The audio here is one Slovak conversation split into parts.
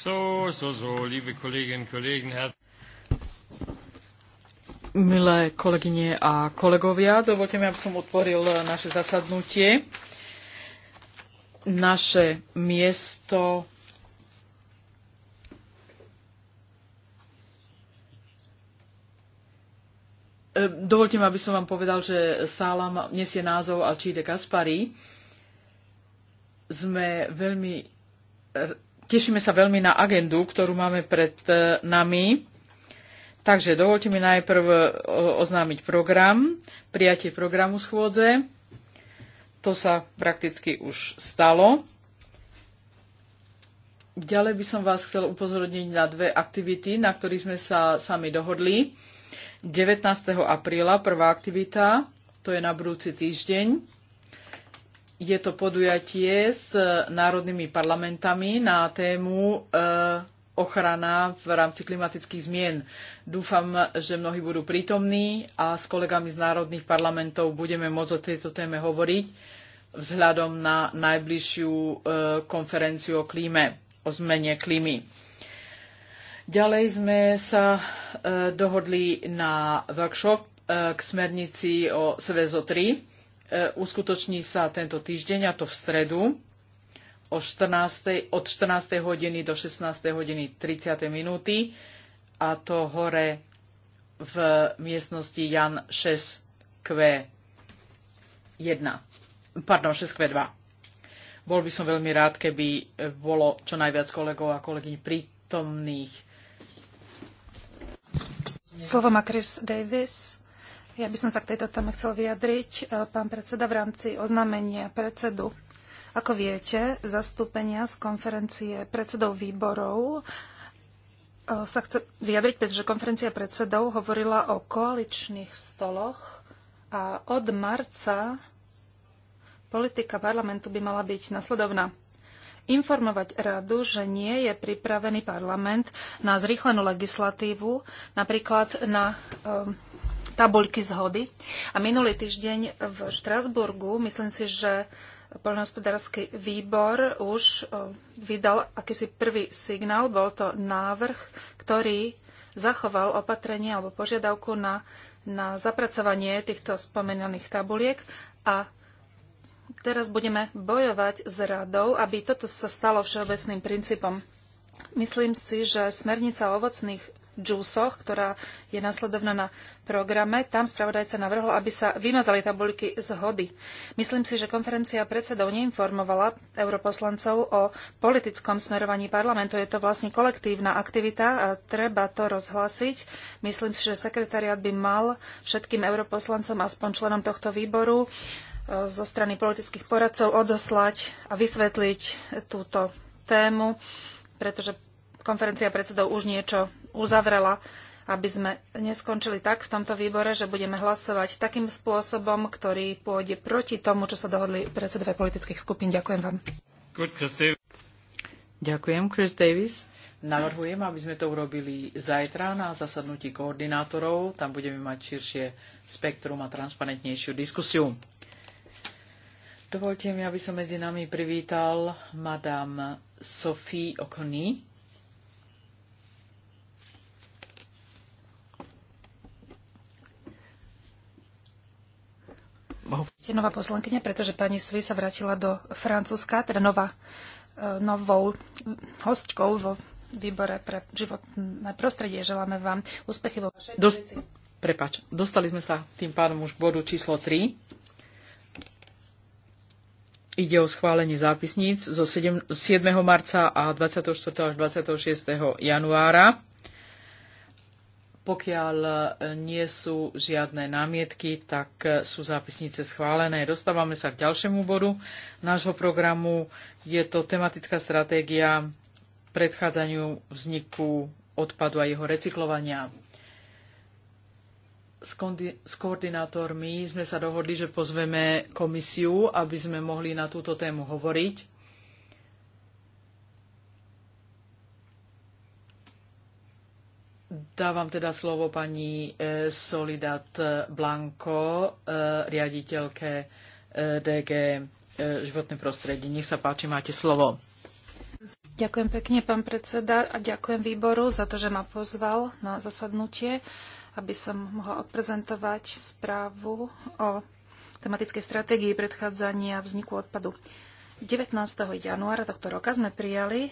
So, so, so, liebe Kolleginnen und Kollegen, her- Milé kolegyne a kolegovia, dovolte mi, aby som otvoril naše zasadnutie. Naše miesto Dovolte mi, aby som vám povedal, že sálam nesie názov Alčíde Kaspari. Sme veľmi tešíme sa veľmi na agendu, ktorú máme pred e, nami. Takže dovolte mi najprv e, oznámiť program, prijatie programu schôdze. To sa prakticky už stalo. Ďalej by som vás chcel upozorniť na dve aktivity, na ktorých sme sa sami dohodli. 19. apríla prvá aktivita, to je na budúci týždeň je to podujatie s e, národnými parlamentami na tému e, ochrana v rámci klimatických zmien. Dúfam, že mnohí budú prítomní a s kolegami z národných parlamentov budeme môcť o tejto téme hovoriť vzhľadom na najbližšiu e, konferenciu o klíme, o zmene klímy. Ďalej sme sa dohodli na workshop k smernici o SVZO 3 E, uskutoční sa tento týždeň a to v stredu o 14, od 14. hodiny do 16. hodiny 30. minúty a to hore v miestnosti Jan 6Q1. Pardon, 6Q2. Bol by som veľmi rád, keby bolo čo najviac kolegov a kolegyň prítomných. Slovo má Chris Davis. Ja by som sa k tejto téme chcel vyjadriť, e, pán predseda, v rámci oznámenia predsedu. Ako viete, zastúpenia z konferencie predsedov výborov e, sa chce vyjadriť, pretože konferencia predsedov hovorila o koaličných stoloch a od marca politika parlamentu by mala byť nasledovná informovať radu, že nie je pripravený parlament na zrýchlenú legislatívu, napríklad na um, tabuľky zhody. A minulý týždeň v Štrasburgu, myslím si, že poľnohospodársky výbor už e, vydal akýsi prvý signál, bol to návrh, ktorý zachoval opatrenie alebo požiadavku na, na zapracovanie týchto spomenaných tabuliek a teraz budeme bojovať s radou, aby toto sa stalo všeobecným princípom. Myslím si, že smernica o ovocných džúsoch, ktorá je nasledovná na programe. Tam spravodajca navrhol, aby sa vymazali tabuľky zhody. Myslím si, že konferencia predsedov neinformovala europoslancov o politickom smerovaní parlamentu. Je to vlastne kolektívna aktivita a treba to rozhlásiť. Myslím si, že sekretariat by mal všetkým europoslancom, aspoň členom tohto výboru, e, zo strany politických poradcov odoslať a vysvetliť túto tému, pretože konferencia predsedov už niečo uzavrela, aby sme neskončili tak v tomto výbore, že budeme hlasovať takým spôsobom, ktorý pôjde proti tomu, čo sa dohodli predsedové politických skupín. Ďakujem vám. Good, Chris Ďakujem, Chris Davis. Navrhujem, aby sme to urobili zajtra na zasadnutí koordinátorov. Tam budeme mať širšie spektrum a transparentnejšiu diskusiu. Dovolte mi, aby som medzi nami privítal madame Sophie Okony, Ste nová poslankyňa, pretože pani Svi sa vrátila do Francúzska, teda nová, e, novou hostkou vo výbore pre životné prostredie. Želáme vám úspechy vo vašej Dost, Prepač, dostali sme sa tým pádom už k bodu číslo 3. Ide o schválenie zápisníc zo 7, 7. marca a 24. až 26. januára. Pokiaľ e, nie sú žiadne námietky, tak e, sú zápisnice schválené. Dostávame sa k ďalšiemu bodu nášho programu. Je to tematická stratégia predchádzaniu vzniku odpadu a jeho recyklovania. S, s koordinátormi sme sa dohodli, že pozveme komisiu, aby sme mohli na túto tému hovoriť Dávam teda slovo pani e, Solidat Blanko, e, riaditeľke e, DG životné prostredie. Nech sa páči, máte slovo. Ďakujem pekne, pán predseda, a ďakujem výboru za to, že ma pozval na zasadnutie, aby som mohla odprezentovať správu o tematickej stratégii predchádzania vzniku odpadu. 19. januára tohto roka sme prijali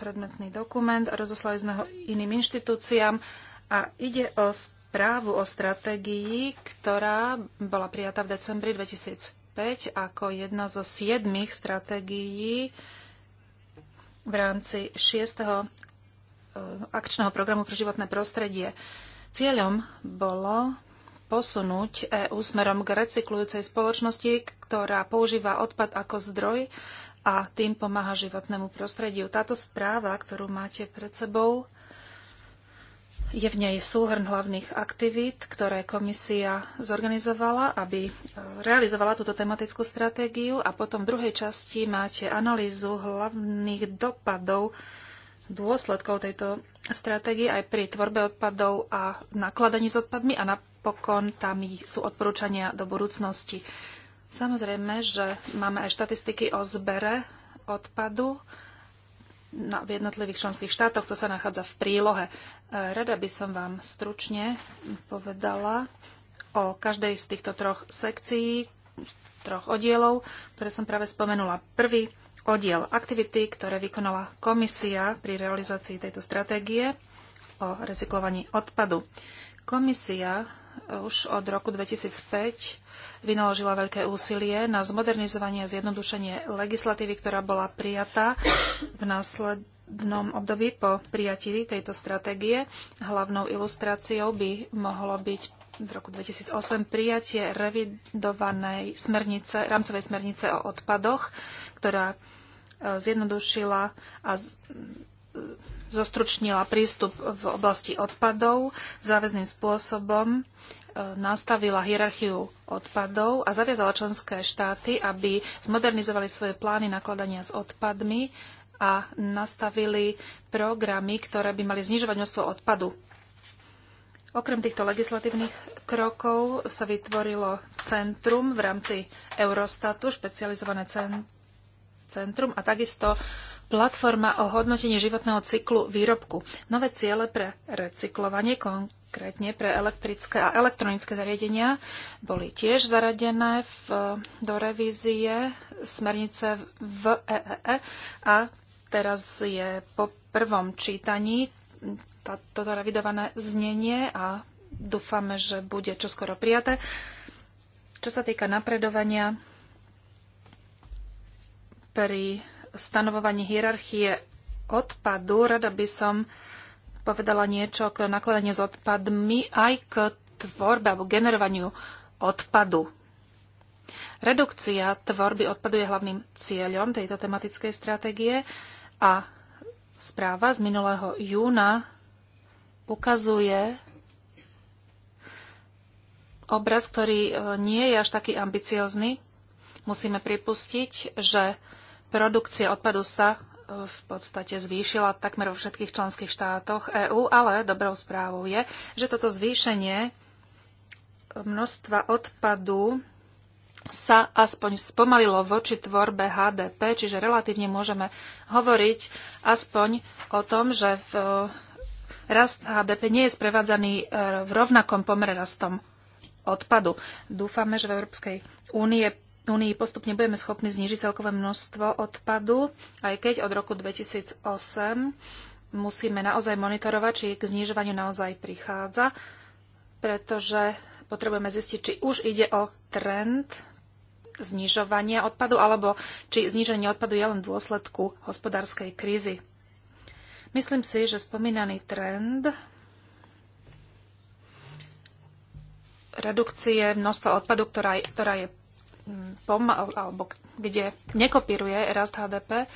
predmetný dokument a rozoslali sme ho iným inštitúciám a ide o správu o stratégii, ktorá bola prijatá v decembri 2005 ako jedna zo siedmých stratégií v rámci šiestého eh, akčného programu pre životné prostredie. Cieľom bolo posunúť EÚ smerom k recyklujúcej spoločnosti, ktorá používa odpad ako zdroj a tým pomáha životnému prostrediu. Táto správa, ktorú máte pred sebou, je v nej súhrn hlavných aktivít, ktoré komisia zorganizovala, aby e, realizovala túto tematickú stratégiu a potom v druhej časti máte analýzu hlavných dopadov dôsledkov tejto stratégie aj pri tvorbe odpadov a nakladaní s odpadmi a napokon tam sú odporúčania do budúcnosti. Samozrejme, že máme aj štatistiky o zbere odpadu na, v jednotlivých členských štátoch. To sa nachádza v prílohe. E, rada by som vám stručne povedala o každej z týchto troch sekcií, troch oddielov, ktoré som práve spomenula. Prvý oddiel aktivity, ktoré vykonala komisia pri realizácii tejto stratégie o recyklovaní odpadu. Komisia už od roku 2005 vynaložila veľké úsilie na zmodernizovanie a zjednodušenie legislatívy, ktorá bola prijatá v následnom období po prijatí tejto stratégie. Hlavnou ilustráciou by mohlo byť v roku 2008 prijatie revidovanej smernice, rámcovej smernice o odpadoch, ktorá e, zjednodušila a z, z, zostručnila prístup v oblasti odpadov záväzným spôsobom e, nastavila hierarchiu odpadov a zaviazala členské štáty, aby zmodernizovali svoje plány nakladania s odpadmi a nastavili programy, ktoré by mali znižovať množstvo odpadu. Okrem týchto legislatívnych krokov sa vytvorilo centrum v rámci Eurostatu, špecializované centrum a takisto Platforma o hodnotení životného cyklu výrobku. Nové ciele pre recyklovanie, konkrétne pre elektrické a elektronické zariadenia, boli tiež zaradené v, do revízie smernice v EEE e e. a teraz je po prvom čítaní tá, toto revidované znenie a dúfame, že bude čoskoro prijaté. Čo sa týka napredovania pri stanovovaní hierarchie odpadu, rada by som povedala niečo k nakladaniu s odpadmi aj k tvorbe alebo generovaniu odpadu. Redukcia tvorby odpadu je hlavným cieľom tejto tematickej stratégie a správa z minulého júna ukazuje obraz, ktorý e, nie je až taký ambiciozný. Musíme pripustiť, že Produkcia odpadu sa e, v podstate zvýšila takmer vo všetkých členských štátoch EÚ, ale dobrou správou je, že toto zvýšenie množstva odpadu sa aspoň spomalilo voči tvorbe HDP, čiže relatívne môžeme hovoriť aspoň o tom, že v, e, rast HDP nie je sprevádzaný e, v rovnakom pomere rastom odpadu. Dúfame, že v Európskej únie únii postupne budeme schopní znižiť celkové množstvo odpadu, aj keď od roku 2008 musíme naozaj monitorovať, či k znižovaniu naozaj prichádza, pretože potrebujeme zistiť, či už ide o trend znižovania odpadu, alebo či zniženie odpadu je len v dôsledku hospodárskej krízy. Myslím si, že spomínaný trend redukcie množstva odpadu, ktorá, ktorá je pom- alebo kde nekopíruje rast HDP,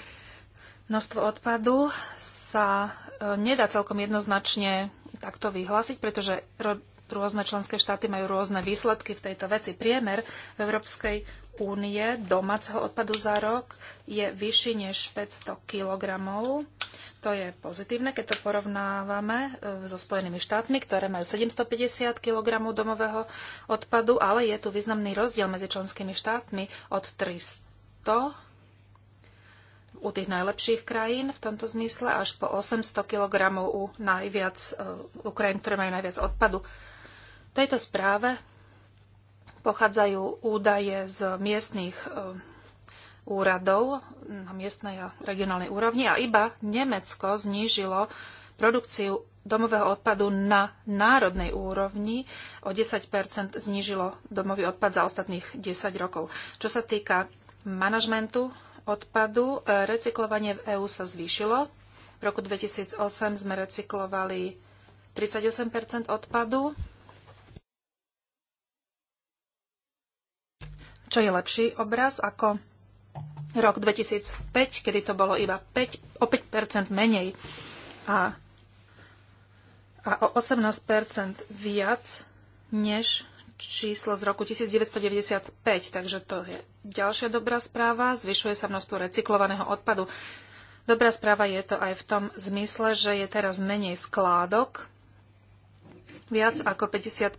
množstvo odpadu sa e, nedá celkom jednoznačne takto vyhlásiť, pretože rôzne členské štáty majú rôzne výsledky v tejto veci. Priemer v Európskej únie domáceho odpadu za rok je vyšší než 500 kg. To je pozitívne, keď to porovnávame e, so Spojenými štátmi, ktoré majú 750 kg domového odpadu, ale je tu významný rozdiel medzi členskými štátmi od 300 u tých najlepších krajín v tomto zmysle až po 800 kg u najviac, e, u krajín, ktoré majú najviac odpadu. V tejto správe Pochádzajú údaje z miestných e, úradov na miestnej a regionálnej úrovni a iba Nemecko znížilo produkciu domového odpadu na národnej úrovni o 10 znížilo domový odpad za ostatných 10 rokov. Čo sa týka manažmentu odpadu, e, recyklovanie v EÚ sa zvýšilo. V roku 2008 sme recyklovali 38 odpadu, čo je lepší obraz ako rok 2005, kedy to bolo iba 5, o 5 menej a, a o 18 viac než číslo z roku 1995. Takže to je ďalšia dobrá správa. Zvyšuje sa množstvo recyklovaného odpadu. Dobrá správa je to aj v tom zmysle, že je teraz menej skládok, viac ako 50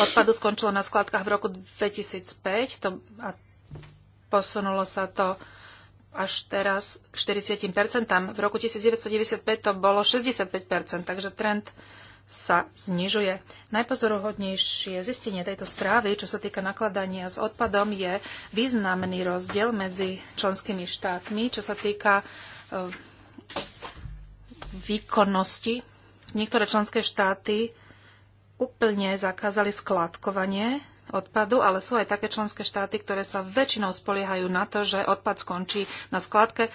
odpadu skončilo na skladkách v roku 2005 to, a posunulo sa to až teraz k 40%. V roku 1995 to bolo 65%, takže trend sa znižuje. Najpozoruhodnejšie zistenie tejto správy, čo sa týka nakladania s odpadom, je významný rozdiel medzi členskými štátmi, čo sa týka e, výkonnosti. Niektoré členské štáty úplne zakázali skladkovanie odpadu, ale sú aj také členské štáty, ktoré sa väčšinou spoliehajú na to, že odpad skončí na skladke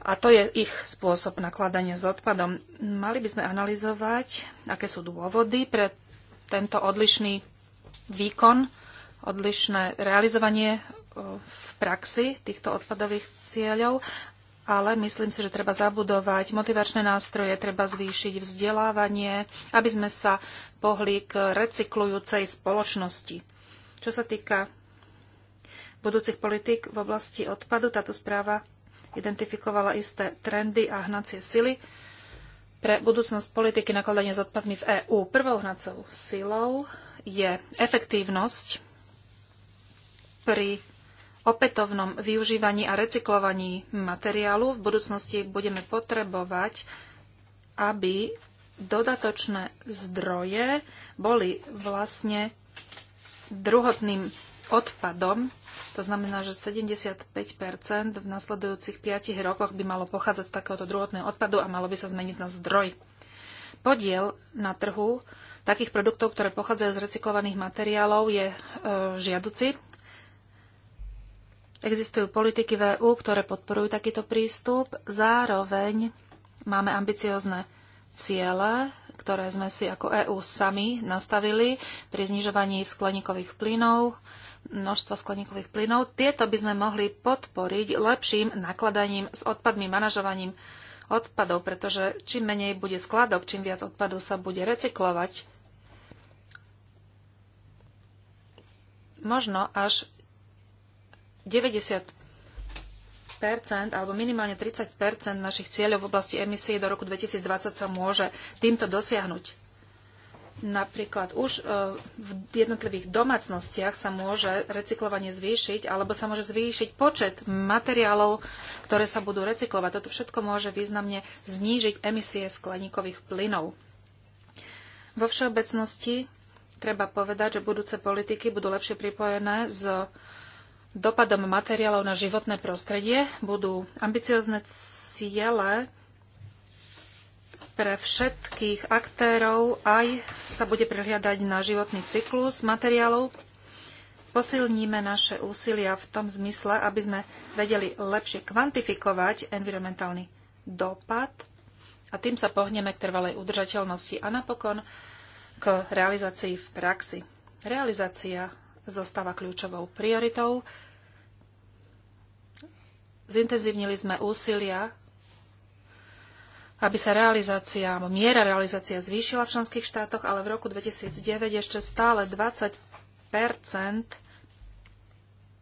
a to je ich spôsob nakladania s odpadom. Mali by sme analyzovať, aké sú dôvody pre tento odlišný výkon, odlišné realizovanie eh, v praxi týchto odpadových cieľov ale myslím si, že treba zabudovať motivačné nástroje, treba zvýšiť vzdelávanie, aby sme sa pohli k recyklujúcej spoločnosti. Čo sa týka budúcich politik v oblasti odpadu, táto správa identifikovala isté trendy a hnacie sily pre budúcnosť politiky nakladania s odpadmi v EÚ. Prvou hnacou silou je efektívnosť pri opätovnom využívaní a recyklovaní materiálu v budúcnosti budeme potrebovať, aby dodatočné zdroje boli vlastne druhotným odpadom. To znamená, že 75 v nasledujúcich 5 rokoch by malo pochádzať z takéhoto druhotného odpadu a malo by sa zmeniť na zdroj. Podiel na trhu takých produktov, ktoré pochádzajú z recyklovaných materiálov, je e, žiaduci. Existujú politiky v EU, ktoré podporujú takýto prístup. Zároveň máme ambiciozne ciele, ktoré sme si ako EU sami nastavili pri znižovaní skleníkových plynov, množstva skleníkových plynov. Tieto by sme mohli podporiť lepším nakladaním s odpadmi, manažovaním odpadov, pretože čím menej bude skladok, čím viac odpadov sa bude recyklovať, možno až 90 alebo minimálne 30 našich cieľov v oblasti emisí do roku 2020 sa môže týmto dosiahnuť. Napríklad už e, v jednotlivých domácnostiach sa môže recyklovanie zvýšiť, alebo sa môže zvýšiť počet materiálov, ktoré sa budú recyklovať. Toto všetko môže významne znížiť emisie skleníkových plynov. Vo všeobecnosti treba povedať, že budúce politiky budú lepšie pripojené s dopadom materiálov na životné prostredie. Budú ambiciozne ciele pre všetkých aktérov, aj sa bude prehliadať na životný cyklus materiálov. Posilníme naše úsilia v tom zmysle, aby sme vedeli lepšie kvantifikovať environmentálny dopad a tým sa pohneme k trvalej udržateľnosti a napokon k realizácii v praxi. Realizácia zostáva kľúčovou prioritou. Zintenzívnili sme úsilia, aby sa realizácia, miera realizácia zvýšila v členských štátoch, ale v roku 2009 ešte stále 20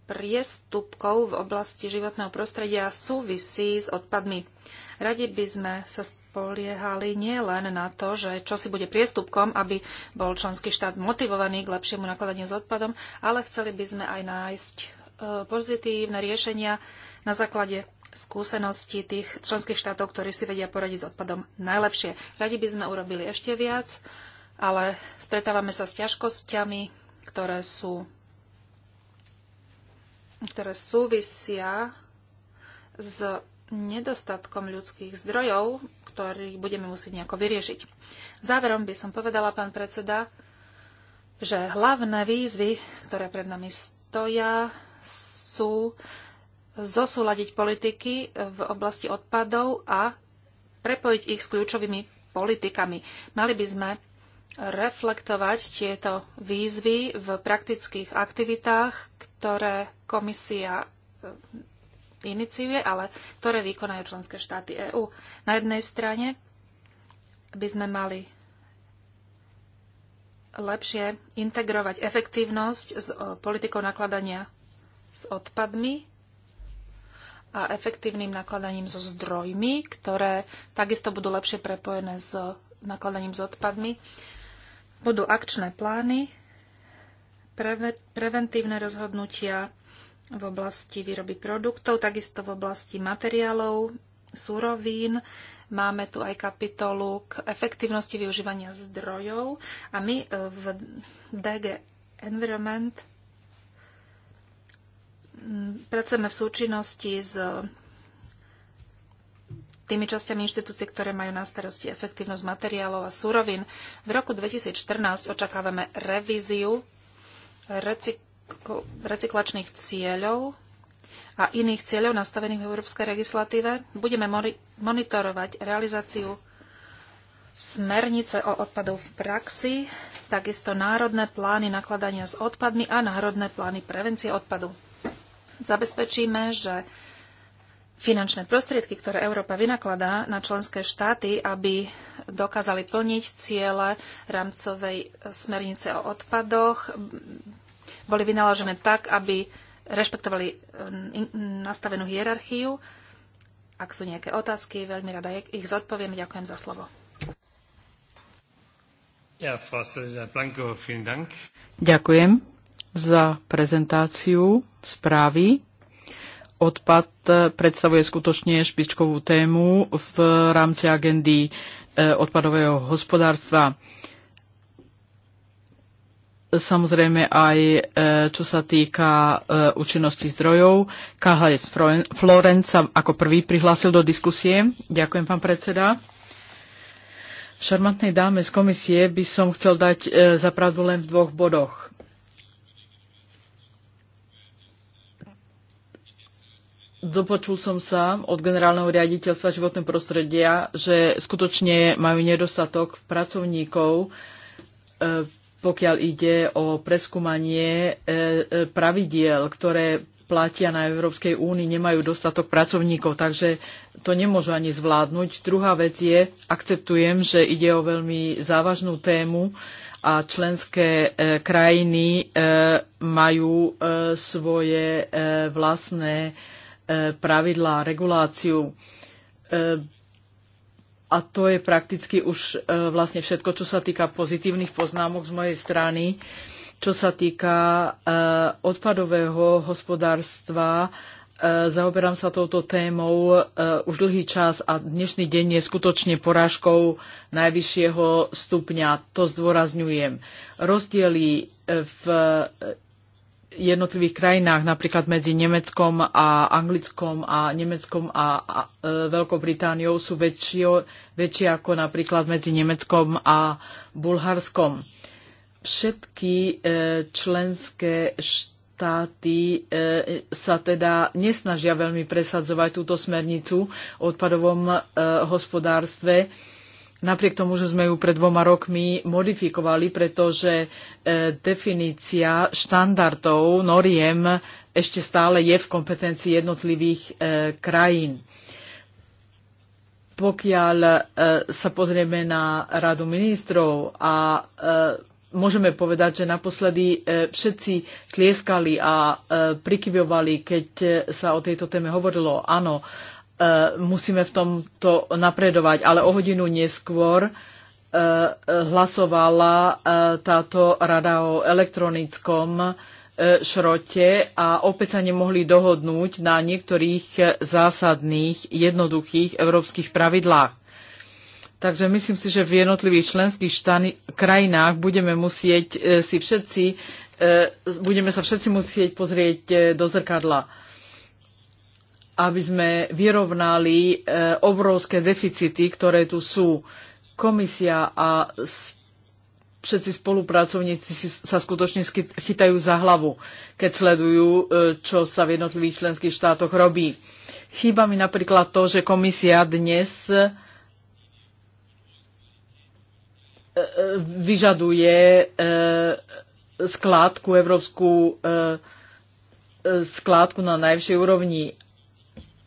priestupkov v oblasti životného prostredia súvisí s odpadmi. Radi by sme sa spoliehali len na to, že čo si bude priestupkom, aby bol členský štát motivovaný k lepšiemu nakladaniu s odpadom, ale chceli by sme aj nájsť e, pozitívne riešenia na základe skúsenosti tých členských štátov, ktorí si vedia poradiť s odpadom najlepšie. Radi by sme urobili ešte viac, ale stretávame sa s ťažkosťami, ktoré sú ktoré súvisia s nedostatkom ľudských zdrojov ktorý budeme musieť nejako vyriešiť. Záverom by som povedala, pán predseda, že hlavné výzvy, ktoré pred nami stoja, sú zosúľadiť politiky v oblasti odpadov a prepojiť ich s kľúčovými politikami. Mali by sme reflektovať tieto výzvy v praktických aktivitách, ktoré komisia iniciuje, ale ktoré vykonajú členské štáty EÚ. Na jednej strane by sme mali lepšie integrovať efektívnosť s politikou nakladania s odpadmi a efektívnym nakladaním so zdrojmi, ktoré takisto budú lepšie prepojené s nakladaním s odpadmi. Budú akčné plány, preventívne rozhodnutia, v oblasti výroby produktov, takisto v oblasti materiálov, surovín. Máme tu aj kapitolu k efektívnosti využívania zdrojov a my e, v DG Environment pracujeme v súčinnosti s tými časťami inštitúcie, ktoré majú na starosti efektívnosť materiálov a súrovín. V roku 2014 očakávame revíziu recyklu recyklačných cieľov a iných cieľov nastavených v európskej legislatíve. Budeme monitorovať realizáciu smernice o odpadoch v praxi, takisto národné plány nakladania s odpadmi a národné plány prevencie odpadu. Zabezpečíme, že finančné prostriedky, ktoré Európa vynakladá na členské štáty, aby dokázali plniť ciele rámcovej smernice o odpadoch, boli vynaložené tak, aby rešpektovali e, nastavenú hierarchiu. Ak sú nejaké otázky, veľmi rada ich zodpoviem. Ďakujem za slovo. Ja, Blanco, Dank. Ďakujem za prezentáciu správy. Odpad e, predstavuje skutočne špičkovú tému v rámci agendy e, odpadového hospodárstva samozrejme aj e, čo sa týka e, účinnosti zdrojov. Karl Florenc sa ako prvý prihlásil do diskusie. Ďakujem, pán predseda. V šarmantnej dáme z komisie by som chcel dať e, zapravdu len v dvoch bodoch. Dopočul som sa od generálneho riaditeľstva životného prostredia, že skutočne majú nedostatok pracovníkov pokiaľ ide o preskúmanie e, e, pravidiel, ktoré platia na Európskej únii, nemajú dostatok pracovníkov, takže to nemôžu ani zvládnuť. Druhá vec je, akceptujem, že ide o veľmi závažnú tému a členské e, krajiny majú svoje vlastné pravidlá reguláciu a to je prakticky už e, vlastne všetko, čo sa týka pozitívnych poznámok z mojej strany. Čo sa týka e, odpadového hospodárstva, e, zaoberám sa touto témou už dlhý čas a dnešný deň je skutočne porážkou najvyššieho stupňa. To zdôrazňujem. Rozdiely v jednotlivých krajinách, napríklad medzi Nemeckom a Anglickom a Nemeckom a, a e, Veľkou Britániou sú väčšie, väčšie ako napríklad medzi Nemeckom a Bulharskom. Všetky e, členské štáty e, sa teda nesnažia veľmi presadzovať túto smernicu o odpadovom e, hospodárstve. E, Napriek tomu, že sme ju pred dvoma rokmi modifikovali, pretože e, definícia štandardov noriem ešte stále je v kompetencii jednotlivých e, krajín. Pokiaľ e, sa pozrieme na Radu ministrov a môžeme povedať, že naposledy všetci tlieskali a prikyvovali, keď sa o tejto téme hovorilo. Áno, E, musíme v tomto napredovať, ale o hodinu neskôr e, e, hlasovala táto rada o elektronickom šrote a opäť sa nemohli dohodnúť na niektorých zásadných, jednoduchých európskych pravidlách. Takže myslím si, že v jednotlivých členských štány, krajinách budeme musieť si všetci, budeme sa všetci musieť pozrieť do zrkadla aby sme vyrovnali e, obrovské deficity, ktoré tu sú. Komisia a všetci spolupracovníci sa skutočne chytajú za hlavu, keď sledujú, e, čo sa v jednotlivých členských štátoch robí. Chýba mi napríklad to, že komisia dnes e, vyžaduje skládku, európsku skládku na najvyššej úrovni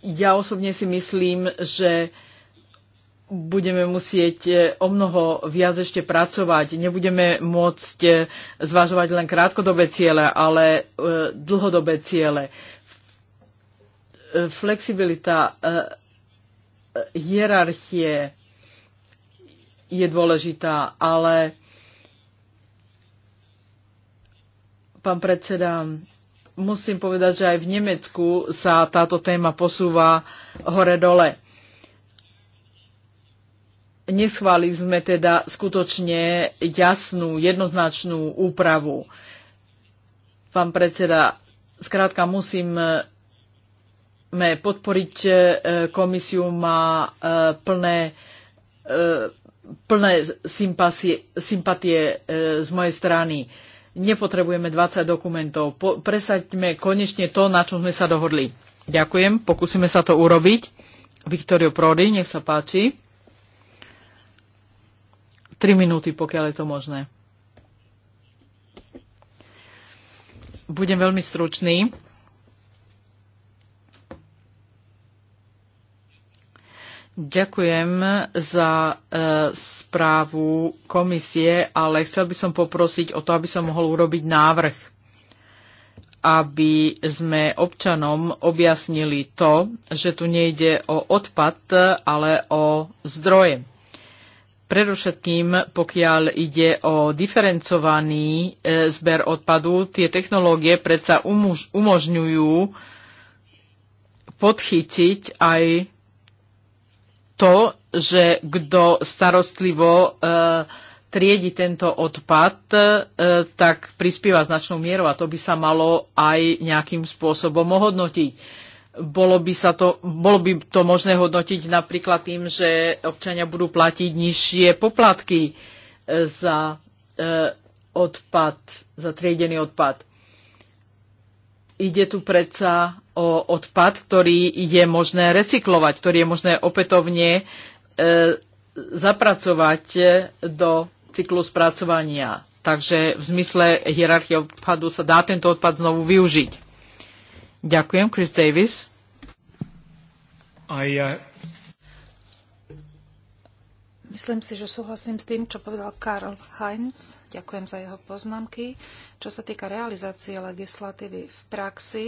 ja osobne si myslím, že budeme musieť e, o mnoho viac ešte pracovať. Nebudeme môcť e, zvažovať len krátkodobé ciele, ale e, dlhodobé ciele. Flexibilita hierarchie je dôležitá, ale pán predseda, musím povedať, že aj v Nemecku sa táto téma posúva hore-dole. Neschválili sme teda skutočne jasnú, jednoznačnú úpravu. Pán predseda, skrátka musíme podporiť e, komisiu, má e, plné, e, plné sympatie, sympatie z mojej strany nepotrebujeme 20 dokumentov. Po, presaďme konečne to, na čom sme sa dohodli. Ďakujem, pokúsime sa to urobiť. Viktorio Prody, nech sa páči. Tri minúty, pokiaľ je to možné. Budem veľmi stručný. Ďakujem za e, správu komisie, ale chcel by som poprosiť o to, aby som mohol urobiť návrh, aby sme občanom objasnili to, že tu nejde o odpad, ale o zdroje. Predovšetkým, pokiaľ ide o diferencovaný e, zber odpadu, tie technológie predsa umožňujú podchytiť aj to, že kto starostlivo eh, triedi tento odpad, eh, tak prispieva značnou mierou a to by sa malo aj nejakým spôsobom ohodnotiť. Bolo by, sa to, bolo by to možné hodnotiť napríklad tým, že občania budú platiť nižšie poplatky eh, za odpad, za triedený odpad. Ide tu predsa o odpad, ktorý je možné recyklovať, ktorý je možné opätovne e, zapracovať do cyklu spracovania. Takže v zmysle hierarchie odpadu sa dá tento odpad znovu využiť. Ďakujem, Chris Davis. I, uh... Myslím si, že súhlasím s tým, čo povedal Karl Heinz. Ďakujem za jeho poznámky. Čo sa týka realizácie legislatívy v praxi,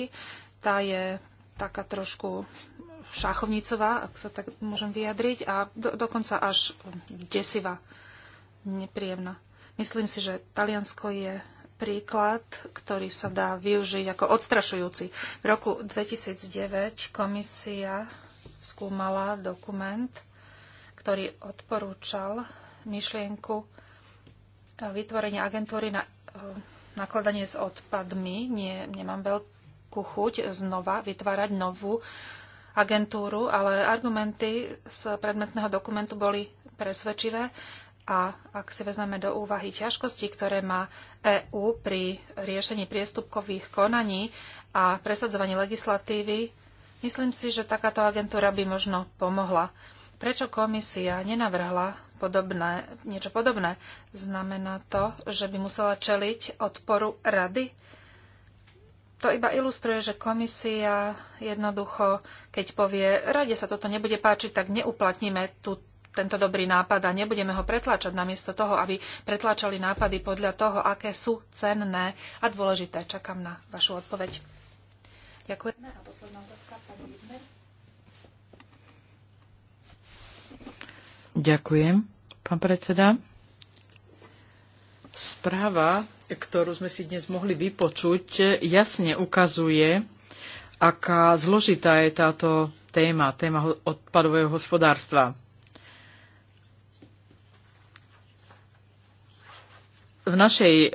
tá je taká trošku šachovnicová, ak sa tak môžem vyjadriť, a do, dokonca až desivá, nepríjemná. Myslím si, že Taliansko je príklad, ktorý sa dá využiť ako odstrašujúci. V roku 2009 komisia skúmala dokument, ktorý odporúčal myšlienku vytvorenia agentúry na nakladanie s odpadmi. Nie, nemám veľkú chuť znova vytvárať novú agentúru, ale argumenty z predmetného dokumentu boli presvedčivé a ak si vezmeme do úvahy ťažkosti, ktoré má EÚ pri riešení priestupkových konaní a presadzovaní legislatívy, myslím si, že takáto agentúra by možno pomohla. Prečo komisia nenavrhla podobné, niečo podobné. Znamená to, že by musela čeliť odporu rady? To iba ilustruje, že komisia jednoducho, keď povie, rade sa toto nebude páčiť, tak neuplatníme tú, tento dobrý nápad a nebudeme ho pretláčať namiesto toho, aby pretláčali nápady podľa toho, aké sú cenné a dôležité. Čakám na vašu odpoveď. Ďakujem. A posledná otázka, pani Ďakujem pán predseda. Správa, ktorú sme si dnes mohli vypočuť, jasne ukazuje, aká zložitá je táto téma, téma odpadového hospodárstva. V našej e,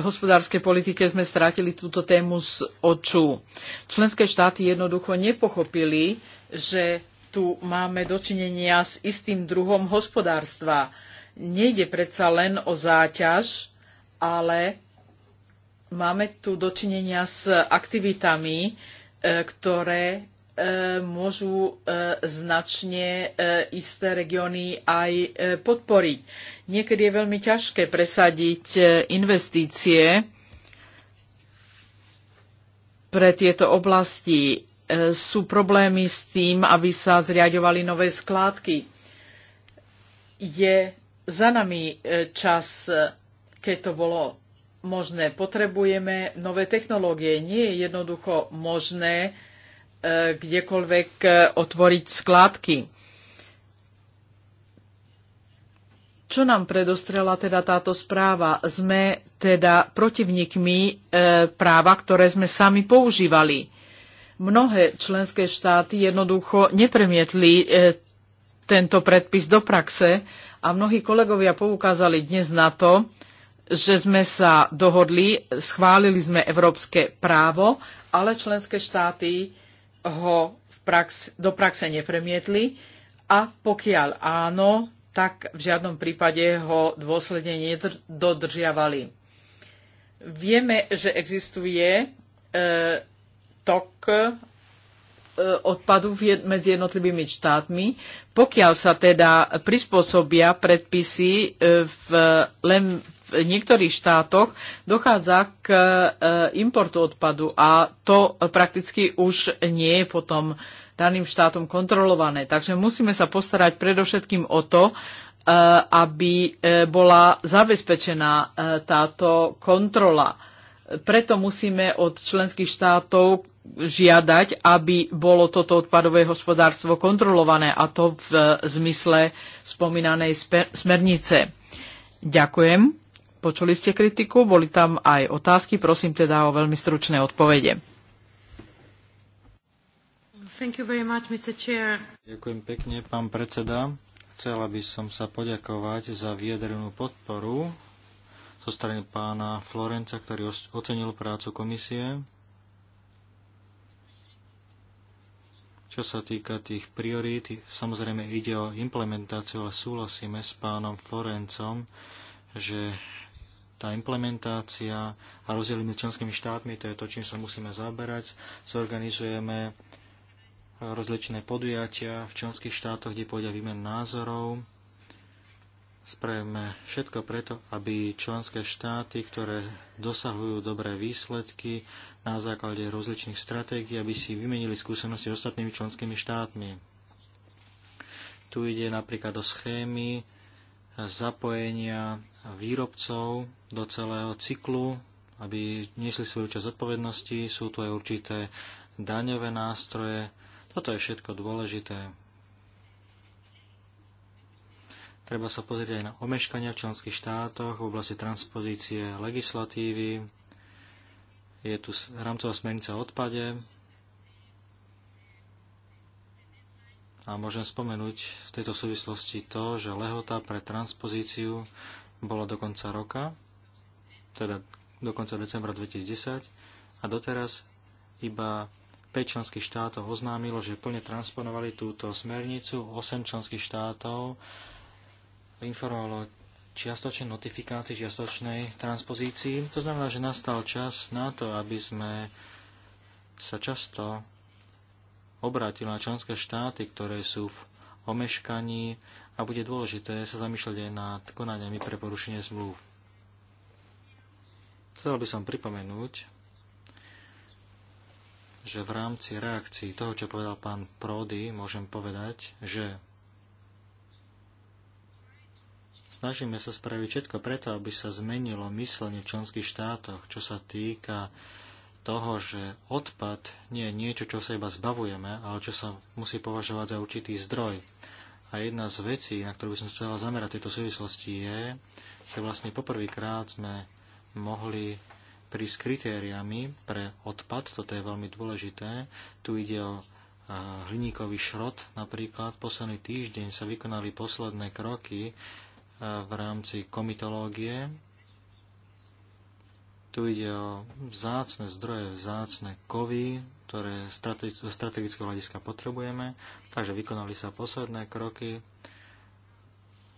hospodárskej politike sme strátili túto tému z očú. Členské štáty jednoducho nepochopili, že tu máme dočinenia s istým druhom hospodárstva. Nejde predsa len o záťaž, ale máme tu dočinenia s aktivitami, e, ktoré e, môžu e, značne isté regióny aj podporiť. Niekedy je veľmi ťažké presadiť investície pre tieto oblasti sú problémy s tým, aby sa zriadovali nové skládky. Je za nami e, čas, e, keď to bolo možné. Potrebujeme nové technológie. Nie je jednoducho možné e, kdekoľvek otvoriť skládky. Čo nám predostrela teda táto správa? Sme teda protivníkmi práva, ktoré sme sami používali Mnohé členské štáty jednoducho nepremietli e, tento predpis do praxe a mnohí kolegovia poukázali dnes na to, že sme sa dohodli, schválili sme európske právo, ale členské štáty ho v prax, do praxe nepremietli a pokiaľ áno, tak v žiadnom prípade ho dôsledne nedodržiavali. Vieme, že existuje e, tok e, odpadu medzi jednotlivými štátmi, pokiaľ sa teda prispôsobia predpisy e, v, len v niektorých štátoch dochádza k e, importu odpadu a to prakticky už nie je potom daným štátom kontrolované. Takže musíme sa postarať predovšetkým o to, aby bola zabezpečená táto kontrola. Preto musíme od členských štátov žiadať, aby bolo toto odpadové hospodárstvo kontrolované a to v e, zmysle spomínanej smernice. Ďakujem. Počuli ste kritiku, boli tam aj otázky, prosím teda o veľmi stručné odpovede. Much, Ďakujem pekne, pán predseda. Chcela by som sa poďakovať za vyjadrenú podporu zo strany pána Florenca, ktorý ocenil prácu komisie. Čo sa týka tých priorít, samozrejme ide o implementáciu, ale súhlasíme s pánom Forencom, že tá implementácia a rozdiel medzi členskými štátmi, to je to, čím sa musíme zaberať. Zorganizujeme rozličné podujatia v členských štátoch, kde pôjde výmen názorov. Spravíme všetko preto, aby členské štáty, ktoré dosahujú dobré výsledky, na základe rozličných stratégií, aby si vymenili skúsenosti s ostatnými členskými štátmi. Tu ide napríklad o schémy zapojenia výrobcov do celého cyklu, aby niesli svoju časť odpovednosti. Sú tu aj určité daňové nástroje. Toto je všetko dôležité. Treba sa pozrieť aj na omeškania v členských štátoch v oblasti transpozície legislatívy, je tu rámcová smernica o odpade a môžem spomenúť v tejto súvislosti to, že lehota pre transpozíciu bola do konca roka, teda do konca decembra 2010 a doteraz iba 5 členských štátov oznámilo, že plne transponovali túto smernicu, 8 členských štátov informovalo čiastočnej notifikácii, čiastočnej transpozícii. To znamená, že nastal čas na to, aby sme sa často obrátili na členské štáty, ktoré sú v omeškaní a bude dôležité sa zamýšľať aj nad konaniami pre porušenie zmluv. Chcel by som pripomenúť, že v rámci reakcií toho, čo povedal pán Prody, môžem povedať, že Snažíme sa spraviť všetko preto, aby sa zmenilo myslenie v členských štátoch, čo sa týka toho, že odpad nie je niečo, čo sa iba zbavujeme, ale čo sa musí považovať za určitý zdroj. A jedna z vecí, na ktorú by som chcela zamerať tejto súvislosti, je, že vlastne poprvýkrát sme mohli prísť kritériami pre odpad, toto je veľmi dôležité. Tu ide o e, hliníkový šrot napríklad. Posledný týždeň sa vykonali posledné kroky v rámci komitológie. Tu ide o vzácne zdroje, vzácne kovy, ktoré z strategického hľadiska potrebujeme, takže vykonali sa posledné kroky.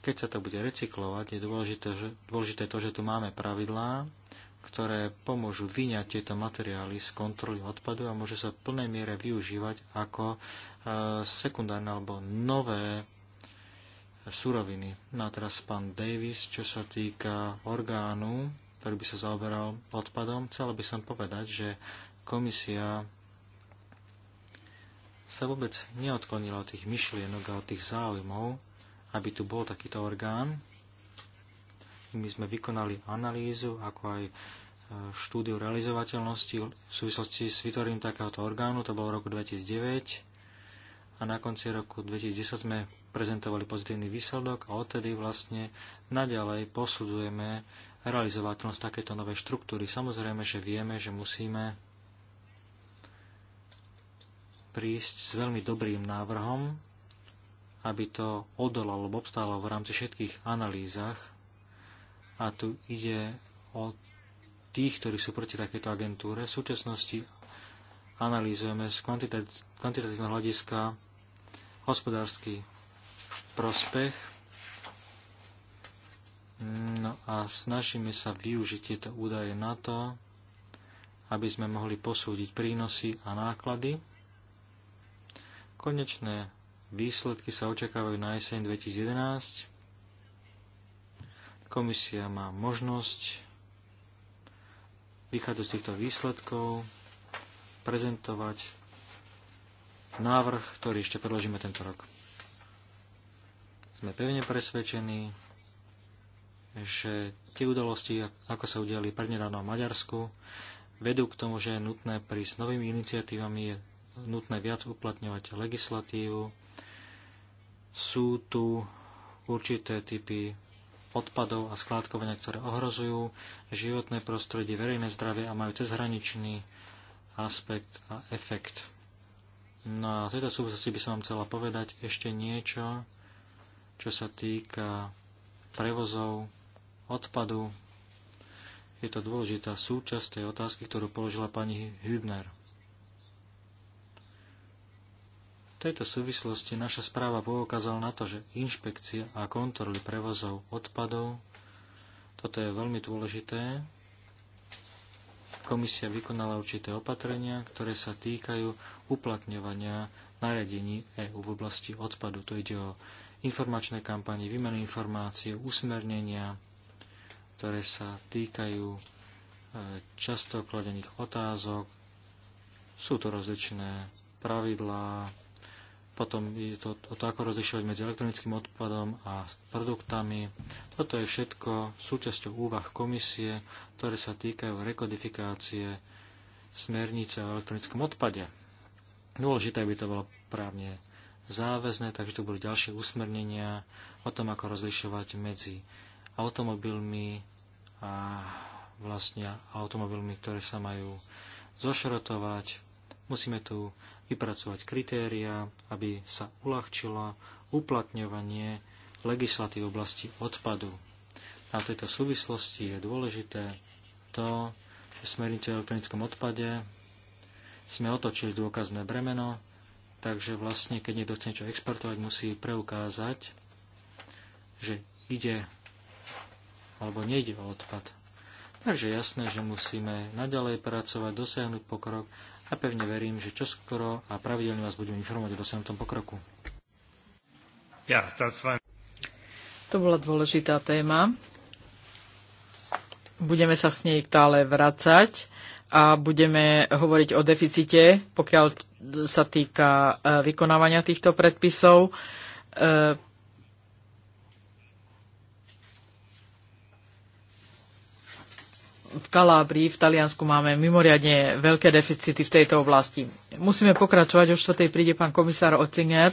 Keď sa to bude recyklovať, je dôležité, že, dôležité to, že tu máme pravidlá, ktoré pomôžu vyňať tieto materiály z kontroly odpadu a môžu sa v plnej miere využívať ako e, sekundárne alebo nové suroviny. No a teraz pán Davis, čo sa týka orgánu, ktorý by sa zaoberal odpadom, chcel by som povedať, že komisia sa vôbec neodklonila od tých myšlienok a od tých záujmov, aby tu bol takýto orgán. My sme vykonali analýzu, ako aj e, štúdiu realizovateľnosti v súvislosti s vytvorením takéhoto orgánu, to bolo v roku 2009 a na konci roku 2010 sme prezentovali pozitívny výsledok a odtedy vlastne naďalej posudzujeme realizovateľnosť takéto novej štruktúry. Samozrejme, že vieme, že musíme prísť s veľmi dobrým návrhom, aby to odolalo, alebo obstálo v rámci všetkých analýzach. A tu ide o tých, ktorí sú proti takéto agentúre. V súčasnosti analýzujeme z kvantitatívneho hľadiska hospodársky prospech. No a snažíme sa využiť tieto údaje na to, aby sme mohli posúdiť prínosy a náklady. Konečné výsledky sa očakávajú na jeseň 2011. Komisia má možnosť vychádzať z týchto výsledkov, prezentovať návrh, ktorý ešte predložíme tento rok sme pevne presvedčení, že tie udalosti, ako sa udiali prednedávno v Maďarsku, vedú k tomu, že je nutné prísť s novými iniciatívami, je nutné viac uplatňovať legislatívu. Sú tu určité typy odpadov a skládkovania, ktoré ohrozujú životné prostredie, verejné zdravie a majú cezhraničný aspekt a efekt. No a v tejto súvislosti by som vám chcela povedať ešte niečo čo sa týka prevozov, odpadu. Je to dôležitá súčasť tej otázky, ktorú položila pani Hübner. V tejto súvislosti naša správa poukázala na to, že inšpekcia a kontroly prevozov odpadov, toto je veľmi dôležité. Komisia vykonala určité opatrenia, ktoré sa týkajú uplatňovania nariadení EÚ v oblasti odpadu. To ide o informačné kampani, výmenu informácií, usmernenia, ktoré sa týkajú e, často kladených otázok. Sú to rozličné pravidlá, potom je to o to, ako rozlišovať medzi elektronickým odpadom a produktami. Toto je všetko súčasťou úvah komisie, ktoré sa týkajú rekodifikácie smernice o elektronickom odpade. Dôležité by to bolo právne záväzné, takže tu boli ďalšie usmernenia o tom, ako rozlišovať medzi automobilmi a vlastne automobilmi, ktoré sa majú zošrotovať. Musíme tu vypracovať kritéria, aby sa uľahčilo uplatňovanie legislatív v oblasti odpadu. A v tejto súvislosti je dôležité to, že smernice o elektronickom odpade sme otočili dôkazné bremeno Takže vlastne, keď niekto chce niečo exportovať, musí preukázať, že ide alebo nejde o odpad. Takže jasné, že musíme naďalej pracovať, dosiahnuť pokrok a pevne verím, že čoskoro a pravidelne vás budeme informovať o dosiahnutom pokroku. Ja, to bola dôležitá téma. Budeme sa s nej stále vracať a budeme hovoriť o deficite, pokiaľ sa týka e, vykonávania týchto predpisov. E, v Kalábrii, v Taliansku máme mimoriadne veľké deficity v tejto oblasti. Musíme pokračovať, o tej príde pán komisár Otinger,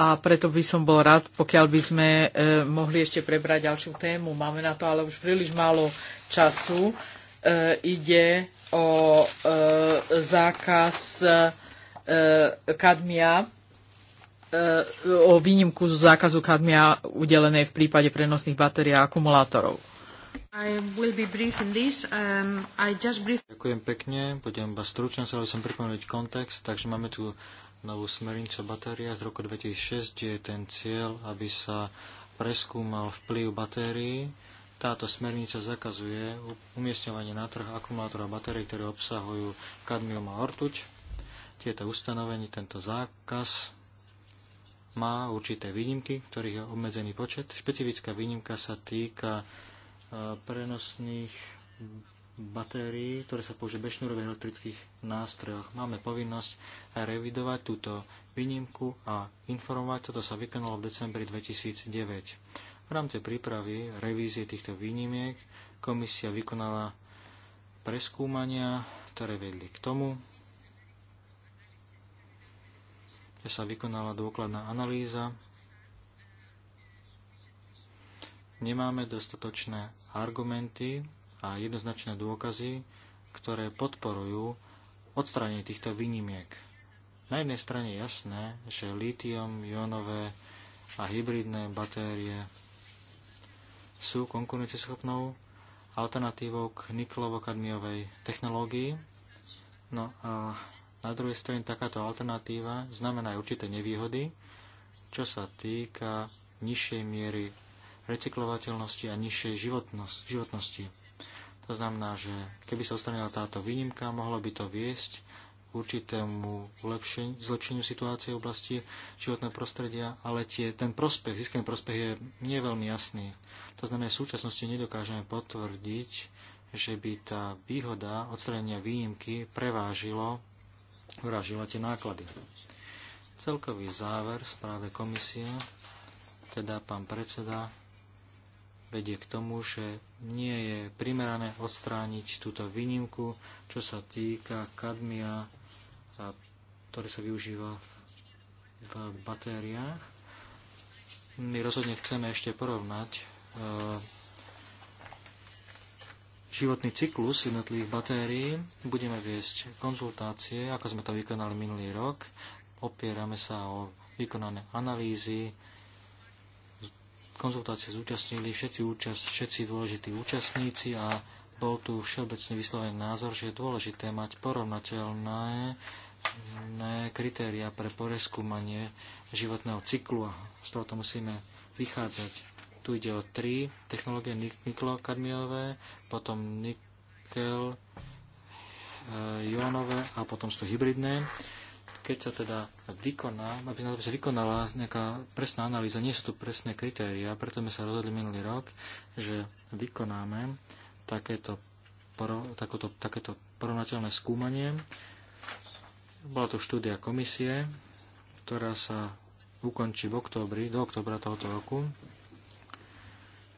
a preto by som bol rád, pokiaľ by sme e, mohli ešte prebrať ďalšiu tému. Máme na to ale už príliš málo času. ide o zákaz E, kadmia e, o výnimku zo zákazu kadmia udelenej v prípade prenosných batérií a akumulátorov. Um, brief... Ďakujem pekne, budem iba stručne, chcel som pripomenúť kontext, takže máme tu novú smernicu batéria z roku 2006, kde je ten cieľ, aby sa preskúmal vplyv batérií. Táto smernica zakazuje umiestňovanie na trh akumulátora batérií, ktoré obsahujú kadmium a ortuť tieto ustanovení, tento zákaz má určité výnimky, ktorých je obmedzený počet. Špecifická výnimka sa týka e, prenosných batérií, ktoré sa použijú bešnúrových elektrických nástrojoch. Máme povinnosť revidovať túto výnimku a informovať. Toto sa vykonalo v decembri 2009. V rámci prípravy revízie týchto výnimiek komisia vykonala preskúmania, ktoré vedli k tomu, kde sa vykonala dôkladná analýza. Nemáme dostatočné argumenty a jednoznačné dôkazy, ktoré podporujú odstránenie týchto výnimiek. Na jednej strane je jasné, že litium, jónové a hybridné batérie sú konkurencieschopnou alternatívou k niklovo-kadmiovej technológii. No a na druhej strane takáto alternatíva znamená aj určité nevýhody, čo sa týka nižšej miery recyklovateľnosti a nižšej životnosti. To znamená, že keby sa odstranila táto výnimka, mohlo by to viesť k určitému zlepšeniu situácie v oblasti životného prostredia, ale tie, ten prospech, získaný prospech je nie veľmi jasný. To znamená, že v súčasnosti nedokážeme potvrdiť, že by tá výhoda odstranenia výnimky prevážilo uražila tie náklady. Celkový záver správe komisie, teda pán predseda, vedie k tomu, že nie je primerané odstrániť túto výnimku, čo sa týka kadmia, ktorý sa využíva v, v batériách. My rozhodne chceme ešte porovnať e, životný cyklus jednotlivých batérií. Budeme viesť konzultácie, ako sme to vykonali minulý rok. Opierame sa o vykonané analýzy, konzultácie zúčastnili všetci, účast, všetci dôležití účastníci a bol tu všeobecne vyslovený názor, že je dôležité mať porovnateľné kritéria pre poreskúmanie životného cyklu a z toho musíme vychádzať. Tu ide o tri technológie niklokadmiové, potom nikel, jónové e, a potom sú hybridné. Keď sa teda vykoná, aby sa vykonala nejaká presná analýza, nie sú tu presné kritéria, preto sme sa rozhodli minulý rok, že vykonáme takéto, takoto, takéto porovnateľné skúmanie. Bola to štúdia komisie, ktorá sa ukončí v októbri, do oktobra tohoto roku.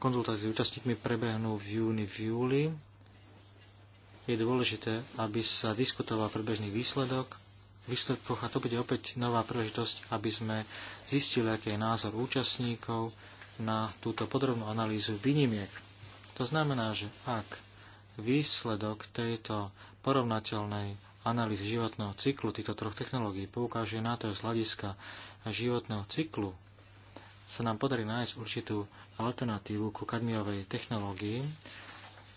Konzultácie s účastníkmi prebehnú v júni, v júli. Je dôležité, aby sa diskutoval prebežný výsledok, výsledkoch a to bude opäť nová príležitosť, aby sme zistili, aký je názor účastníkov na túto podrobnú analýzu výnimiek. To znamená, že ak výsledok tejto porovnateľnej analýzy životného cyklu týchto troch technológií poukáže na to, že z hľadiska životného cyklu sa nám podarí nájsť určitú alternatívu ku kadmiovej technológii,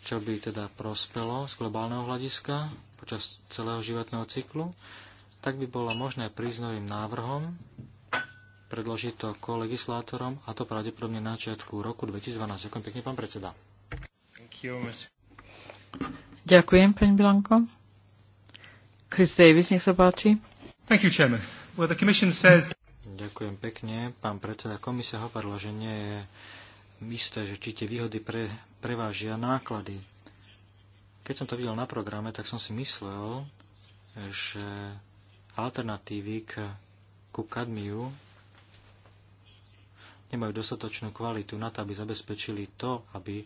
čo by teda prospelo z globálneho hľadiska počas celého životného cyklu, tak by bolo možné prísť novým návrhom, predložiť to kolegislátorom a to pravdepodobne na začiatku roku 2012. Ďakujem pekne, pán predseda. Ďakujem, pani Blanko. Chris Davis, nech sa páči. Thank you, Chairman. Well, the Commission says... Ďakujem pekne. Pán predseda komisia hovorila, že nie je isté, že či tie výhody pre, prevážia náklady. Keď som to videl na programe, tak som si myslel, že alternatívy k, ku kadmiu nemajú dostatočnú kvalitu na to, aby zabezpečili to, aby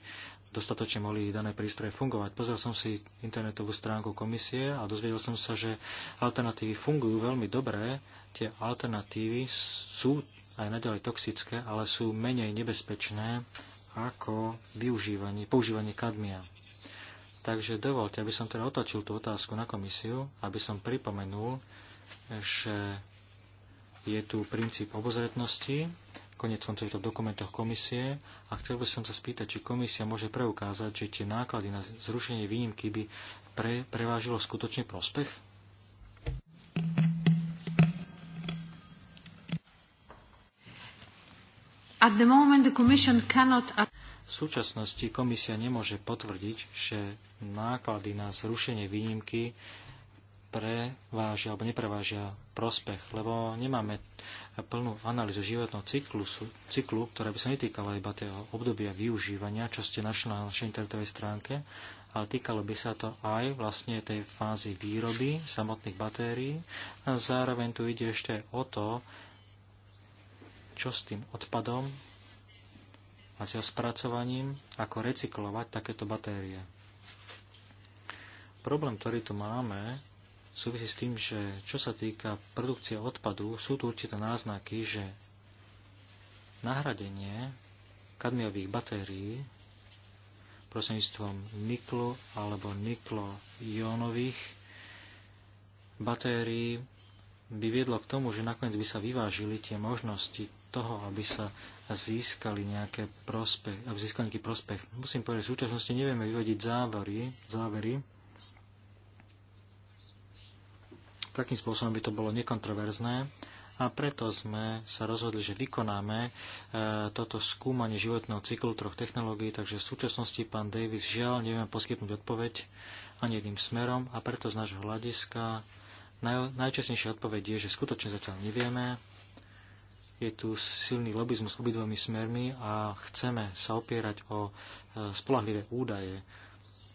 dostatočne mohli dané prístroje fungovať. Pozrel som si internetovú stránku komisie a dozvedel som sa, že alternatívy fungujú veľmi dobre. Tie alternatívy sú aj naďalej toxické, ale sú menej nebezpečné ako využívanie, používanie kadmia. Takže dovolte, aby som teda otočil tú otázku na komisiu, aby som pripomenul, že je tu princíp obozretnosti, konec koncov je to v dokumentoch komisie a chcel by som sa spýtať, či komisia môže preukázať, že tie náklady na zrušenie výnimky by pre, prevážilo skutočný prospech V súčasnosti komisia nemôže potvrdiť, že náklady na zrušenie výnimky prevážia alebo neprevážia prospech, lebo nemáme plnú analýzu životného cyklusu, cyklu, ktorá by sa netýkala iba toho obdobia využívania, čo ste našli na našej internetovej stránke, ale týkalo by sa to aj vlastne tej fázy výroby samotných batérií a zároveň tu ide ešte o to, čo s tým odpadom a s jeho spracovaním, ako recyklovať takéto batérie. Problém, ktorý tu máme, súvisí s tým, že čo sa týka produkcie odpadu, sú tu určité náznaky, že nahradenie kadmiových batérií prostredníctvom niklu alebo niklo-ionových batérií by viedlo k tomu, že nakoniec by sa vyvážili tie možnosti toho, aby sa získali nejaké prospech, aby získali nejaký prospech. Musím povedať, že v súčasnosti nevieme vyvodiť závery, závery. Takým spôsobom by to bolo nekontroverzné a preto sme sa rozhodli, že vykonáme e, toto skúmanie životného cyklu troch technológií, takže v súčasnosti pán Davis žiaľ nevieme poskytnúť odpoveď ani jedným smerom a preto z nášho hľadiska naj, najčastnejšia odpoveď je, že skutočne zatiaľ nevieme, je tu silný lobizmus obidvomi smermi a chceme sa opierať o e, spolahlivé údaje.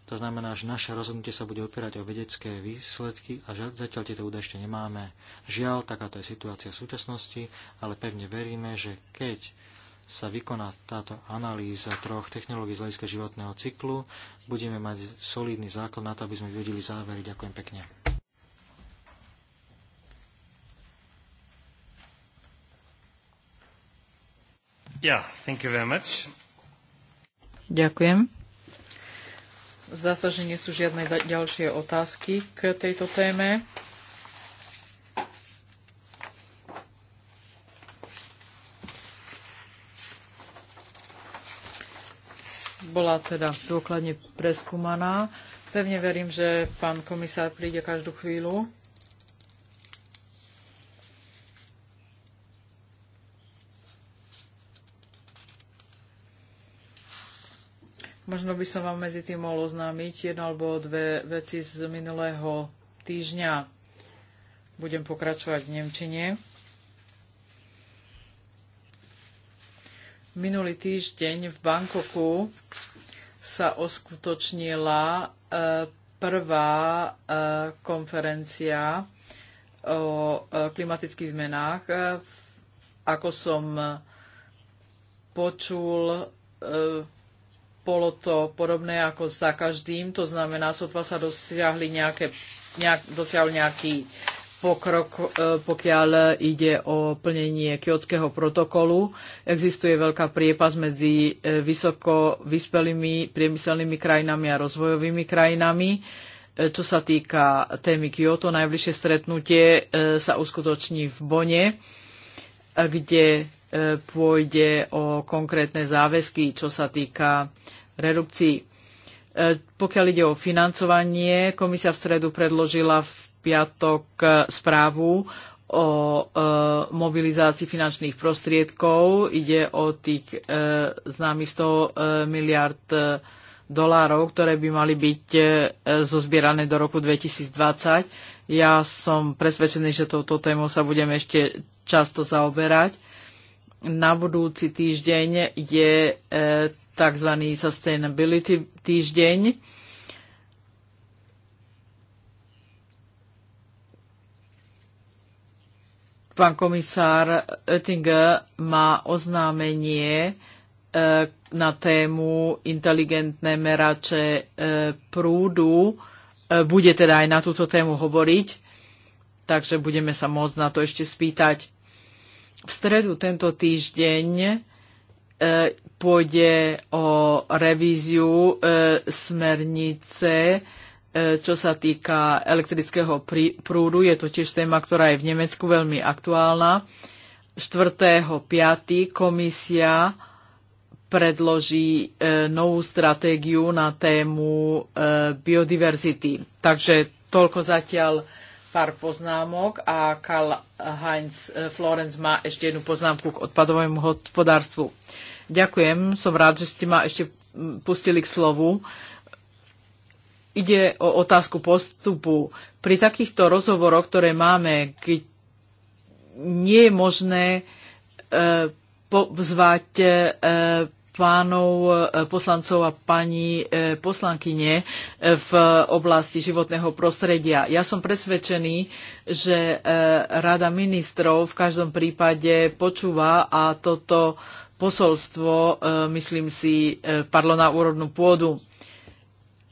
To znamená, že naše rozhodnutie sa bude opierať o vedecké výsledky a zatiaľ tieto údaje ešte nemáme. Žiaľ, takáto je situácia v súčasnosti, ale pevne veríme, že keď sa vykoná táto analýza troch technológií z hľadiska životného cyklu, budeme mať solidný základ na to, aby sme vyvedeli závery. Ďakujem pekne. Yeah, thank you very much. Ďakujem. Zdá sa, že nie sú žiadne ďalšie otázky k tejto téme. Bola teda dôkladne preskúmaná. Pevne verím, že pán komisár príde každú chvíľu. Možno by som vám medzi tým mohol oznámiť jedno alebo dve veci z minulého týždňa. Budem pokračovať v Nemčine. Minulý týždeň v Bankoku sa oskutočnila e, prvá e, konferencia o e, klimatických zmenách. Ako som počul, bolo to podobné ako za každým, to znamená, sotva sa dosiahli nejaké, nejak, dosiahli nejaký pokrok, e, pokiaľ ide o plnenie kiotského protokolu. Existuje veľká priepas medzi e, vysoko vyspelými priemyselnými krajinami a rozvojovými krajinami. Čo e, sa týka témy Kyoto, najbližšie stretnutie sa uskutoční v Bone, kde E, pôjde o konkrétne záväzky, čo sa týka redukcií. E, pokiaľ ide o financovanie, komisia v stredu predložila v piatok e, správu o mobilizácii finančných prostriedkov. Ide o tých známych 100 miliard dolárov, ktoré by mali byť zozbierané do roku 2020. Ja som presvedčený, že touto témou sa budeme ešte často zaoberať na budúci týždeň je e, tzv. Sustainability týždeň. Pán komisár Oettinger má oznámenie e, na tému inteligentné merače e, prúdu. Bude teda aj na túto tému hovoriť, takže budeme sa môcť na to ešte spýtať. V stredu tento týždeň e, pôjde o revíziu e, smernice, e, čo sa týka elektrického prúdu. Je to tiež téma, ktorá je v Nemecku veľmi aktuálna. 4.5. komisia predloží novú stratégiu na tému biodiverzity. Takže toľko zatiaľ pár poznámok a Karl Heinz eh, Florenz má ešte jednu poznámku k odpadovému hospodárstvu. Ďakujem, som rád, že ste ma ešte mm, pustili k slovu. Ide o otázku postupu. Pri takýchto rozhovoroch, ktoré máme, keď nie je možné e, eh, pozvať e, eh, pánov e, poslancov a pani e, poslankyne e, v oblasti životného prostredia. Ja som presvedčený, že Rada ministrov v každom prípade počúva a toto posolstvo, myslím si, padlo na úrodnú pôdu.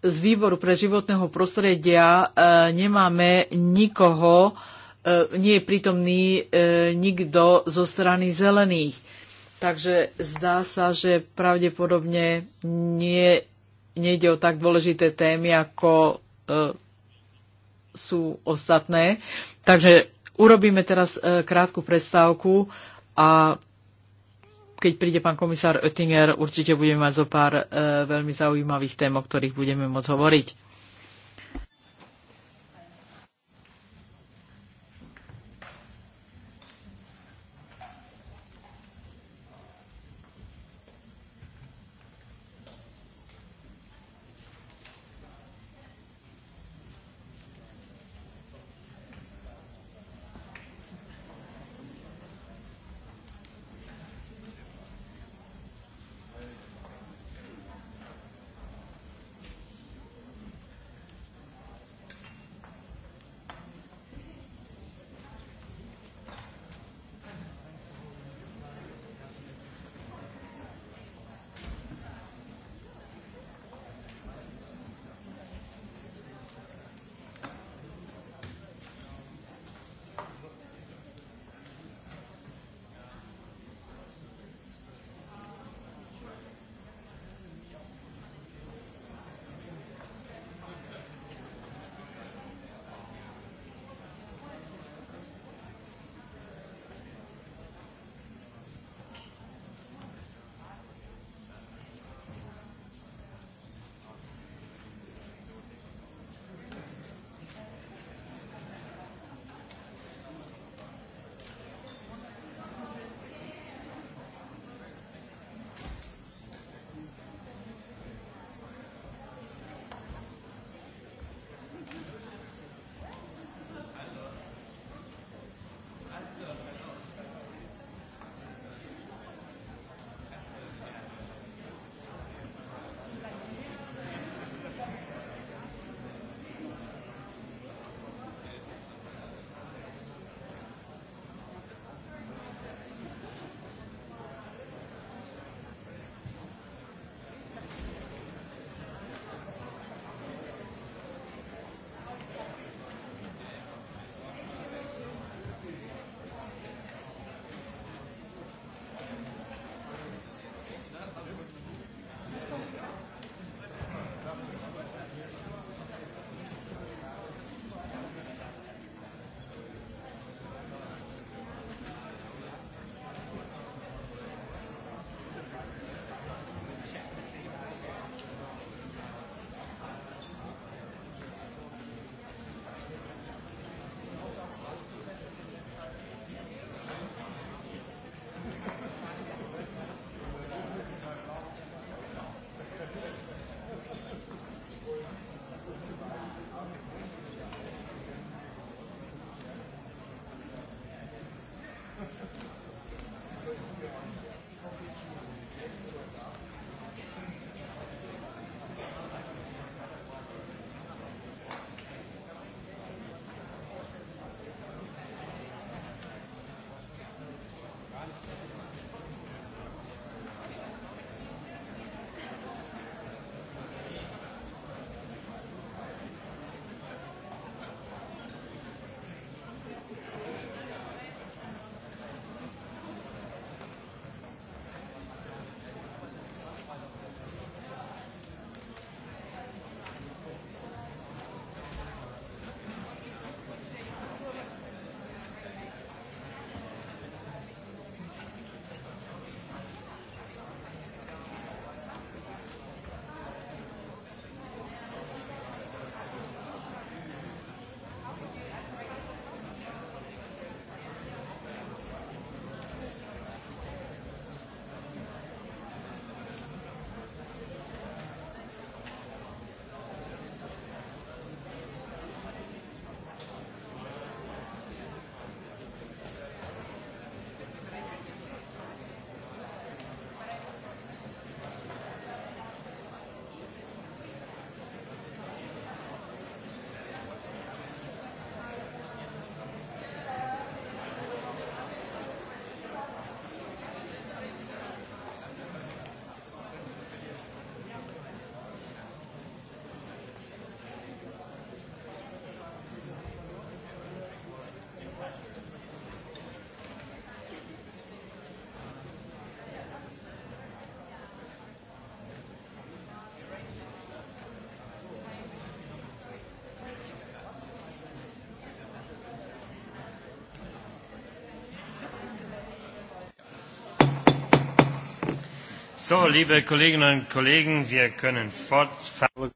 Z výboru pre životného prostredia nemáme nikoho, nie je prítomný nikto zo strany zelených Takže zdá sa, že pravdepodobne nie, nejde o tak dôležité témy, ako e, sú ostatné. Takže urobíme teraz e, krátku prestávku a keď príde pán komisár Oettinger, určite budeme mať zo pár e, veľmi zaujímavých tém, o ktorých budeme môcť hovoriť.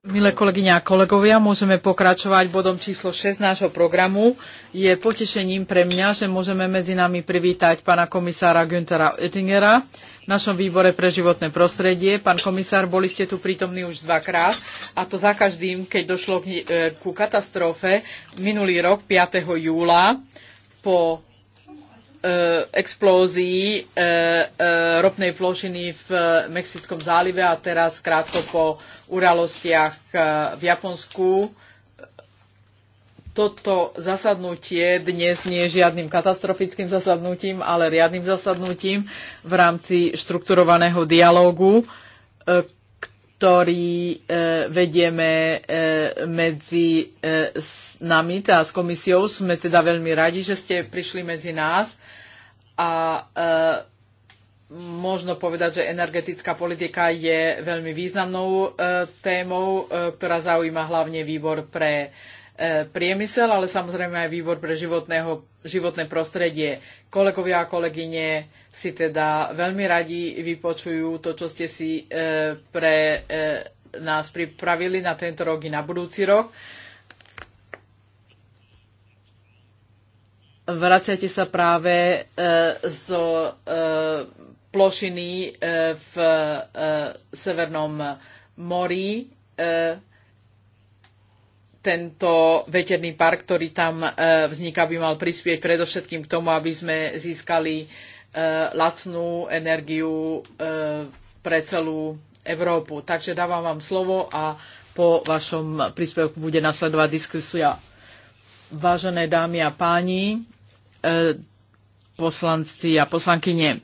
Milé kolegyne a kolegovia, môžeme pokračovať bodom číslo 6 nášho programu. Je potešením pre mňa, že môžeme medzi nami privítať pána komisára Günthera Oettingera v našom výbore pre životné prostredie. Pán komisár, boli ste tu prítomní už dvakrát a to za každým, keď došlo e, ku katastrofe minulý rok 5. júla po E, explózií e, e, ropnej plošiny v Mexickom zálive a teraz krátko po uralostiach v Japonsku. Toto zasadnutie dnes nie je žiadnym katastrofickým zasadnutím, ale riadnym zasadnutím v rámci štrukturovaného dialógu, ktorý e, vedieme e, medzi e, nami, teda s komisiou. Sme teda veľmi radi, že ste prišli medzi nás a možno povedať, že energetická politika je veľmi významnou témou, ktorá zaujíma hlavne výbor pre E, priemysel, ale samozrejme aj výbor pre životného, životné prostredie. Kolegovia a kolegyne si teda veľmi radi vypočujú to, čo ste si e, pre e, nás pripravili na tento rok i na budúci rok. Vraciate sa práve zo plošiny v Severnom mori tento veterný park, ktorý tam e, vzniká, by mal prispieť predovšetkým k tomu, aby sme získali e, lacnú energiu e, pre celú Európu. Takže dávam vám slovo a po vašom príspevku bude nasledovať diskusia. Vážené dámy a páni, poslanci a poslankyne,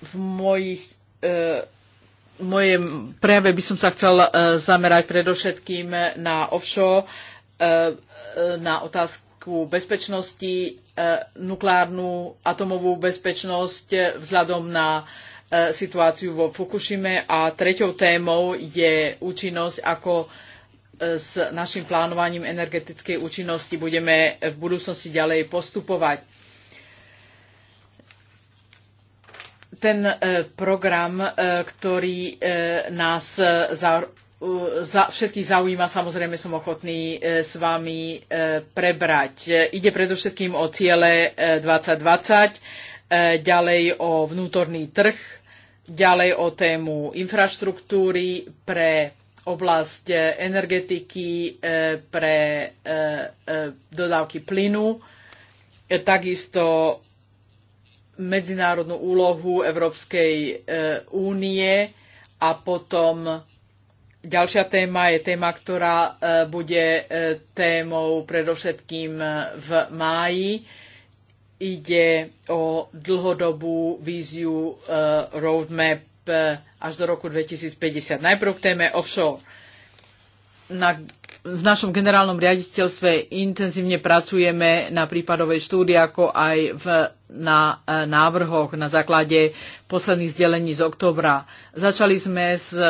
v mojich moje prejave by som sa chcel e, zamerať predovšetkým na offshore, e, e, na otázku bezpečnosti, nukleárnu, atomovú bezpečnosť vzhľadom na situáciu vo Fukushime a treťou témou je účinnosť, ako s našim plánovaním energetickej účinnosti budeme v budúcnosti ďalej postupovať. ten e, program, e, ktorý e, nás za, za, všetkých zaujíma, samozrejme som ochotný s vami prebrať. Ide predovšetkým o ciele 2020, ďalej o vnútorný trh, ďalej o tému infraštruktúry pre oblasť energetiky, pre dodávky plynu, takisto medzinárodnú úlohu Európskej e, únie a potom ďalšia téma je téma, ktorá e, bude e, témou predovšetkým v máji. Ide o dlhodobú víziu roadmap až do roku 2050. Najprv k téme offshore. Na v našom generálnom riaditeľstve intenzívne pracujeme na prípadovej štúdii, ako aj v na e, návrhoch na základe posledných zdelení z oktobra. Začali sme s e,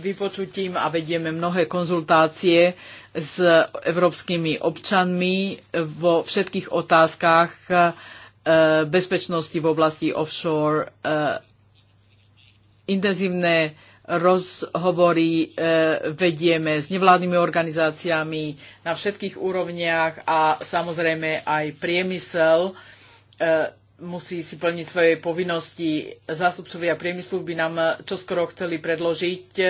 vypočutím a vedieme mnohé konzultácie s európskymi občanmi vo všetkých otázkach e, bezpečnosti v oblasti offshore. Intenzívne rozhovory e, vedieme s nevládnymi organizáciami na všetkých úrovniach a samozrejme aj priemysel e, musí si plniť svoje povinnosti. Zástupcovia priemyslu by nám čoskoro chceli predložiť e,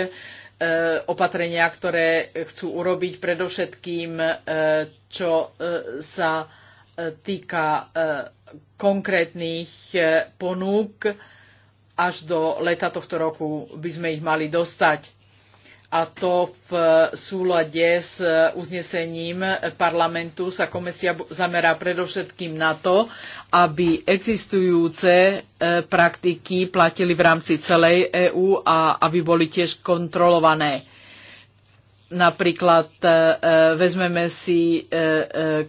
opatrenia, ktoré chcú urobiť predovšetkým, čo sa týka konkrétnych ponúk až do leta tohto roku by sme ich mali dostať. A to v súlade s uznesením parlamentu sa komisia zamerá predovšetkým na to, aby existujúce e, praktiky platili v rámci celej EÚ a aby boli tiež kontrolované. Napríklad e, e, vezmeme si e,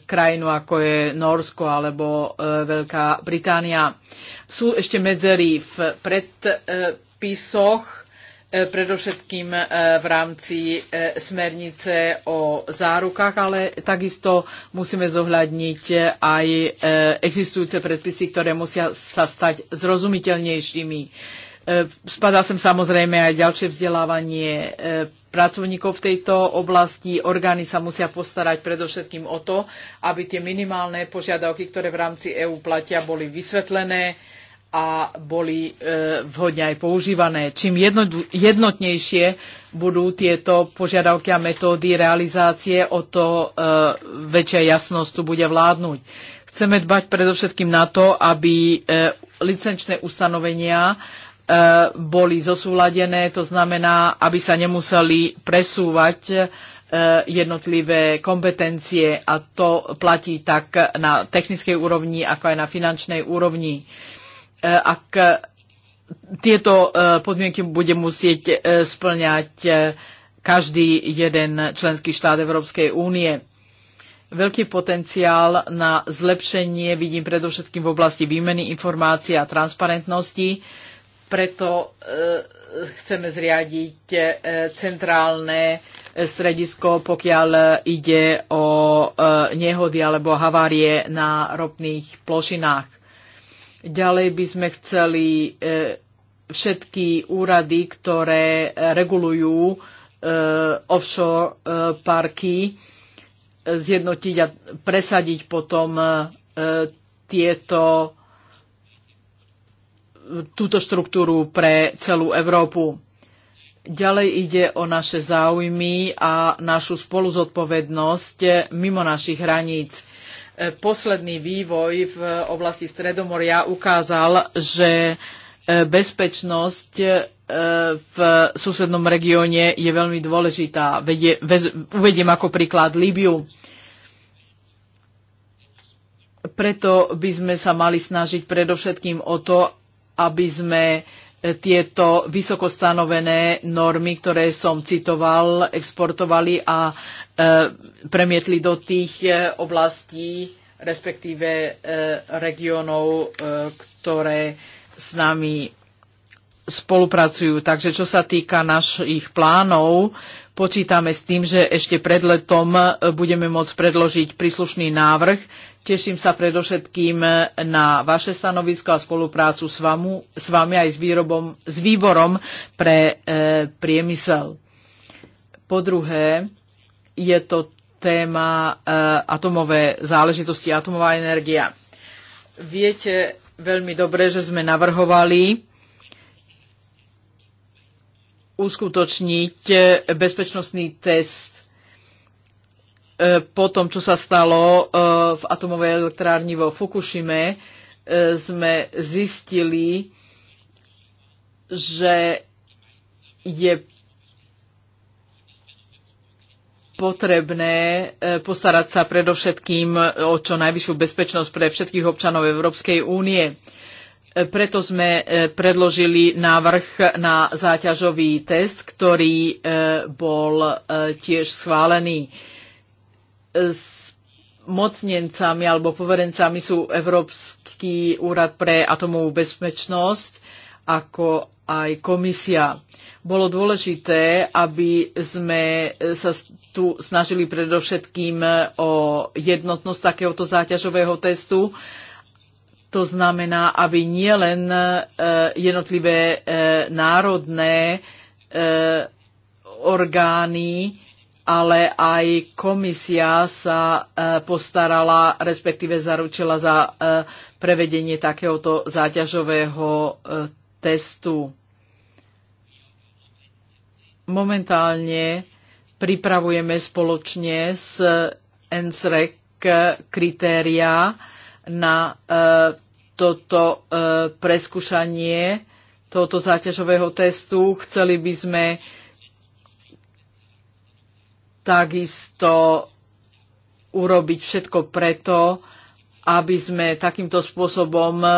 krajinu ako je Norsko alebo Veľká Británia. Sú ešte medzery v predpisoch, predovšetkým v rámci smernice o zárukách, ale takisto musíme zohľadniť aj existujúce predpisy, ktoré musia sa stať zrozumiteľnejšími. Spadá sem samozrejme aj ďalšie vzdelávanie pracovníkov v tejto oblasti. Orgány sa musia postarať predovšetkým o to, aby tie minimálne požiadavky, ktoré v rámci EÚ platia, boli vysvetlené a boli e, vhodne aj používané. Čím jednotnejšie budú tieto požiadavky a metódy realizácie, o to e, väčšia jasnosť tu bude vládnuť. Chceme dbať predovšetkým na to, aby e, licenčné ustanovenia Eh, boli zosúladené, to znamená, aby sa nemuseli presúvať eh, jednotlivé kompetencie a to platí tak na technickej úrovni, ako aj na finančnej úrovni. Eh, ak tieto podmienky bude musieť splňať každý jeden členský štát Európskej únie. Veľký potenciál na zlepšenie vidím predovšetkým v oblasti výmeny informácií a transparentnosti preto e, chceme zriadiť e, centrálne stredisko, pokiaľ ide o e, nehody alebo havárie na ropných plošinách. Ďalej by sme chceli všetky úrady, ktoré regulujú offshore parky, zjednotiť a presadiť potom tieto túto štruktúru pre celú Európu. Ďalej ide o naše záujmy a našu spoluzodpovednosť mimo našich hraníc. E, posledný vývoj v oblasti Stredomoria ukázal, že e, bezpečnosť e, v susednom regióne je veľmi dôležitá. uvediem ako príklad Líbiu. Preto by sme sa mali snažiť predovšetkým o to, aby sme e, tieto vysokostanovené normy, ktoré som citoval, exportovali a e, premietli do tých e, oblastí, respektíve regionov, regiónov, ktoré s nami spolupracujú. Takže čo sa týka našich plánov, Počítame s tým, že ešte pred letom e, budeme môcť predložiť príslušný návrh. Teším sa predovšetkým na vaše stanovisko a spoluprácu s, vamu, s vami aj s, výrobom, s výborom pre e, priemysel. Po druhé, je to téma e, atomové záležitosti, atomová energia. Viete veľmi dobre, že sme navrhovali uskutočniť eh, bezpečnostný test eh, po tom, čo sa stalo eh, v atomovej elektrárni vo Fukushime, sme zistili, že je potrebné postarať sa predovšetkým o čo najvyššiu bezpečnosť pre všetkých občanov Európskej únie. E, preto sme e, predložili návrh na záťažový test, ktorý e, bol tiež schválený. S mocnencami alebo poverencami sú Európsky úrad pre atomovú bezpečnosť ako aj komisia. Bolo dôležité, aby sme sa tu snažili predovšetkým o jednotnosť takéhoto záťažového testu, to znamená, aby nielen e, jednotlivé e, národné e, orgány, ale aj komisia sa postarala, respektíve zaručila za prevedenie takéhoto záťažového testu. Momentálne pripravujeme spoločne s NSREC kritéria, na e, toto e, preskúšanie tohoto záťažového testu. Chceli by sme takisto urobiť všetko preto, aby sme takýmto spôsobom e,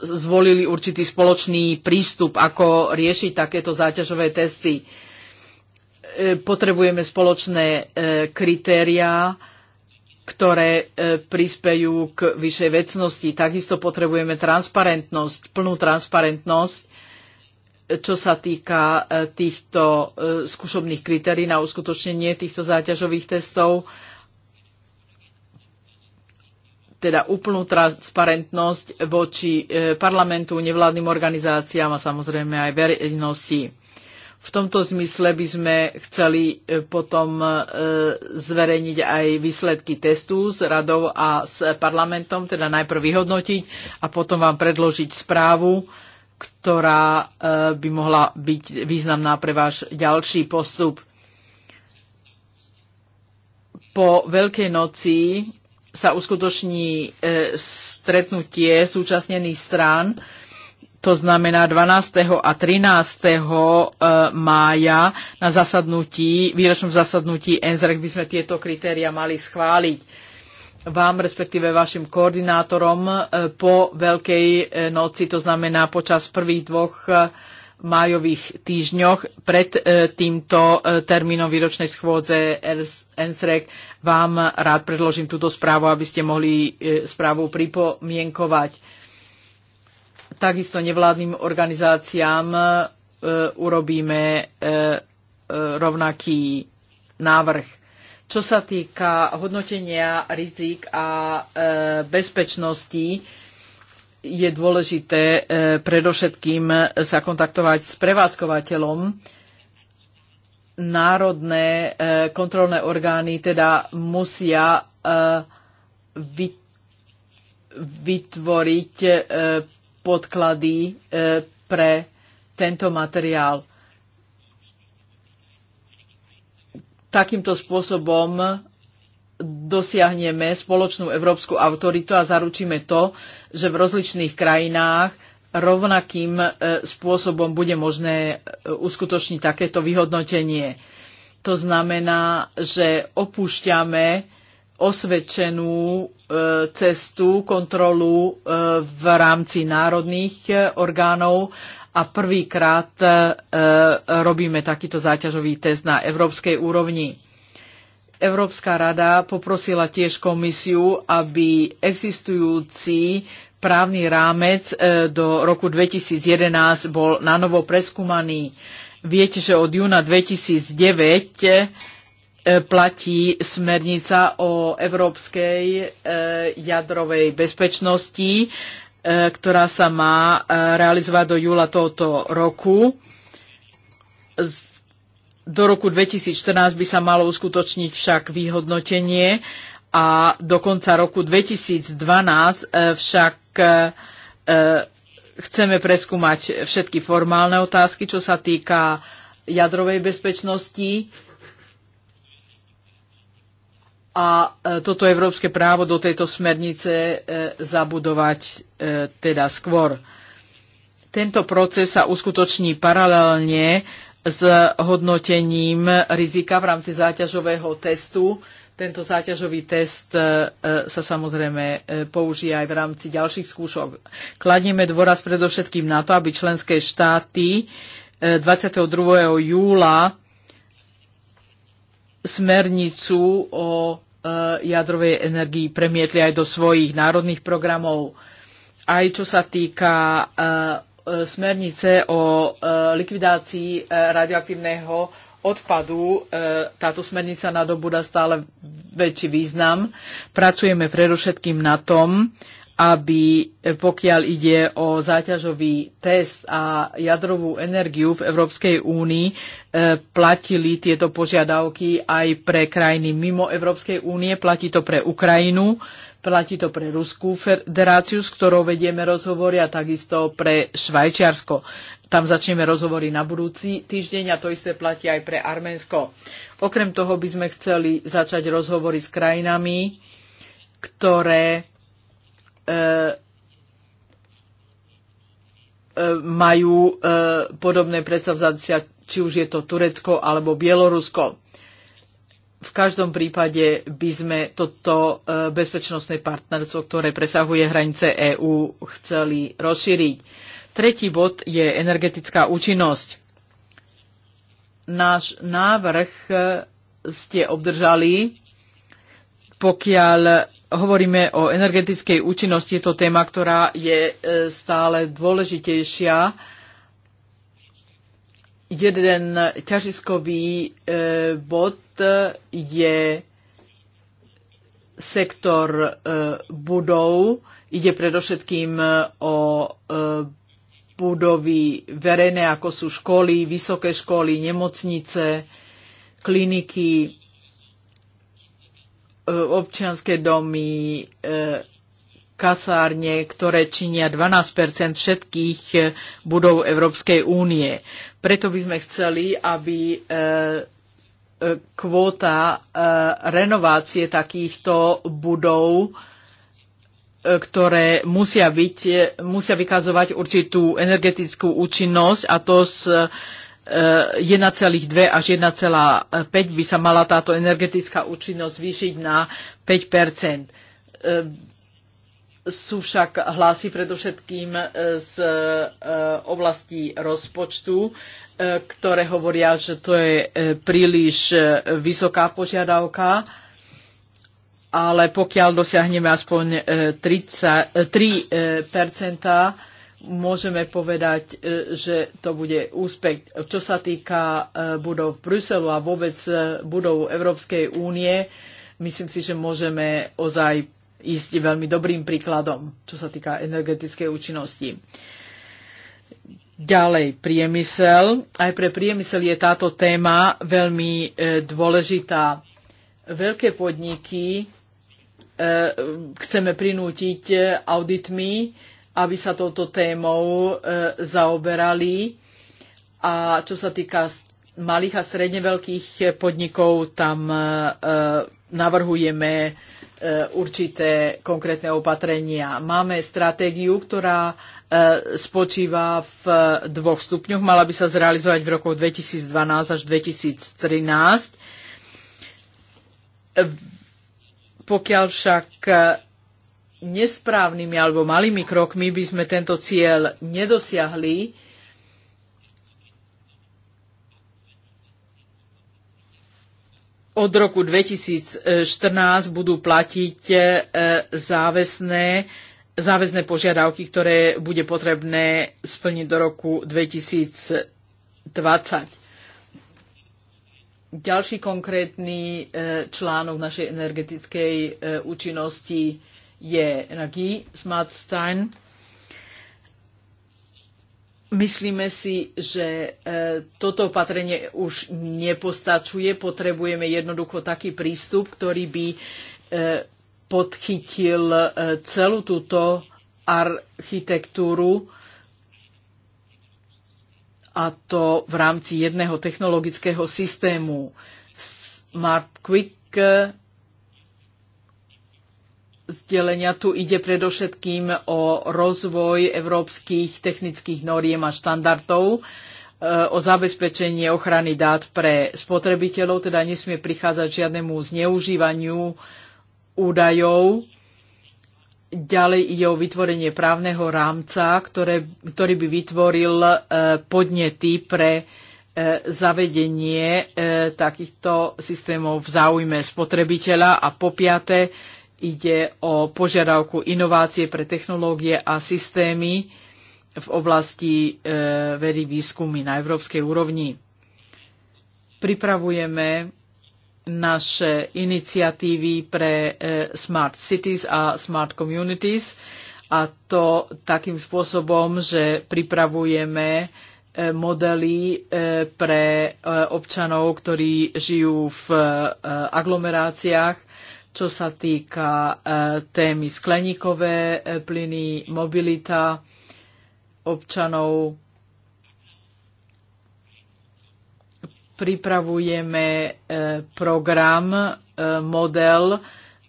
zvolili určitý spoločný prístup, ako riešiť takéto záťažové testy. Potrebujeme spoločné kritériá, ktoré e, prispejú k vyššej vecnosti. Takisto potrebujeme transparentnosť, plnú transparentnosť, e, čo sa týka e, týchto skúšobných kritérií na uskutočnenie týchto záťažových testov teda úplnú transparentnosť voči parlamentu, nevládnym organizáciám a samozrejme aj verejnosti. V tomto zmysle by sme chceli e, potom e, zverejniť aj výsledky testu s radou a s parlamentom, teda najprv vyhodnotiť a potom vám predložiť správu, ktorá e, by mohla byť významná pre váš ďalší postup. Po Veľkej noci sa uskutoční stretnutie súčasnených strán, to znamená 12. a 13. E, mája na zasadnutí, výročnom zasadnutí NZREK by sme tieto kritéria mali schváliť vám, respektíve vašim koordinátorom e, po Veľkej e, noci, to znamená počas prvých dvoch májových týždňoch pred týmto termínom výročnej schôdze NSREC vám rád predložím túto správu, aby ste mohli správu pripomienkovať Takisto nevládnym organizáciám e, urobíme e, e, rovnaký návrh. Čo sa týka hodnotenia rizik a bezpečnosti, je dôležité predovšetkým sa kontaktovať s prevádzkovateľom. Národné kontrolné orgány teda musia vytvoriť podklady e, pre tento materiál. Takýmto spôsobom dosiahneme spoločnú európsku autoritu a zaručíme to, že v rozličných krajinách rovnakým e, spôsobom bude možné e, uskutočniť takéto vyhodnotenie. To znamená, že opúšťame osvedčenú e, cestu, kontrolu e, v rámci národných e, orgánov a prvýkrát robíme takýto záťažový test na európskej úrovni. Európska rada poprosila tiež komisiu, aby existujúci právny rámec do roku 2011 bol nanovo preskúmaný. Viete, že od júna 2009 E, platí smernica o európskej e, jadrovej bezpečnosti, e, ktorá sa má realizovať do júla tohoto roku. Do roku 2014 by sa malo uskutočniť však vyhodnotenie a do konca roku 2012 však chceme preskúmať všetky formálne otázky, čo sa týka jadrovej bezpečnosti a e, toto európske právo do tejto smernice e, zabudovať e, teda skôr. Tento proces sa uskutoční paralelne s hodnotením rizika v rámci záťažového testu. Tento záťažový test sa samozrejme použije aj v rámci ďalších skúšok. Kladieme dôraz predovšetkým na to, aby členské štáty 22. júla smernicu o Eh, jadrovej energii premietli aj do svojich národných programov. Aj čo sa týka eh, eh, smernice o likvidácii radioaktívneho odpadu, táto smernica nadobúda stále väčší význam. Pracujeme predovšetkým na tom, aby eh, pokiaľ ide o záťažový test a jadrovú energiu v Európskej únii, eh, platili tieto požiadavky aj pre krajiny mimo Európskej únie, platí to pre Ukrajinu, platí to pre Ruskú federáciu, s ktorou vedieme rozhovory a takisto pre Švajčiarsko. Tam začneme rozhovory na budúci týždeň a to isté platí aj pre Arménsko. Okrem toho by sme chceli začať rozhovory s krajinami, ktoré E, e, majú e, podobné predsavzatia, či už je to Turecko alebo Bielorusko. V každom prípade by sme toto bezpečnostné partnerstvo, ktoré presahuje hranice EÚ, chceli rozšíriť. Tretí bod je energetická účinnosť. Náš návrh ste obdržali, pokiaľ hovoríme o energetickej účinnosti, je to téma, ktorá je e, stále dôležitejšia. Jeden ťažiskový e, bod je sektor e, budov. Ide predovšetkým o budovy verejné, ako sú školy, vysoké školy, nemocnice, kliniky, E, občianské domy, e, kasárne, ktoré činia 12 všetkých e, budov Európskej únie. Preto by sme chceli, aby kvóta renovácie takýchto budov ktoré musia, byť, musia vykazovať určitú energetickú účinnosť a to z 1,2 eh, až 1,5 by sa mala táto energetická účinnosť zvýšiť na 5 eh, Sú však hlasy predovšetkým eh, z oblasti rozpočtu, ktoré hovoria, že to je príliš vysoká požiadavka, ale pokiaľ dosiahneme aspoň 30, 3 môžeme povedať, e, že to bude úspech. Čo sa týka e, budov v Bruselu a vôbec e, budov Európskej únie, myslím si, že môžeme ozaj ísť veľmi dobrým príkladom, čo sa týka energetickej účinnosti. Ďalej, priemysel. Aj pre priemysel je táto téma veľmi dôležitá. Veľké podniky chceme prinútiť auditmi, aby sa touto témou e, zaoberali. A čo sa týka malých a stredne veľkých podnikov, tam e, e, navrhujeme určité konkrétne opatrenia. Máme stratégiu, ktorá spočíva v dvoch stupňoch. Mala by sa zrealizovať v rokoch 2012 až 2013. Pokiaľ však nesprávnymi alebo malými krokmi by sme tento cieľ nedosiahli. Od roku 2014 budú platiť e, záväzné, záväzné požiadavky, ktoré bude potrebné splniť do roku 2020. Ďalší konkrétny e, článok našej energetickej e, účinnosti je energií, Smart Stein. Myslíme si, že e, toto opatrenie už nepostačuje. Potrebujeme jednoducho taký prístup, ktorý by e, podchytil e, celú túto architektúru a to v rámci jedného technologického systému. Smart Quick zdelenia tu ide predovšetkým o rozvoj európskych technických noriem a štandardov, e, o zabezpečenie ochrany dát pre spotrebiteľov, teda nesmie prichádzať žiadnemu zneužívaniu údajov. Ďalej ide o vytvorenie právneho rámca, ktoré, ktorý by vytvoril e, podnety pre e, zavedenie takýchto systémov v záujme spotrebiteľa a po piaté Ide o požiadavku inovácie pre technológie a systémy v oblasti e, vedy výskumy na európskej úrovni. Pripravujeme naše iniciatívy pre e, Smart Cities a Smart Communities a to takým spôsobom, že pripravujeme e, modely pre občanov, ktorí žijú v aglomeráciách čo sa týka e, témy skleníkové e, plyny, mobilita občanov. Pripravujeme e, program, model,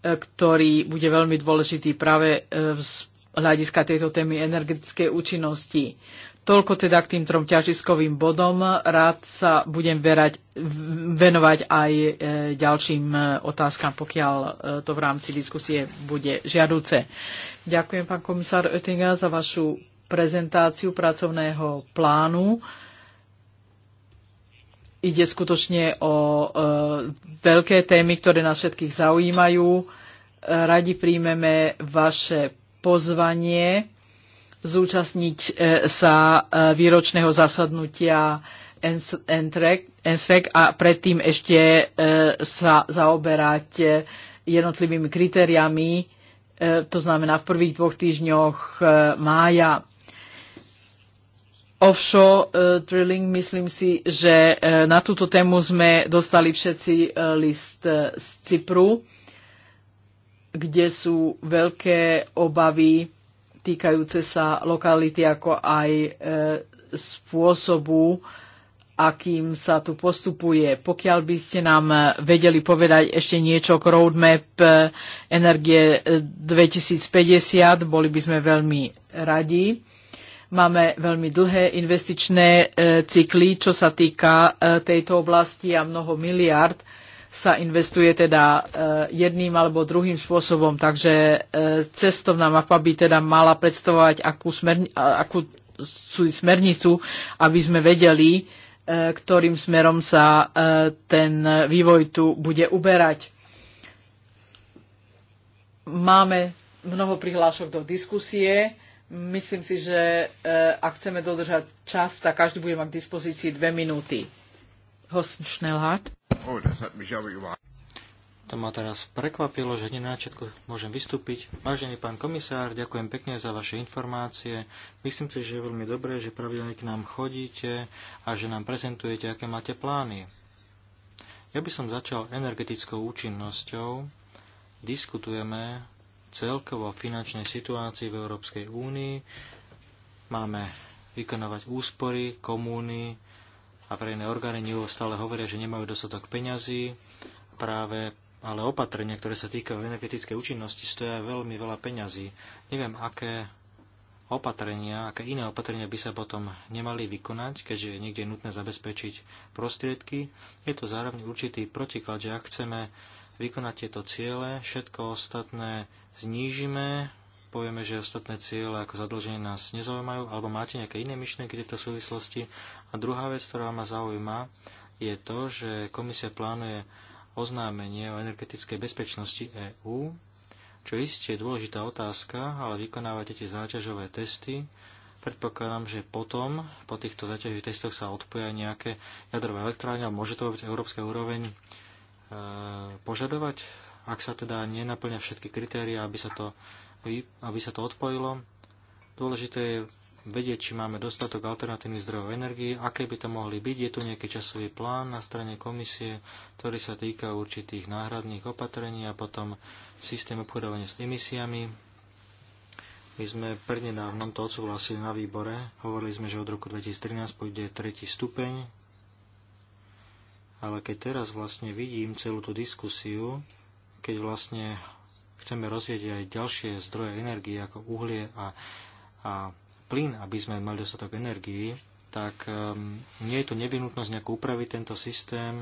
ktorý bude veľmi dôležitý práve z hľadiska tejto témy energetickej účinnosti. Toľko teda k tým trom ťažiskovým bodom. Rád sa budem verať, venovať aj e, ďalším e, otázkam, pokiaľ e, to v rámci diskusie bude žiaduce. Ďakujem, pán komisár Oettinga za vašu prezentáciu pracovného plánu. Ide skutočne o veľké témy, ktoré nás všetkých zaujímajú. Radi príjmeme vaše pozvanie zúčastniť e, sa e, výročného zasadnutia NSREC a predtým ešte e, sa zaoberať jednotlivými kritériami, to znamená v prvých dvoch týždňoch mája. Offshore drilling, myslím si, že na túto tému sme dostali všetci list z Cypru, kde sú veľké obavy týkajúce sa lokality, ako aj e, spôsobu, akým sa tu postupuje. Pokiaľ by ste nám e, vedeli povedať ešte niečo k roadmap e, energie 2050, e, boli by sme veľmi radi. Máme veľmi dlhé investičné cykly, čo sa týka tejto oblasti a mnoho miliard sa investuje teda e, jedným alebo druhým spôsobom, takže e, cestovná mapa by teda mala predstavovať akú, smerni- akú smernicu, aby sme vedeli, e, ktorým smerom sa ten vývoj tu bude uberať. Máme mnoho prihlášok do diskusie. Myslím si, že ak chceme dodržať čas, tak každý bude mať k dispozícii dve minúty. Host Schnellhardt. To ma teraz prekvapilo, že hneď na začiatku môžem vystúpiť. Vážený pán komisár, ďakujem pekne za vaše informácie. Myslím si, že je veľmi dobré, že pravidelne k nám chodíte a že nám prezentujete, aké máte plány. Ja by som začal energetickou účinnosťou. Diskutujeme celkovo o finančnej situácii v Európskej únii. Máme vykonovať úspory, komúny, a verejné orgány neustále hovoria, že nemajú dostatok peňazí, práve ale opatrenia, ktoré sa týkajú energetickej účinnosti, stoja veľmi veľa peňazí. Neviem, aké opatrenia, aké iné opatrenia by sa potom nemali vykonať, keďže je niekde je nutné zabezpečiť prostriedky. Je to zároveň určitý protiklad, že ak chceme vykonať tieto ciele, všetko ostatné znížime, povieme, že ostatné ciele ako zadlženie nás nezaujímajú, alebo máte nejaké iné myšlienky v tejto súvislosti. A druhá vec, ktorá ma zaujíma, je to, že komisia plánuje oznámenie o energetickej bezpečnosti EÚ, čo isté je dôležitá otázka, ale vykonávate tie záťažové testy. Predpokladám, že potom, po týchto záťažových testoch sa odpoja nejaké jadrové elektrárne, ale môže to vôbec európska úroveň e, požadovať, ak sa teda nenaplňa všetky kritéria, aby sa to aby sa to odpojilo. Dôležité je vedieť, či máme dostatok alternatívnych zdrojov energie, aké by to mohli byť. Je tu nejaký časový plán na strane komisie, ktorý sa týka určitých náhradných opatrení a potom systém obchodovania s emisiami. My sme prednedávnom to odsúhlasili na výbore. Hovorili sme, že od roku 2013 pôjde tretí stupeň. Ale keď teraz vlastne vidím celú tú diskusiu, keď vlastne chceme rozvieť aj ďalšie zdroje energie ako uhlie a, a plyn, aby sme mali dostatok energii, tak um, nie je tu nevyhnutnosť nejako upraviť tento systém.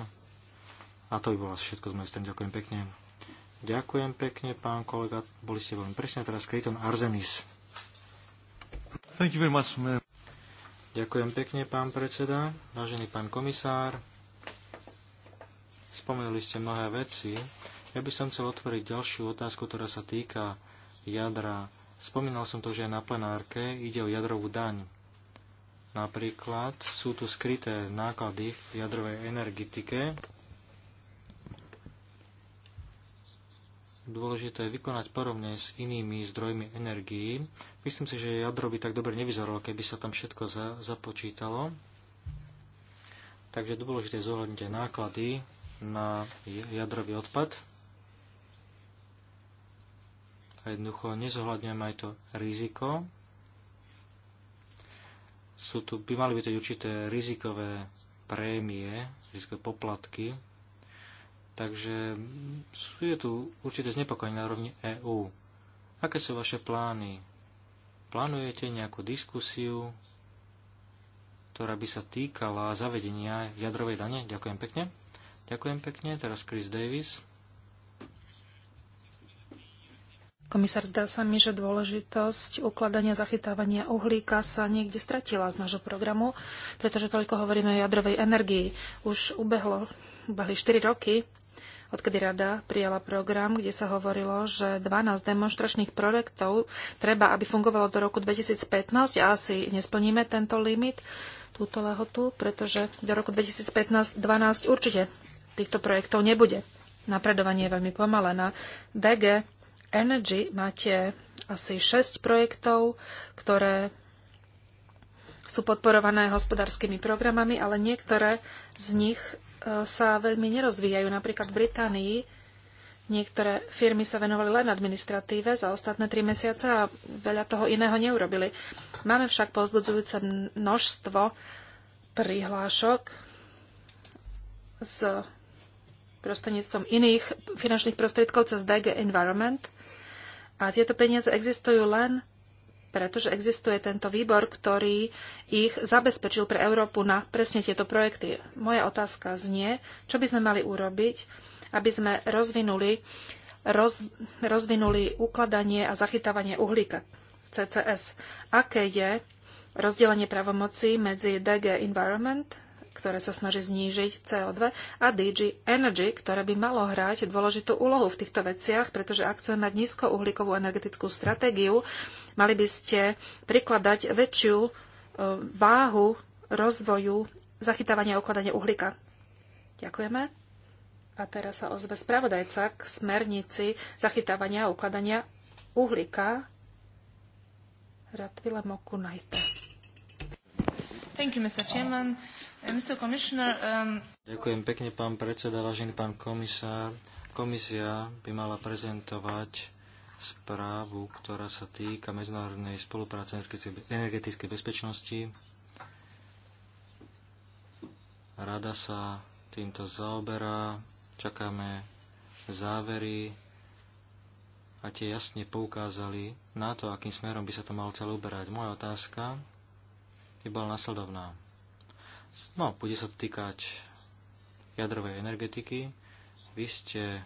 A to by bolo všetko z mojej strany. Ďakujem pekne. Ďakujem pekne, pán kolega. Boli ste veľmi presne. Teraz Kryton Arzenis. Thank you very much, Ďakujem pekne, pán predseda. Vážený pán komisár, spomenuli ste mnohé veci ja by som chcel otvoriť ďalšiu otázku, ktorá sa týka jadra. Spomínal som to, že na plenárke ide o jadrovú daň. Napríklad sú tu skryté náklady v jadrovej energetike. Dôležité je vykonať porovne s inými zdrojmi energií. Myslím si, že jadro by tak dobre nevyzeralo, keby sa tam všetko za, započítalo. Takže dôležité je zohľadniť aj náklady na jadrový odpad jednoducho nezohľadňujem aj to riziko. Sú tu, by mali byť určité rizikové prémie, rizikové poplatky, takže sú je tu určité znepokojenie na rovni EÚ. Aké sú vaše plány? Plánujete nejakú diskusiu, ktorá by sa týkala zavedenia jadrovej dane? Ďakujem pekne. Ďakujem pekne. Teraz Chris Davis. Komisár, zdá sa mi, že dôležitosť ukladania zachytávania uhlíka sa niekde stratila z nášho programu, pretože toľko hovoríme o jadrovej energii. Už ubehlo, ubehli 4 roky, odkedy rada prijala program, kde sa hovorilo, že 12 demonstračných projektov treba, aby fungovalo do roku 2015 a asi nesplníme tento limit, túto lehotu, pretože do roku 2015 12 určite týchto projektov nebude. Napredovanie je veľmi pomalé. Na DG Energy máte asi 6 projektov, ktoré sú podporované hospodárskymi programami, ale niektoré z nich e, sa veľmi nerozvíjajú. Napríklad v Británii niektoré firmy sa venovali len administratíve za ostatné tri mesiace a veľa toho iného neurobili. Máme však pozbudzujúce množstvo prihlášok s prostredníctvom iných finančných prostriedkov cez DG Environment – a tieto peniaze existujú len pretože existuje tento výbor, ktorý ich zabezpečil pre Európu na presne tieto projekty. Moja otázka znie, čo by sme mali urobiť, aby sme rozvinuli, roz, rozvinuli ukladanie a zachytávanie uhlíka CCS. Aké je rozdelenie pravomocí medzi DG Environment, ktoré sa snaží znížiť CO2, a DG Energy, ktoré by malo hrať dôležitú úlohu v týchto veciach, pretože ak chceme mať nízkouhlíkovú energetickú stratégiu, mali by ste prikladať väčšiu e, váhu rozvoju zachytávania a ukladania uhlíka. Ďakujeme. A teraz sa ozve spravodajca k smernici zachytávania a ukladania uhlíka Ratvile Mokunajte. Thank you, Mr. Chairman. Uh, um, Ďakujem pekne, pán predseda, vážený pán komisár. Komisia by mala prezentovať správu, ktorá sa týka medzinárodnej spolupráce energetickej bezpečnosti. Rada sa týmto zaoberá, čakáme závery a tie jasne poukázali na to, akým smerom by sa to malo celé uberať. Moja otázka je bola nasledovná. No, bude sa to týkať jadrovej energetiky. Vy ste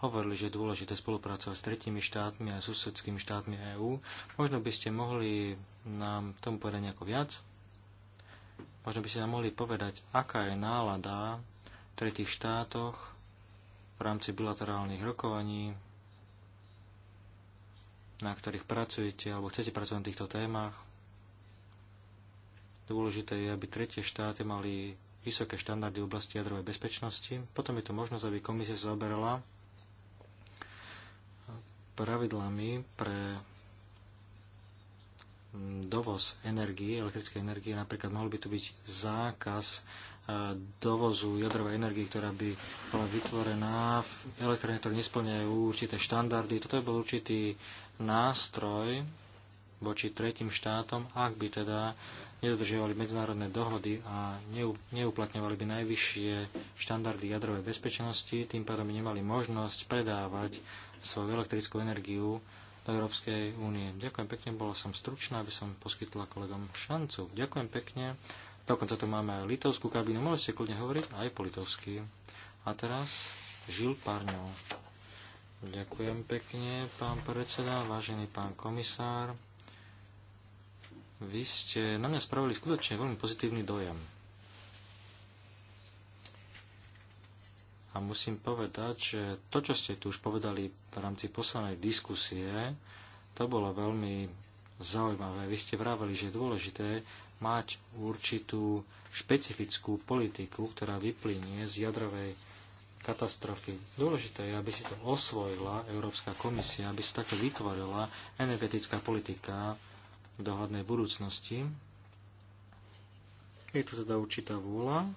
hovorili, že je dôležité spolupracovať s tretími štátmi a susedskými štátmi EÚ. Možno by ste mohli nám tomu povedať nejako viac? Možno by ste nám mohli povedať, aká je nálada v tretích štátoch v rámci bilaterálnych rokovaní, na ktorých pracujete alebo chcete pracovať na týchto témach. Dôležité je, aby tretie štáty mali vysoké štandardy v oblasti jadrovej bezpečnosti. Potom je tu možnosť, aby komisia zaoberala pravidlami pre dovoz energie, elektrickej energie. Napríklad mohol by tu byť zákaz e, dovozu jadrovej energie, ktorá by bola vytvorená v elektrárne, ktoré nesplňajú určité štandardy. Toto je bol určitý nástroj, voči tretím štátom, ak by teda nedodržiavali medzinárodné dohody a neuplatňovali by najvyššie štandardy jadrovej bezpečnosti, tým pádom by nemali možnosť predávať svoju elektrickú energiu do Európskej únie. Ďakujem pekne, bola som stručná, aby som poskytla kolegom šancu. Ďakujem pekne. Dokonca tu máme aj litovskú kabínu, mohli ste kľudne hovoriť aj po litovsky. A teraz Žil Parňov. Ďakujem pekne, pán predseda, vážený pán komisár. Vy ste na mňa spravili skutočne veľmi pozitívny dojem. A musím povedať, že to, čo ste tu už povedali v rámci poslanej diskusie, to bolo veľmi zaujímavé. Vy ste vraveli, že je dôležité mať určitú špecifickú politiku, ktorá vyplynie z jadrovej katastrofy. Dôležité je, aby si to osvojila Európska komisia, aby sa takto vytvorila energetická politika v dohľadnej budúcnosti. Je tu teda určitá vôľa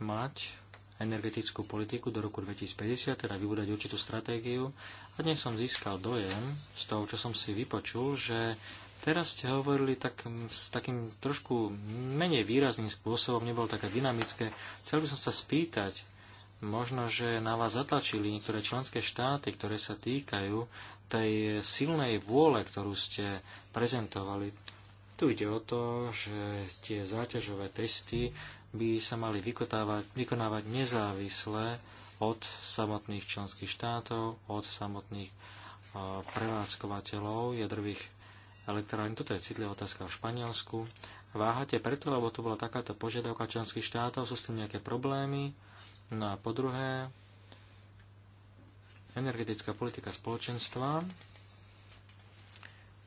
mať energetickú politiku do roku 2050, teda vybudať určitú stratégiu. A dnes som získal dojem z toho, čo som si vypočul, že teraz ste hovorili tak, s takým trošku menej výrazným spôsobom, nebolo také dynamické. Chcel by som sa spýtať, Možno, že na vás zatlačili niektoré členské štáty, ktoré sa týkajú tej silnej vôle, ktorú ste prezentovali. Tu ide o to, že tie záťažové testy by sa mali vykonávať nezávisle od samotných členských štátov, od samotných prevádzkovateľov jadrových elektrární. Toto je citlivá otázka v Španielsku. Váhate preto, lebo tu bola takáto požiadavka členských štátov, sú s tým nejaké problémy? No a po druhé, energetická politika spoločenstva.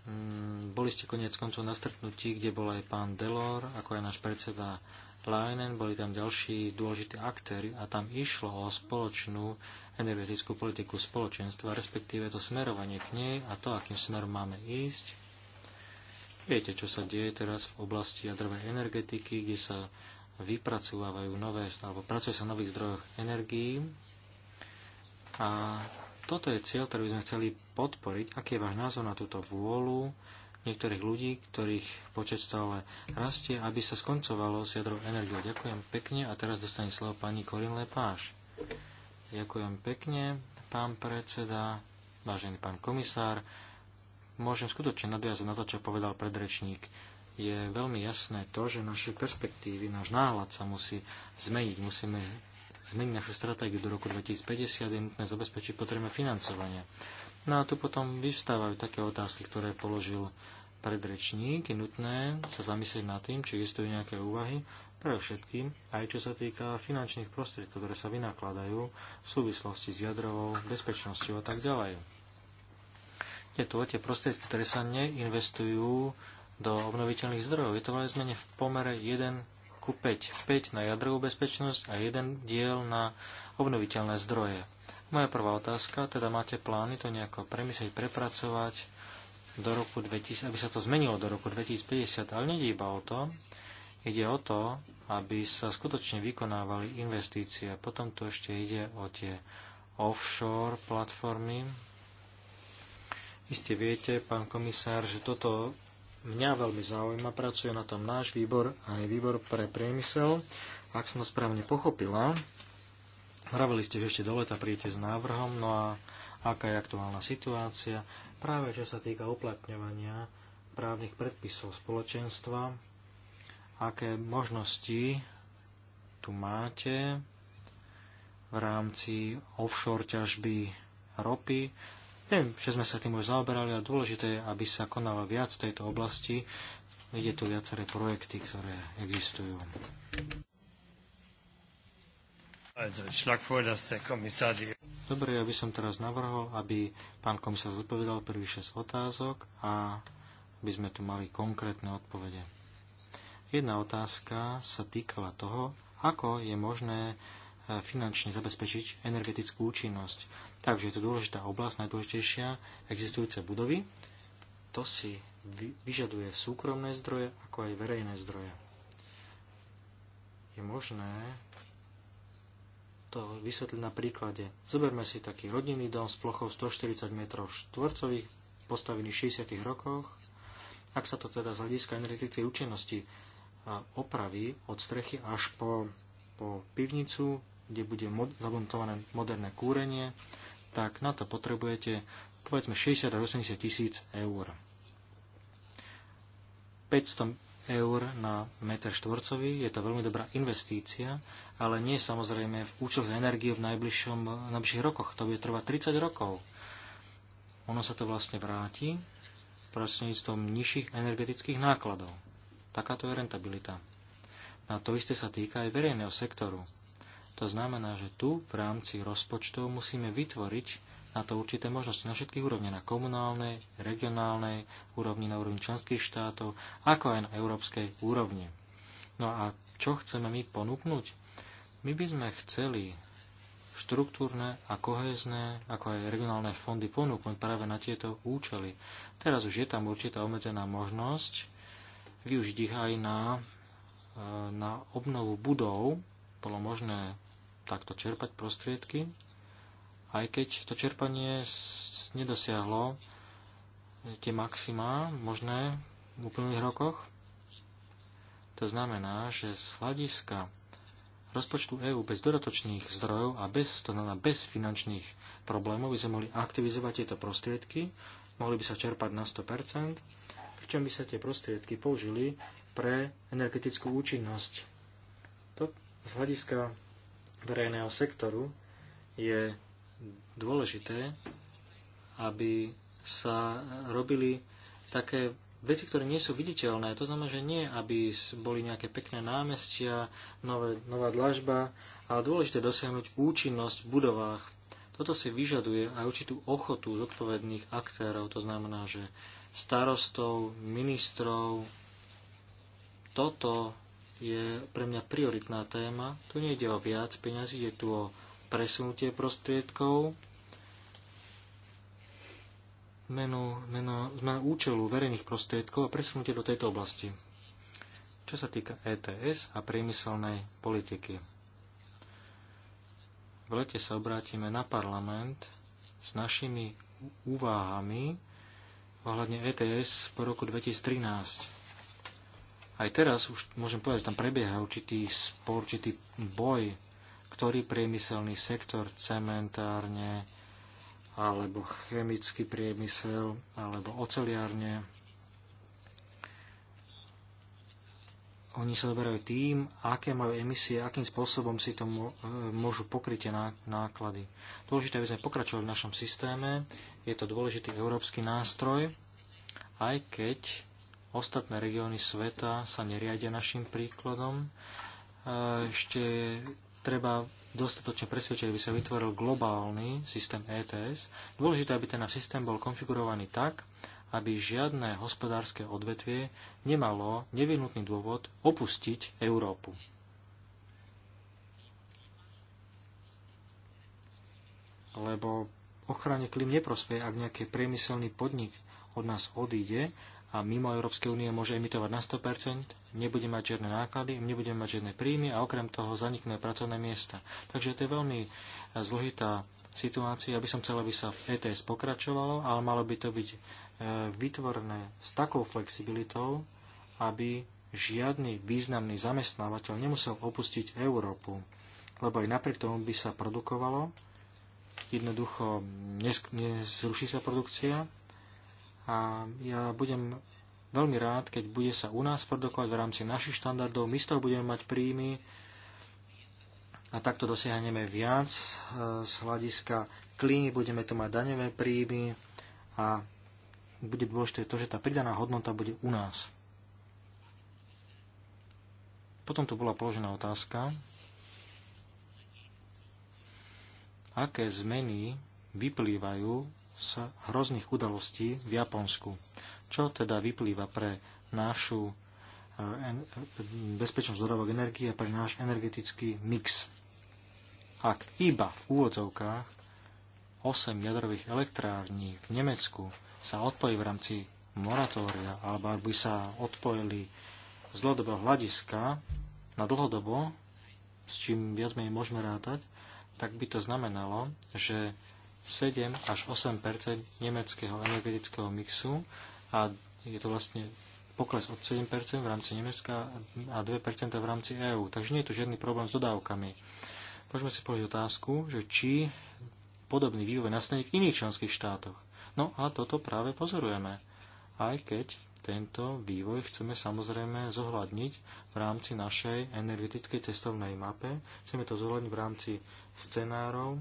Mm, boli ste koniec koncov na stretnutí, kde bol aj pán Delor, ako aj náš predseda Leinen, boli tam ďalší dôležití aktéry a tam išlo o spoločnú energetickú politiku spoločenstva, respektíve to smerovanie k nej a to, akým smerom máme ísť. Viete, čo sa deje teraz v oblasti jadrovej energetiky, kde sa vypracovávajú nové, alebo pracuje sa na nových zdrojoch energií. A toto je cieľ, ktorý by sme chceli podporiť. Aký je váš názor na túto vôľu niektorých ľudí, ktorých počet stále rastie, aby sa skoncovalo s jadrou energiou? Ďakujem pekne a teraz dostane slovo pani Korin Lepáš. Ďakujem pekne, pán predseda, vážený pán komisár. Môžem skutočne nadviazať na to, čo povedal predrečník je veľmi jasné to, že naše perspektívy, náš náhľad sa musí zmeniť. Musíme zmeniť našu stratégiu do roku 2050, je nutné zabezpečiť potrebné financovanie. No a tu potom vyvstávajú také otázky, ktoré položil predrečník. Je nutné sa zamyslieť nad tým, či existujú nejaké úvahy, pre všetkým, aj čo sa týka finančných prostriedkov, ktoré sa vynakladajú v súvislosti s jadrovou bezpečnosťou a tak ďalej. Je tu o tie prostriedky, ktoré sa neinvestujú do obnoviteľných zdrojov. Je to vlastne zmene v pomere 1 ku 5. 5 na jadrovú bezpečnosť a 1 diel na obnoviteľné zdroje. Moja prvá otázka, teda máte plány to nejako premyslieť, prepracovať do roku 2000, aby sa to zmenilo do roku 2050, ale nejde iba o to, ide o to, aby sa skutočne vykonávali investície. Potom tu ešte ide o tie offshore platformy. Iste viete, pán komisár, že toto mňa veľmi zaujíma, pracuje na tom náš výbor a aj výbor pre priemysel. Ak som to správne pochopila, hovorili ste, že ešte do leta príjete s návrhom, no a aká je aktuálna situácia, práve čo sa týka uplatňovania právnych predpisov spoločenstva, aké možnosti tu máte v rámci offshore ťažby ropy, Viem, že sme sa tým už zaoberali a dôležité je, aby sa konalo viac v tejto oblasti. Ide tu viaceré projekty, ktoré existujú. Dobre, ja by som teraz navrhol, aby pán komisár zodpovedal prvých 6 otázok a aby sme tu mali konkrétne odpovede. Jedna otázka sa týkala toho, ako je možné finančne zabezpečiť energetickú účinnosť. Takže je to dôležitá oblasť, najdôležitejšia existujúce budovy. To si vyžaduje súkromné zdroje, ako aj verejné zdroje. Je možné to vysvetliť na príklade. Zoberme si taký rodinný dom s plochou 140 m štvorcových, postavený v 60. rokoch. Ak sa to teda z hľadiska energetickej účinnosti opraví od strechy až po, po pivnicu, kde bude mod- zabuntované moderné kúrenie, tak na to potrebujete povedzme 60 až 80 tisíc eur. 500 eur na meter štvorcový je to veľmi dobrá investícia, ale nie samozrejme v účel energie v najbližšom, najbližších rokoch. To bude trvať 30 rokov. Ono sa to vlastne vráti prostredníctvom nižších energetických nákladov. Takáto je rentabilita. Na to isté sa týka aj verejného sektoru. To znamená, že tu v rámci rozpočtov musíme vytvoriť na to určité možnosti na všetkých úrovniach, na komunálnej, regionálnej úrovni, na úrovni členských štátov, ako aj na európskej úrovni. No a čo chceme my ponúknuť? My by sme chceli štruktúrne a kohézne, ako aj regionálne fondy ponúknuť práve na tieto účely. Teraz už je tam určitá obmedzená možnosť využiť ich aj na, e, na obnovu budov, bolo možné takto čerpať prostriedky, aj keď to čerpanie nedosiahlo tie maximá možné v úplných rokoch. To znamená, že z hľadiska rozpočtu EÚ bez dodatočných zdrojov a bez, to znamená bez finančných problémov by sme mohli aktivizovať tieto prostriedky, mohli by sa čerpať na 100%, pričom by sa tie prostriedky použili pre energetickú účinnosť. To, z hľadiska verejného sektoru je dôležité, aby sa robili také veci, ktoré nie sú viditeľné. To znamená, že nie, aby boli nejaké pekné námestia, nové, nová dlažba, ale dôležité dosiahnuť účinnosť v budovách. Toto si vyžaduje aj určitú ochotu zodpovedných aktérov, to znamená, že starostov, ministrov, toto je pre mňa prioritná téma. Tu nejde o viac peňazí, je tu o presunutie prostriedkov, Menu, menu, meno účelu verejných prostriedkov a presunutie do tejto oblasti. Čo sa týka ETS a priemyselnej politiky. V lete sa obrátime na parlament s našimi úvahami ohľadne ETS po roku 2013 aj teraz už môžem povedať, že tam prebieha určitý spor, určitý boj, ktorý priemyselný sektor, cementárne, alebo chemický priemysel, alebo oceliárne. Oni sa zoberajú tým, aké majú emisie, akým spôsobom si to e, môžu pokryť náklady. Dôležité, aby sme pokračovali v našom systéme. Je to dôležitý európsky nástroj, aj keď Ostatné regióny sveta sa neriadia našim príkladom. E, ešte treba dostatočne presvedčiť, aby sa vytvoril globálny systém ETS. Dôležité, aby ten systém bol konfigurovaný tak, aby žiadne hospodárske odvetvie nemalo nevinutný dôvod opustiť Európu. Lebo ochrane klím neprospeje, ak nejaký priemyselný podnik od nás odíde, a mimo Európskej únie môže emitovať na 100%, nebude mať žiadne náklady, nebude mať žiadne príjmy a okrem toho zaniknú pracovné miesta. Takže to je veľmi zložitá situácia. Ja by som chcel, aby sa v ETS pokračovalo, ale malo by to byť e, vytvorené s takou flexibilitou, aby žiadny významný zamestnávateľ nemusel opustiť Európu, lebo aj napriek tomu by sa produkovalo, jednoducho nezruší sa produkcia a ja budem veľmi rád, keď bude sa u nás produkovať v rámci našich štandardov, my z toho budeme mať príjmy a takto dosiahneme viac e, z hľadiska klímy, budeme tu mať daňové príjmy a bude dôležité to, že tá pridaná hodnota bude u nás. Potom tu bola položená otázka, aké zmeny vyplývajú z hrozných udalostí v Japonsku. Čo teda vyplýva pre našu eh, bezpečnosť dodávok energie a pre náš energetický mix. Ak iba v úvodzovkách 8 jadrových elektrární v Nemecku sa odpojí v rámci moratória, alebo ak by sa odpojili z dlhodobého hľadiska na dlhodobo, s čím viac menej môžeme rátať, tak by to znamenalo, že 7 až 8 nemeckého energetického mixu a je to vlastne pokles od 7 v rámci Nemecka a 2 v rámci EÚ. Takže nie je tu žiadny problém s dodávkami. Môžeme si položiť otázku, že či podobný vývoj nastane v iných členských štátoch. No a toto práve pozorujeme. Aj keď tento vývoj chceme samozrejme zohľadniť v rámci našej energetickej cestovnej mape. Chceme to zohľadniť v rámci scenárov,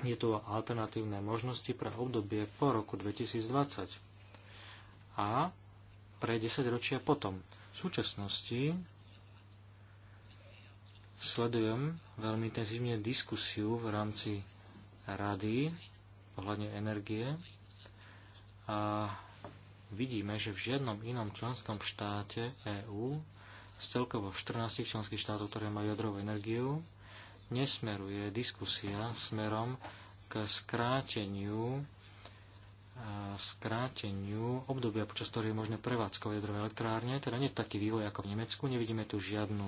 je tu alternatívne možnosti pre obdobie po roku 2020 a pre 10 ročia potom. V súčasnosti sledujem veľmi intenzívne diskusiu v rámci rady ohľadne energie a vidíme, že v žiadnom inom členskom štáte EÚ z celkovo 14 členských štátov, ktoré majú jadrovú energiu, nesmeruje diskusia smerom k skráteniu skráteniu obdobia, počas ktorého je možné prevádzkovať jadrové elektrárne. Teda nie je taký vývoj ako v Nemecku. Nevidíme tu žiadnu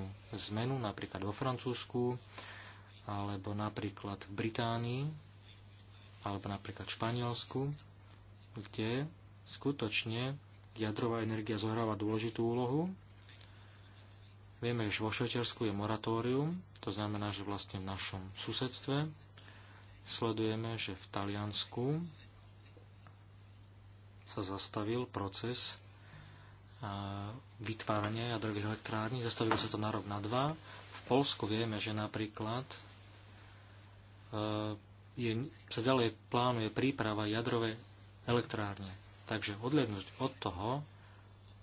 zmenu, napríklad vo Francúzsku, alebo napríklad v Británii, alebo napríklad v Španielsku, kde skutočne jadrová energia zohráva dôležitú úlohu Vieme, že vo Švečersku je moratórium, to znamená, že vlastne v našom susedstve sledujeme, že v Taliansku sa zastavil proces vytvárania jadrových elektrární, zastavilo sa to na rok na dva. V Polsku vieme, že napríklad je, sa ďalej plánuje príprava jadrovej elektrárne. Takže odlednosť od toho,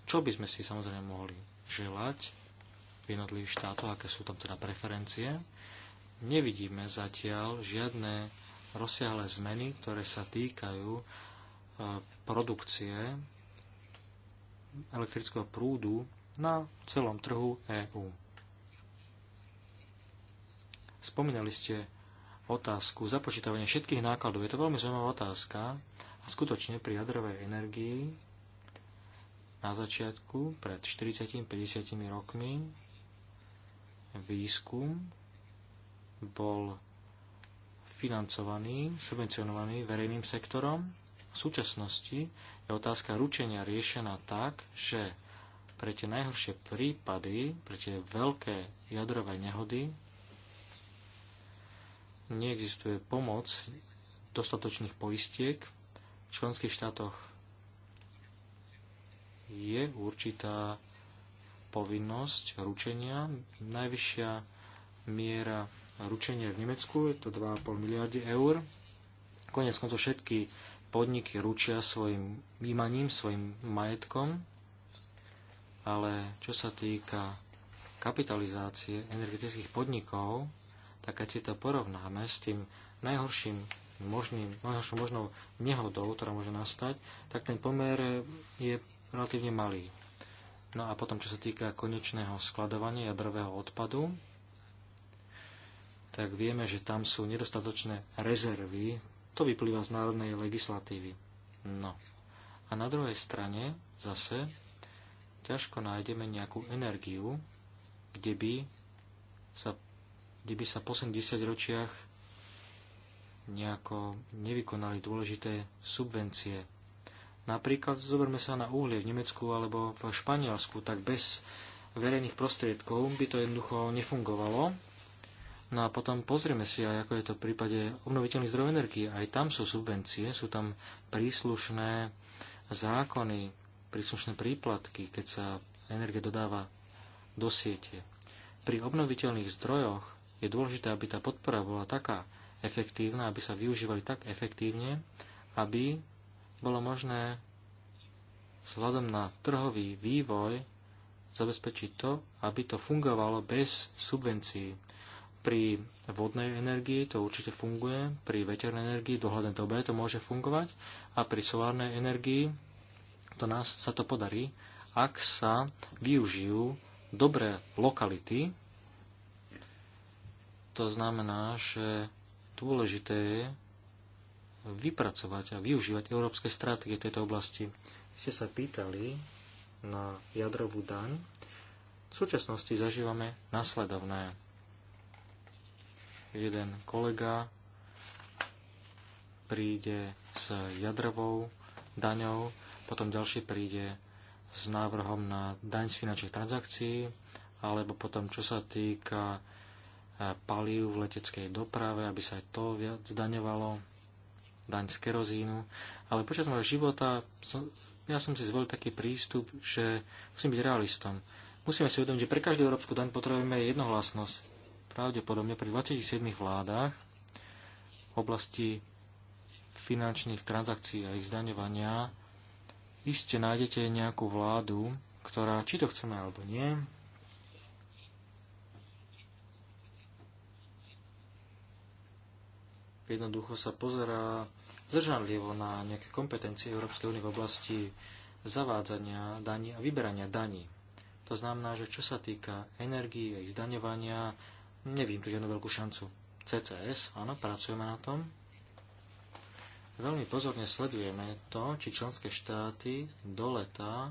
čo by sme si samozrejme mohli želať, jednotlivých štátoch aké sú tam teda preferencie. Nevidíme zatiaľ žiadne rozsiahle zmeny, ktoré sa týkajú e, produkcie elektrického prúdu na celom trhu EÚ. Spomínali ste otázku započítavania všetkých nákladov. Je to veľmi zaujímavá otázka. A skutočne pri jadrovej energii na začiatku, pred 40-50 rokmi, výskum bol financovaný, subvencionovaný verejným sektorom. V súčasnosti je otázka ručenia riešená tak, že pre tie najhoršie prípady, pre tie veľké jadrové nehody, neexistuje pomoc dostatočných poistiek. V členských štátoch je určitá povinnosť ručenia. Najvyššia miera ručenia v Nemecku je to 2,5 miliardy eur. Konec konco všetky podniky ručia svojim imaním, svojim majetkom, ale čo sa týka kapitalizácie energetických podnikov, tak keď si to porovnáme s tým najhorším možným, najhoršou možnou nehodou, ktorá môže nastať, tak ten pomer je relatívne malý. No a potom, čo sa týka konečného skladovania jadrového odpadu, tak vieme, že tam sú nedostatočné rezervy. To vyplýva z národnej legislatívy. No. A na druhej strane zase ťažko nájdeme nejakú energiu, kde by sa, kde by sa po 70 ročiach nejako nevykonali dôležité subvencie Napríklad zoberme sa na uhlie v Nemecku alebo v Španielsku, tak bez verejných prostriedkov by to jednoducho nefungovalo. No a potom pozrieme si aj, ako je to v prípade obnoviteľných zdrojov energie. Aj tam sú subvencie, sú tam príslušné zákony, príslušné príplatky, keď sa energie dodáva do siete. Pri obnoviteľných zdrojoch je dôležité, aby tá podpora bola taká efektívna, aby sa využívali tak efektívne, aby bolo možné vzhľadom na trhový vývoj zabezpečiť to, aby to fungovalo bez subvencií. Pri vodnej energii to určite funguje, pri veternej energii v dohľadnej dobe to môže fungovať a pri solárnej energii to nás sa to podarí, ak sa využijú dobré lokality. To znamená, že dôležité je, vypracovať a využívať európske stratégie v tejto oblasti. Ste sa pýtali na jadrovú daň. V súčasnosti zažívame nasledovné. Jeden kolega príde s jadrovou daňou, potom ďalší príde s návrhom na daň z finančných transakcií, alebo potom čo sa týka eh, palív v leteckej doprave, aby sa aj to viac zdaňovalo daň z kerozínu, ale počas môjho života som, ja som si zvolil taký prístup, že musím byť realistom. Musíme si uvedomiť, že pre každú európsku daň potrebujeme jednohlasnosť. Pravdepodobne pri 27 vládach v oblasti finančných transakcií a ich zdaňovania iste nájdete nejakú vládu, ktorá, či to chceme alebo nie, jednoducho sa pozerá zržanlivo na nejaké kompetencie Európskej únie v oblasti zavádzania daní a vyberania daní. To znamená, že čo sa týka energii a ich zdaňovania, nevidím tu žiadnu veľkú šancu. CCS, áno, pracujeme na tom. Veľmi pozorne sledujeme to, či členské štáty do leta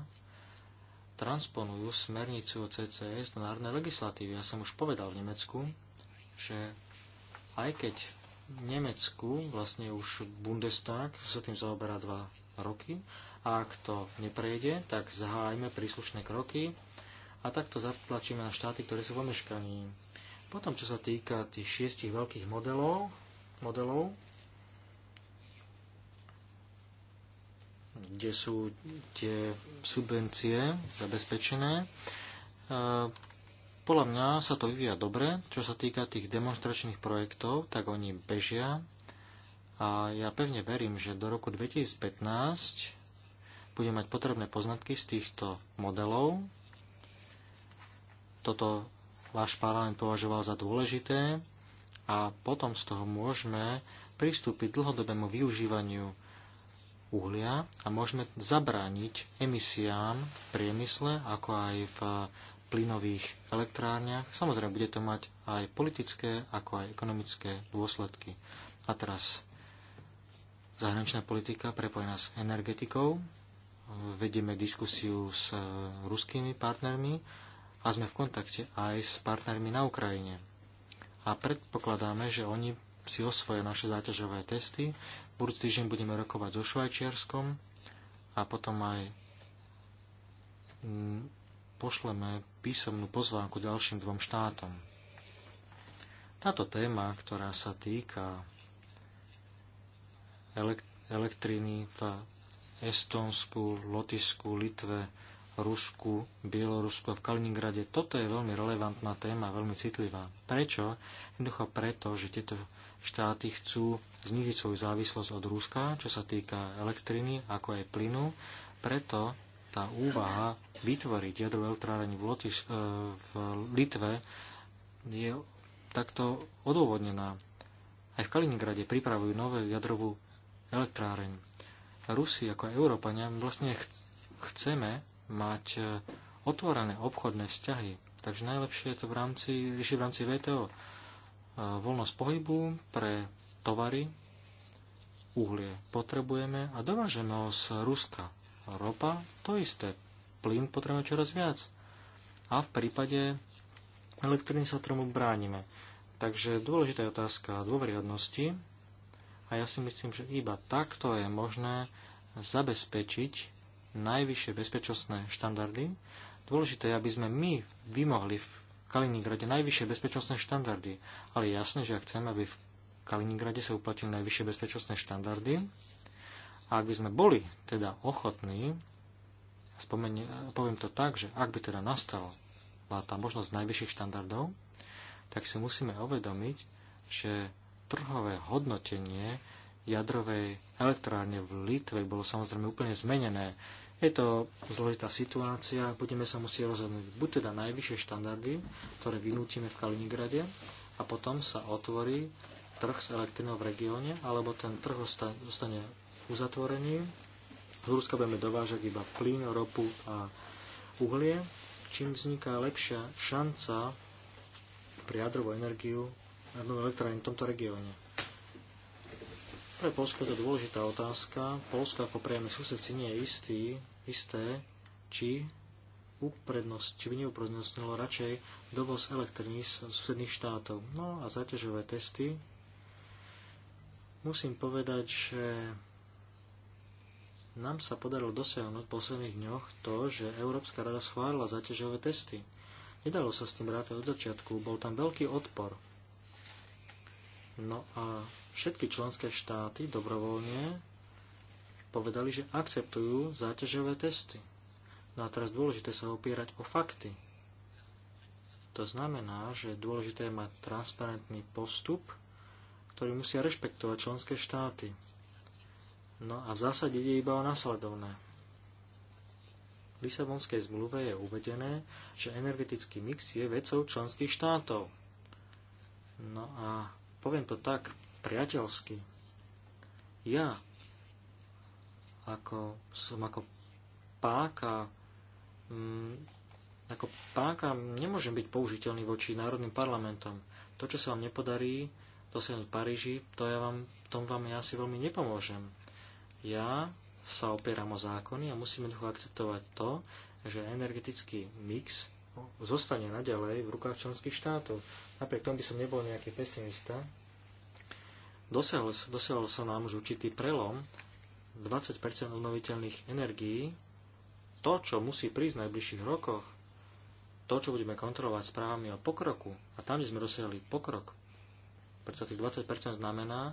transponujú smernicu o CCS do národnej legislatívy. Ja som už povedal v Nemecku, že aj keď v Nemecku vlastne už Bundestag sa tým zaoberá dva roky a ak to neprejde, tak zahájime príslušné kroky a takto zatlačíme na štáty, ktoré sú v omeškaní. Potom, čo sa týka tých šiestich veľkých modelov, modelov kde sú tie subvencie zabezpečené, podľa mňa sa to vyvíja dobre, čo sa týka tých demonstračných projektov, tak oni bežia a ja pevne verím, že do roku 2015 budem mať potrebné poznatky z týchto modelov. Toto váš parlament považoval za dôležité a potom z toho môžeme pristúpiť dlhodobému využívaniu uhlia a môžeme zabrániť emisiám v priemysle, ako aj v plynových elektrárniach. Samozrejme, bude to mať aj politické, ako aj ekonomické dôsledky. A teraz zahraničná politika prepojená s energetikou. Vedieme diskusiu s ruskými partnermi a sme v kontakte aj s partnermi na Ukrajine. A predpokladáme, že oni si osvoja naše záťažové testy. Budúci týždeň budeme rokovať so Švajčiarskom a potom aj mm, pošleme písomnú pozvánku ďalším dvom štátom. Táto téma, ktorá sa týka elektriny v Estonsku, Lotyšsku, Litve, Rusku, Bielorusku a v Kaliningrade. Toto je veľmi relevantná téma, veľmi citlivá. Prečo? Jednoducho preto, že tieto štáty chcú znižiť svoju závislosť od Ruska, čo sa týka elektriny, ako aj plynu. Preto tá úvaha vytvoriť jadrovú elektráreň v, e, v Litve je takto odôvodnená. Aj v Kaliningrade pripravujú nové jadrovú elektráreň. Rusi ako aj Európania vlastne ch- chceme mať e, otvorené obchodné vzťahy. Takže najlepšie je to v rámci, riešiť v rámci VTO. E, voľnosť pohybu pre tovary, uhlie potrebujeme a dovážeme ho z Ruska ropa to isté. Plyn potrebujeme čoraz viac. A v prípade elektriny sa tomu bránime. Takže dôležitá je otázka dôveryhodnosti a ja si myslím, že iba takto je možné zabezpečiť najvyššie bezpečnostné štandardy. Dôležité je, aby sme my vymohli v Kaliningrade najvyššie bezpečnostné štandardy. Ale jasné, že ak chceme, aby v Kaliningrade sa uplatili najvyššie bezpečnostné štandardy, a ak by sme boli teda ochotní, spomenie, poviem to tak, že ak by teda nastala tá možnosť najvyšších štandardov, tak si musíme uvedomiť, že trhové hodnotenie jadrovej elektrárne v Litve bolo samozrejme úplne zmenené. Je to zložitá situácia, budeme sa musieť rozhodnúť buď teda najvyššie štandardy, ktoré vynútime v Kaliningrade a potom sa otvorí trh s elektrinou v regióne, alebo ten trh zostane uzatvorení. Z Ruska budeme dovážať iba plyn, ropu a uhlie, čím vzniká lepšia šanca pre jadrovú energiu na jadrovú elektrárne v tomto regióne. Pre Polsko je to dôležitá otázka. Polsko ako priamy sused si nie je istý, isté, či uprednosť, či by neuprednostnilo radšej dovoz elektriny z susedných štátov. No a zaťažové testy. Musím povedať, že nám sa podarilo dosiahnuť v posledných dňoch to, že Európska rada schválila záťažové testy. Nedalo sa s tým rátať od začiatku, bol tam veľký odpor. No a všetky členské štáty dobrovoľne povedali, že akceptujú záťažové testy. No a teraz dôležité sa opierať o fakty. To znamená, že je dôležité je mať transparentný postup, ktorý musia rešpektovať členské štáty. No a v zásade ide iba o nasledovné. V Lisabonskej zmluve je uvedené, že energetický mix je vecou členských štátov. No a poviem to tak priateľsky. Ja ako, som ako páka mm, ako páka nemôžem byť použiteľný voči národným parlamentom. To, čo sa vám nepodarí dosiahnuť v Paríži, to ja vám, tom vám ja asi veľmi nepomôžem. Ja sa opieram o zákony a musíme jednoducho akceptovať to, že energetický mix zostane naďalej v rukách členských štátov. Napriek tomu by som nebol nejaký pesimista. Dosiahol, dosiahol sa nám už určitý prelom 20 obnoviteľných energií. To, čo musí prísť v najbližších rokoch, to, čo budeme kontrolovať správami o pokroku, a tam, kde sme dosiahli pokrok, predsa tých 20 znamená,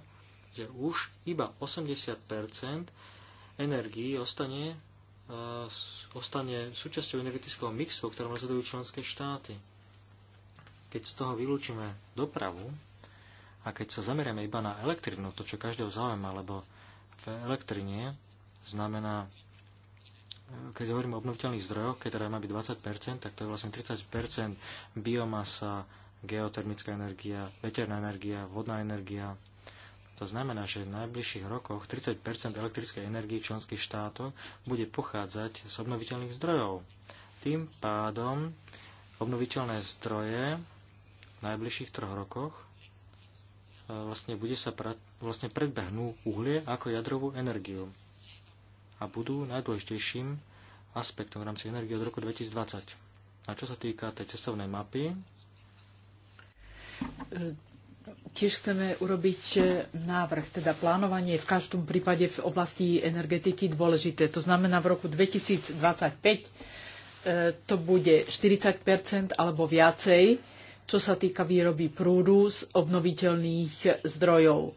kde už iba 80 energii ostane, e, ostane súčasťou energetického mixu, o ktorom rozhodujú členské štáty. Keď z toho vylúčime dopravu a keď sa zameriame iba na elektrinu, to čo každého zaujíma, lebo v elektrine znamená e, keď hovoríme o obnoviteľných zdrojoch, keď teda má byť 20%, tak to je vlastne 30% biomasa, geotermická energia, veterná energia, vodná energia, to znamená, že v najbližších rokoch 30 elektrickej energie členských štátov bude pochádzať z obnoviteľných zdrojov. Tým pádom obnoviteľné zdroje v najbližších troch rokoch e, vlastne, bude sa pra, vlastne predbehnú uhlie ako jadrovú energiu a budú najdôležitejším aspektom v rámci energie od roku 2020. A čo sa týka tej cestovnej mapy, e, Tiež chceme urobiť e, návrh, teda plánovanie je v každom prípade v oblasti energetiky dôležité. To znamená, v roku 2025 e, to bude 40 alebo viacej, čo sa týka výroby prúdu z obnoviteľných zdrojov.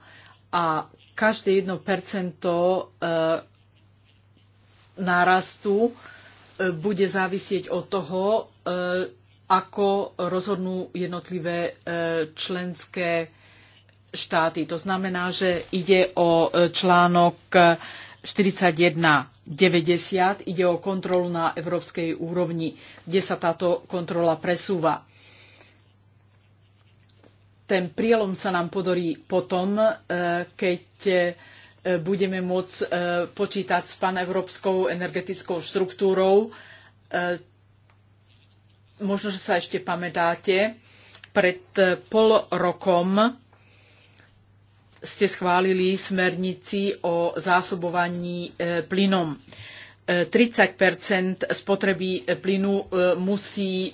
A každé 1 e, nárastu bude závisieť od toho, ako rozhodnú jednotlivé e, členské štáty. To znamená, že ide o e, článok 41.90, ide o kontrolu na európskej úrovni, kde sa táto kontrola presúva. Ten prielom sa nám podarí potom, e, keď budeme môcť počítať s paneurópskou energetickou štruktúrou, možno, že sa ešte pamätáte, pred eh, pol rokom ste schválili smernici o zásobovaní eh, plynom. 30 eh, spotreby plynu musí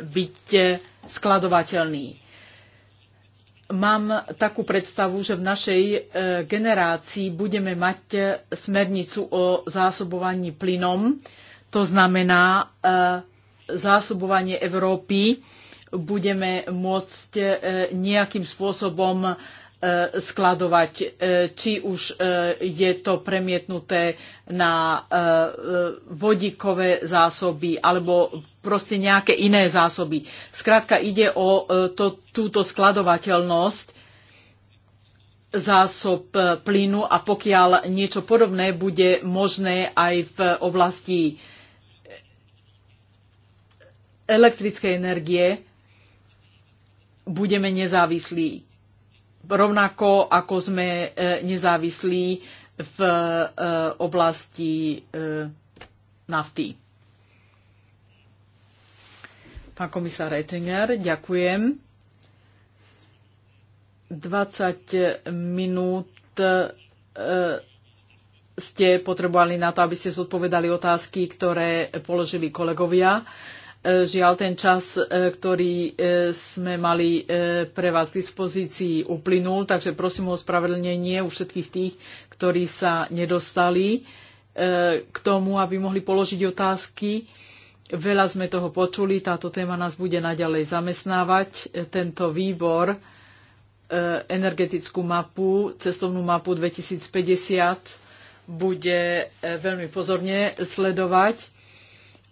byť skladovateľný. Mám takú predstavu, že v našej generácii budeme mať smernicu o zásobovaní plynom. To znamená, zásobovanie Európy budeme môcť e, nejakým spôsobom e, skladovať, e, či už je to premietnuté na vodíkové zásoby alebo proste nejaké iné zásoby. Skrátka ide o to, túto skladovateľnosť zásob plynu a pokiaľ niečo podobné bude možné aj v oblasti elektrickej energie budeme nezávislí. Rovnako ako sme e, nezávislí v e, oblasti e, nafty. Pán komisár Ettinger, ďakujem. 20 minút ste potrebovali na to, aby ste zodpovedali otázky, ktoré položili kolegovia. Žiaľ, ten čas, e, ktorý e, sme mali e, pre vás k dispozícii, uplynul, takže prosím o ospravedlnenie u všetkých tých, ktorí sa nedostali k tomu, aby mohli položiť otázky. Veľa sme toho počuli, táto téma nás bude naďalej zamestnávať. Tento výbor energetickú mapu, cestovnú mapu 2050 bude veľmi pozorne sledovať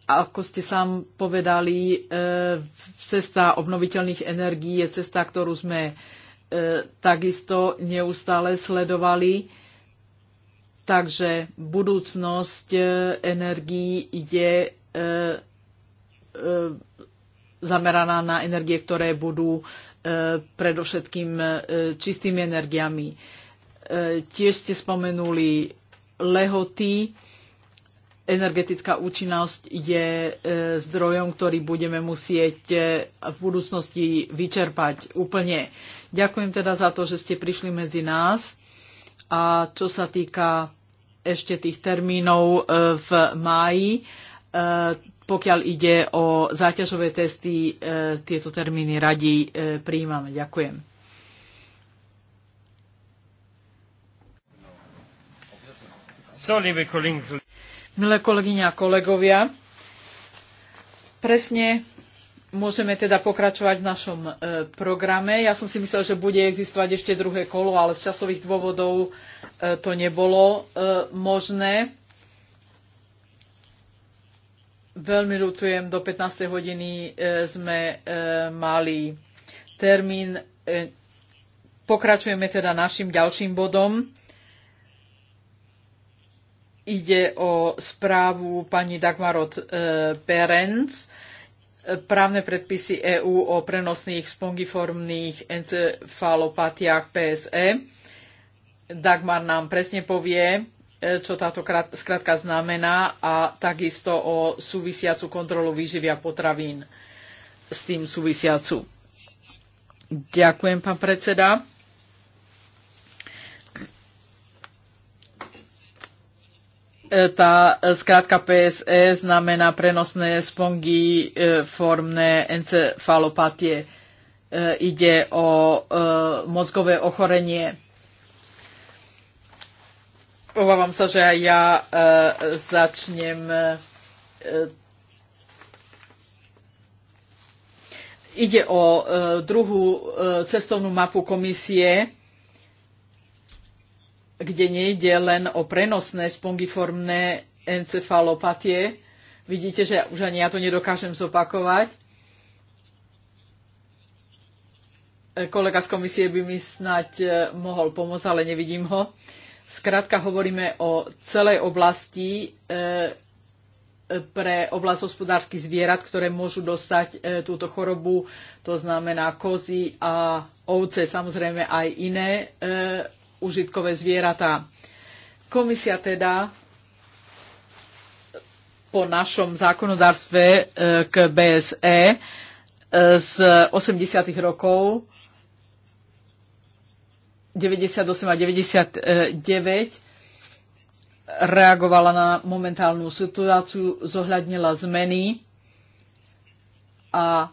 ako ste sám povedali, e, cesta obnoviteľných energií je cesta, ktorú sme e, takisto neustále sledovali. Takže budúcnosť e, energií je zameraná na energie, ktoré budú predovšetkým čistými energiami. Tiež ste spomenuli lehoty energetická účinnosť je e, zdrojom, ktorý budeme musieť e, v budúcnosti vyčerpať úplne. Ďakujem teda za to, že ste prišli medzi nás. A čo sa týka ešte tých termínov e, v máji, pokiaľ ide o záťažové testy, tieto termíny radi prijímame. Ďakujem. So, liebe Kollegen, milé kolegyne a kolegovia. Presne môžeme teda pokračovať v našom e, programe. Ja som si myslel, že bude existovať ešte druhé kolo, ale z časových dôvodov e, to nebolo e, možné. Veľmi ľutujem, do 15. hodiny sme mali termín. Pokračujeme teda našim ďalším bodom. Ide o správu pani Dagmarot Perenc, e, e, právne predpisy EÚ o prenosných spongiformných encefalopatiách PSE. Dagmar nám presne povie, e, čo táto skratka znamená a takisto o súvisiacu kontrolu výživia potravín s tým súvisiacu. Ďakujem, pán predseda. E, tá e, skrátka PSE znamená prenosné e, formné encefalopatie. Ide o mozgové ochorenie. Obávam sa, že aj ja začnem Ide o druhú cestovnú mapu komisie kde nejde len o prenosné spongiformné encefalopatie. Vidíte, že už ani ja to nedokážem zopakovať. Kolega z komisie by mi snať e, mohol pomôcť, ale nevidím ho. Skrátka hovoríme o celej oblasti e, pre oblasť hospodárskych zvierat, ktoré môžu dostať e, túto chorobu, to znamená kozy a ovce, samozrejme aj iné užitkové zvieratá. Komisia teda po našom zákonodárstve e, k BSE e, z 80. rokov 98 a 99 reagovala na momentálnu situáciu, zohľadnila zmeny a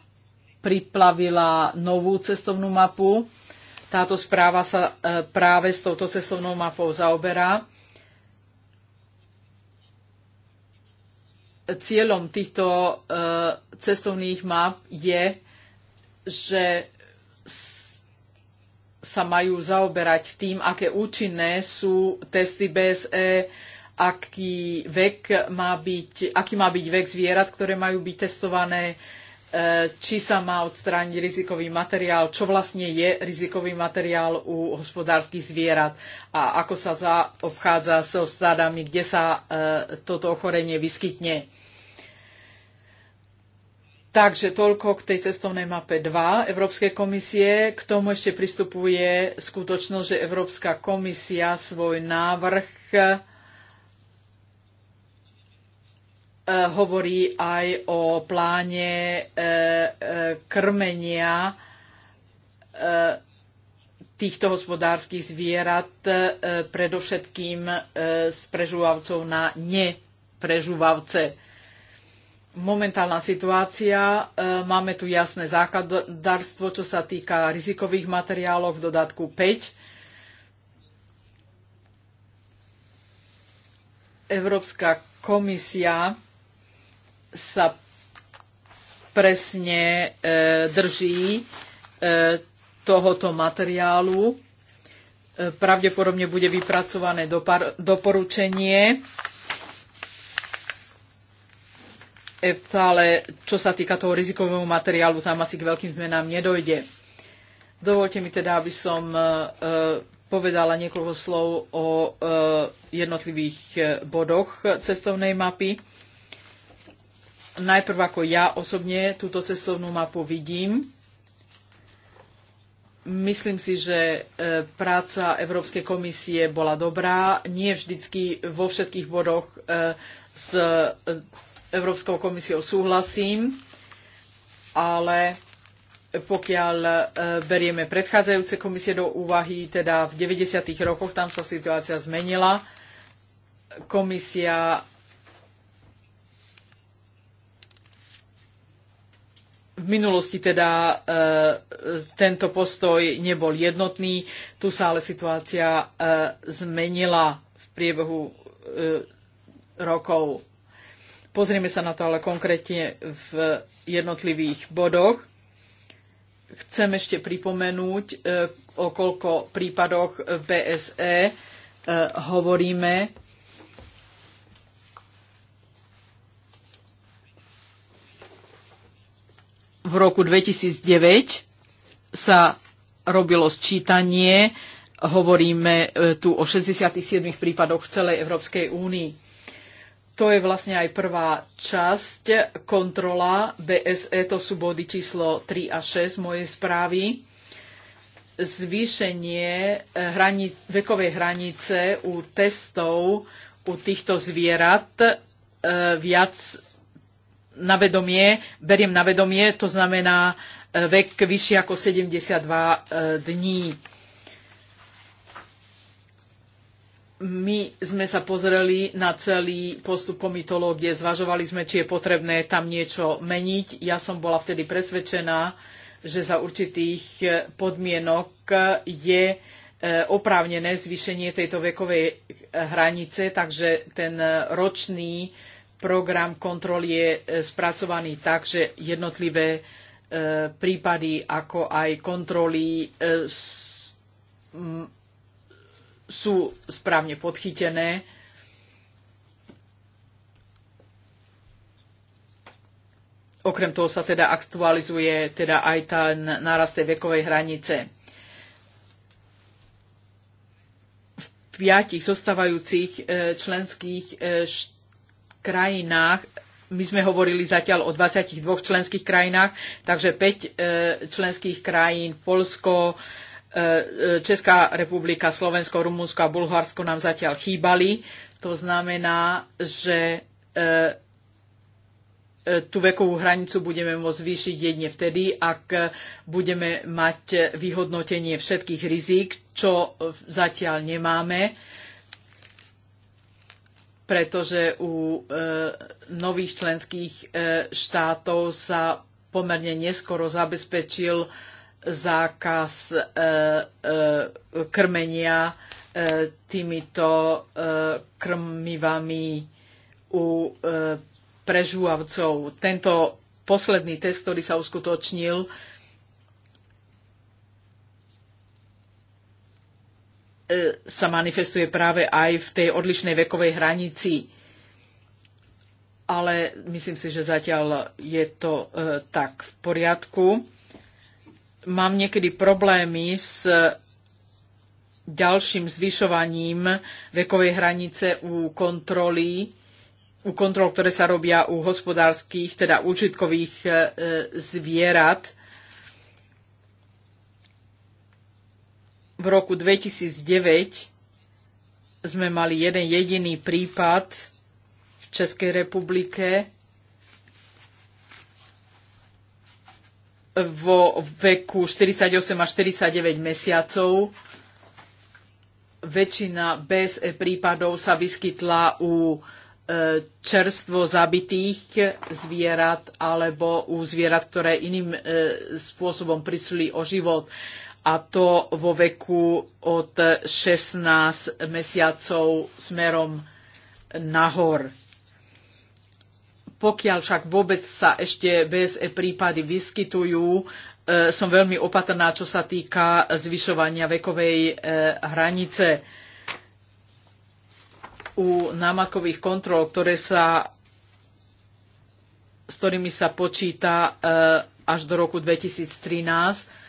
priplavila novú cestovnú mapu táto správa sa e, práve s touto cestovnou mapou zaoberá. Cieľom týchto e, cestovných map je, že sa majú zaoberať tým, aké účinné sú testy BSE, aký, vek má byť, aký má byť vek zvierat, ktoré majú byť testované, Eh, či sa má odstrániť rizikový materiál, čo vlastne je rizikový materiál u hospodárskych zvierat a ako sa zaobchádza so stádami, kde sa eh, toto ochorenie vyskytne. Takže toľko k tej cestovnej mape 2 Európskej komisie. K tomu ešte pristupuje skutočnosť, že Európska komisia svoj návrh E, hovorí aj o pláne e, e, krmenia týchto hospodárskych zvierat, predovšetkým s prežúvavcov na neprežúvavce. Momentálna situácia, máme tu jasné základarstvo, čo sa týka rizikových materiálov v dodatku 5. Európska komisia sa presne e, drží e, tohoto materiálu. E, pravdepodobne bude vypracované dopar- doporučenie. E, ale čo sa týka toho rizikového materiálu, tam asi k veľkým zmenám nedojde. Dovolte mi teda, aby som e, povedala niekoľko slov o e, jednotlivých e, bodoch cestovnej mapy. E, najprv ako ja osobne túto cestovnú mapu vidím. Myslím si, že e, práca Európskej komisie bola dobrá. Nie vždycky vo všetkých bodoch e, s e, Európskou komisiou súhlasím, ale pokiaľ berieme predchádzajúce komisie do úvahy, teda v 90. rokoch, tam sa situácia zmenila, komisia v minulosti teda e, tento postoj nebol jednotný, tu sa ale situácia e, zmenila v priebehu e, rokov. Pozrieme sa na to ale konkrétne v jednotlivých bodoch. Chcem ešte pripomenúť, o koľko prípadoch BSE hovoríme v roku 2009 sa robilo sčítanie, hovoríme e, tu o 67 prípadoch v celej Európskej únii. To je vlastne aj prvá časť kontrola BSE, to sú body číslo 3 a 6 mojej správy. Zvýšenie e, hrani, vekovej hranice u testov u týchto zvierat e, viac na vedomie, beriem na vedomie, to znamená e, vek vyšší ako 72 e, dní. My sme sa pozreli na celý postup komitológie, zvažovali sme, či je potrebné tam niečo meniť. Ja som bola vtedy presvedčená, že za určitých e, podmienok je oprávnené zvýšenie tejto vekovej hranice, takže ten ročný program kontrol je e, spracovaný tak, že jednotlivé e, prípady, ako aj kontroly e, sú správne podchytené. Okrem toho sa teda aktualizuje teda aj tá nárast tej vekovej hranice. V piatich zostávajúcich členských št- krajinách. My sme hovorili zatiaľ o 22 členských krajinách, takže 5 e, členských krajín, Polsko, e, e, Česká republika, Slovensko, Rumunsko a Bulharsko nám zatiaľ chýbali. To znamená, že tú vekovú hranicu budeme môcť zvýšiť jedne vtedy, ak budeme mať vyhodnotenie všetkých rizik, čo zatiaľ nemáme pretože u e, nových členských e, štátov sa pomerne neskoro zabezpečil zákaz e, krmenia týmito krmivami u prežúvavcov. Tento posledný test, ktorý sa uskutočnil, E, sa manifestuje práve aj v tej odlišnej vekovej hranici. Ale myslím si, že zatiaľ je to e, tak v poriadku. Mám niekedy problémy s ďalším zvyšovaním vekovej hranice u kontroly, u kontrol, ktoré sa robia u hospodárskych, teda účitkových e, zvierat v roku 2009 sme mali jeden jediný prípad v Českej republike vo veku 48 až 49 mesiacov. Väčšina bez prípadov sa vyskytla u e, čerstvo zabitých zvierat alebo u zvierat, ktoré iným e, spôsobom prisuli o život a to vo veku od 16 mesiacov smerom nahor. Pokiaľ však vôbec sa ešte BSE prípady vyskytujú, e, som veľmi opatrná, čo sa týka zvyšovania vekovej e, hranice. U námakových kontrol, ktoré sa, s ktorými sa počíta e, až do roku 2013,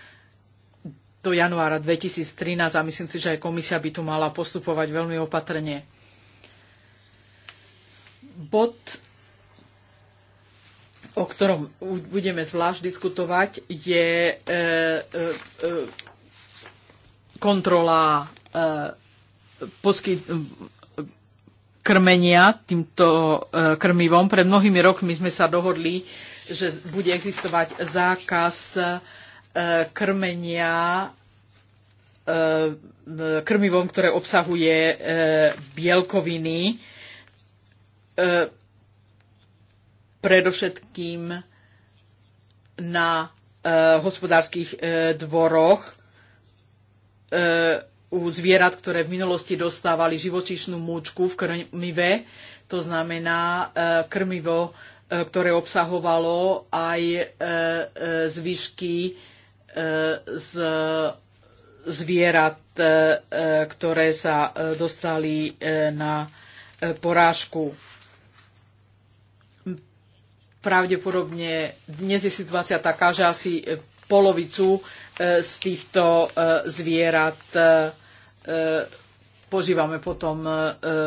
do januára 2013 a myslím si, že aj komisia by tu mala postupovať veľmi opatrne. Bod, o ktorom budeme zvlášť diskutovať, je e, e, e kontrola e, krmenia týmto e, krmivom. Pred mnohými rokmi sme sa dohodli, že bude existovať zákaz E, krmenia e, krmivom, ktoré obsahuje e, bielkoviny, predovšetkým na hospodárskych dvoroch u zvierat, ktoré v minulosti dostávali živočišnú múčku v krmive, to znamená krmivo, ktoré obsahovalo aj zvyšky E, z zvierat, e, e, ktoré sa dostali na porážku. Pravdepodobne dnes je situácia taká, že asi polovicu z týchto zvierat požívame potom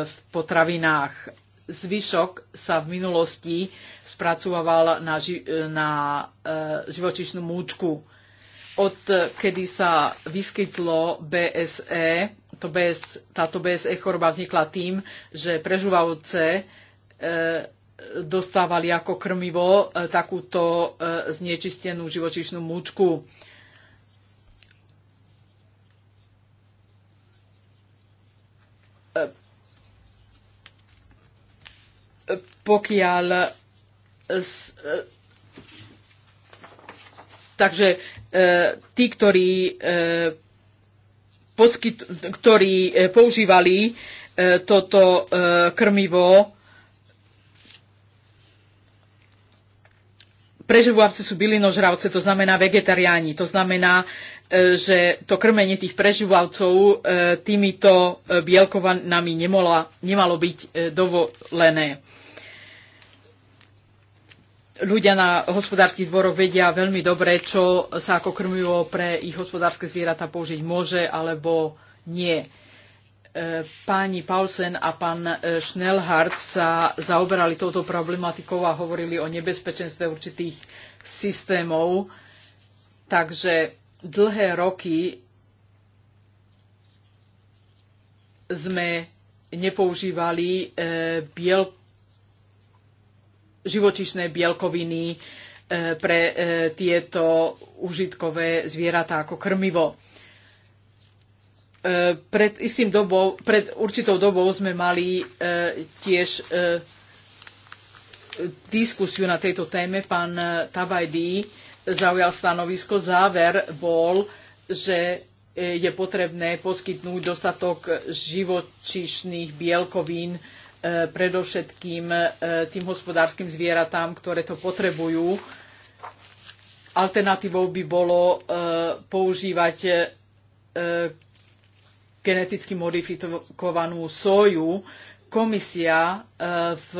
v potravinách. Zvyšok sa v minulosti spracovával na, ži- na živočišnú múčku od eh, kedy sa vyskytlo BSE, to BS, táto BSE choroba vznikla tým, že prežúvavce e, dostávali ako krmivo e, takúto e, znečistenú živočíšnu múčku. pokiaľ s, takže E, tí, ktorí, e, poskyt, ktorí e, používali toto krmivo, preživovavci sú bylinožravce, to znamená vegetariáni. To znamená, že to krmenie tých preživovcov týmito bielkovinami nemalo byť dovolené ľudia na hospodárskych dvoroch vedia veľmi dobre, čo sa ako krmivo pre ich hospodárske zvieratá použiť môže alebo nie. E, páni Paulsen a pán e, Schnellhardt sa zaoberali touto problematikou a hovorili o nebezpečenstve určitých systémov. Takže dlhé roky sme nepoužívali e, bielko živočišné bielkoviny e, pre e, tieto užitkové zvieratá ako krmivo. E, pred, istým dobou, pred určitou dobou sme mali tiež diskusiu na tejto téme. Pán Tabajdy zaujal stanovisko. Záver bol, že je potrebné poskytnúť dostatok živočišných bielkovín E, predovšetkým e, tým hospodárskym zvieratám, ktoré to potrebujú. Alternatívou by bolo e, používať geneticky modifikovanú soju. Komisia v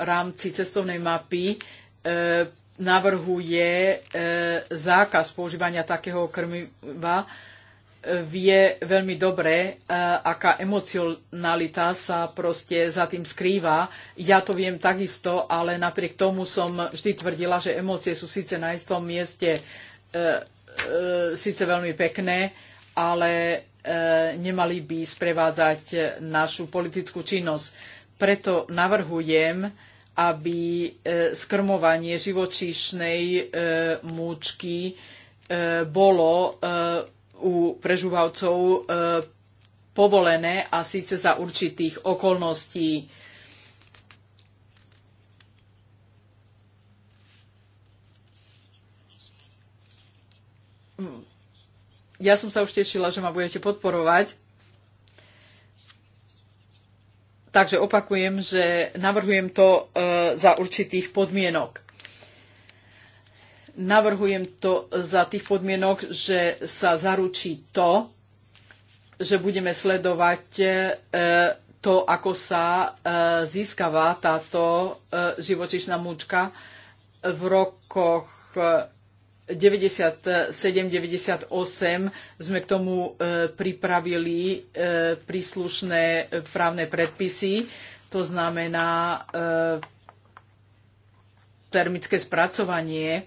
rámci cestovnej mapy navrhuje zákaz používania takého krmiva vie veľmi dobre, e, aká emocionalita sa proste za tým skrýva. Ja to viem takisto, ale napriek tomu som vždy tvrdila, že emócie sú síce na istom mieste e, e, síce veľmi pekné, ale nemali by sprevádzať našu politickú činnosť. Preto navrhujem, aby skrmovanie živočíšnej múčky bolo u prežúvavcov e, povolené a síce za určitých okolností. Ja som sa už tešila, že ma budete podporovať. Takže opakujem, že navrhujem to e, za určitých podmienok. Navrhujem to za tých podmienok, že sa zaručí to, že budeme sledovať e, to, ako sa e, získava táto e, živočišná múčka v rokoch 97-98 sme k tomu pripravili príslušné právne predpisy. To znamená termické spracovanie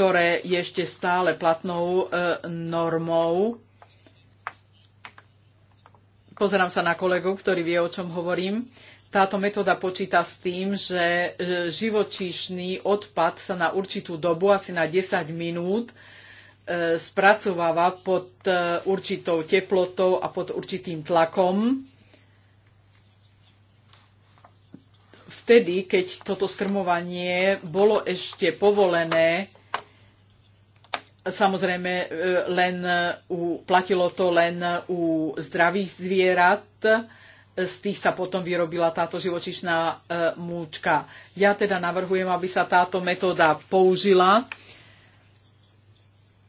ktoré je ešte stále platnou e, normou. Pozerám sa na kolegov, ktorý vie, o čom hovorím. Táto metóda počíta s tým, že e, živočíšny odpad sa na určitú dobu, asi na 10 minút, e, spracováva pod určitou teplotou a pod určitým tlakom. Vtedy, keď toto skrmovanie bolo ešte povolené, Samozrejme, e, len e, u, platilo to len u zdravých zvierat, e, z tých sa potom vyrobila táto živočišná múčka. Ja teda navrhujem, aby sa táto metóda použila.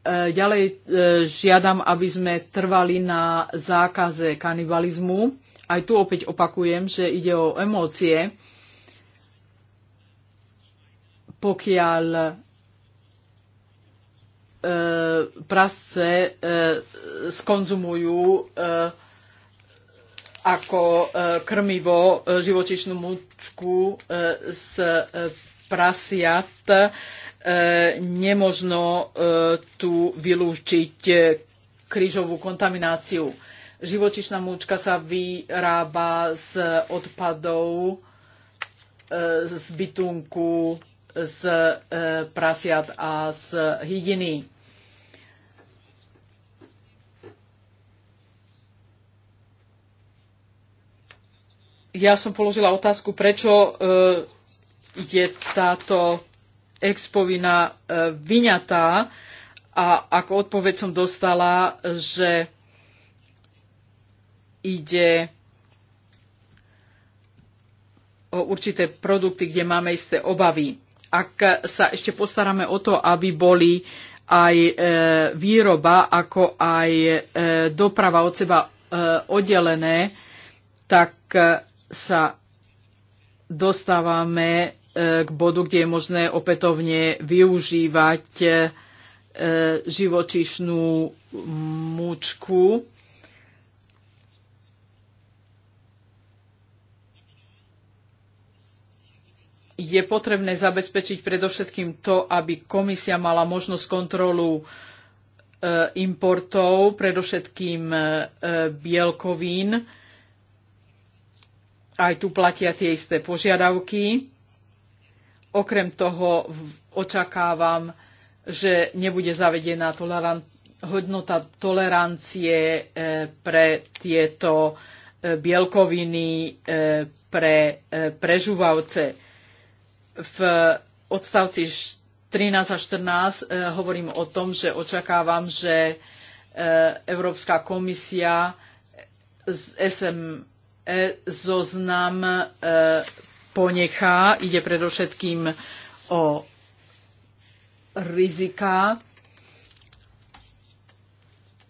Ďalej žiadam, aby sme trvali na zákaze kanibalizmu. Aj tu opäť opakujem, že ide o emócie. Pokiaľ E, prasce e, skonzumujú e, ako krmivo živočišnú múčku z prasiat nemožno tu vylúčiť krížovú kontamináciu. Živočišná múčka sa vyrába z odpadov z bytunku, z prasiat a z hydiny. ja som položila otázku, prečo e, je táto expovina e, vyňatá a ako odpoveď som dostala, že ide o určité produkty, kde máme isté obavy. Ak sa ešte postaráme o to, aby boli aj e, výroba, ako aj doprava od seba oddelené, tak sa dostávame e, k bodu, kde je možné opätovne využívať e, živočišnú múčku. Je potrebné zabezpečiť predovšetkým to, aby komisia mala možnosť kontrolu e, importov, predovšetkým bielkovín, aj tu platia tie isté požiadavky. Okrem toho očakávam, že nebude zavedená toleran- hodnota tolerancie e, pre tieto e, bielkoviny e, pre prežúvavce. V odstavci 13 a 14 hovorím o tom, že očakávam, že Európska komisia z SM E, zoznam e, ponechá. Ide predovšetkým o rizika,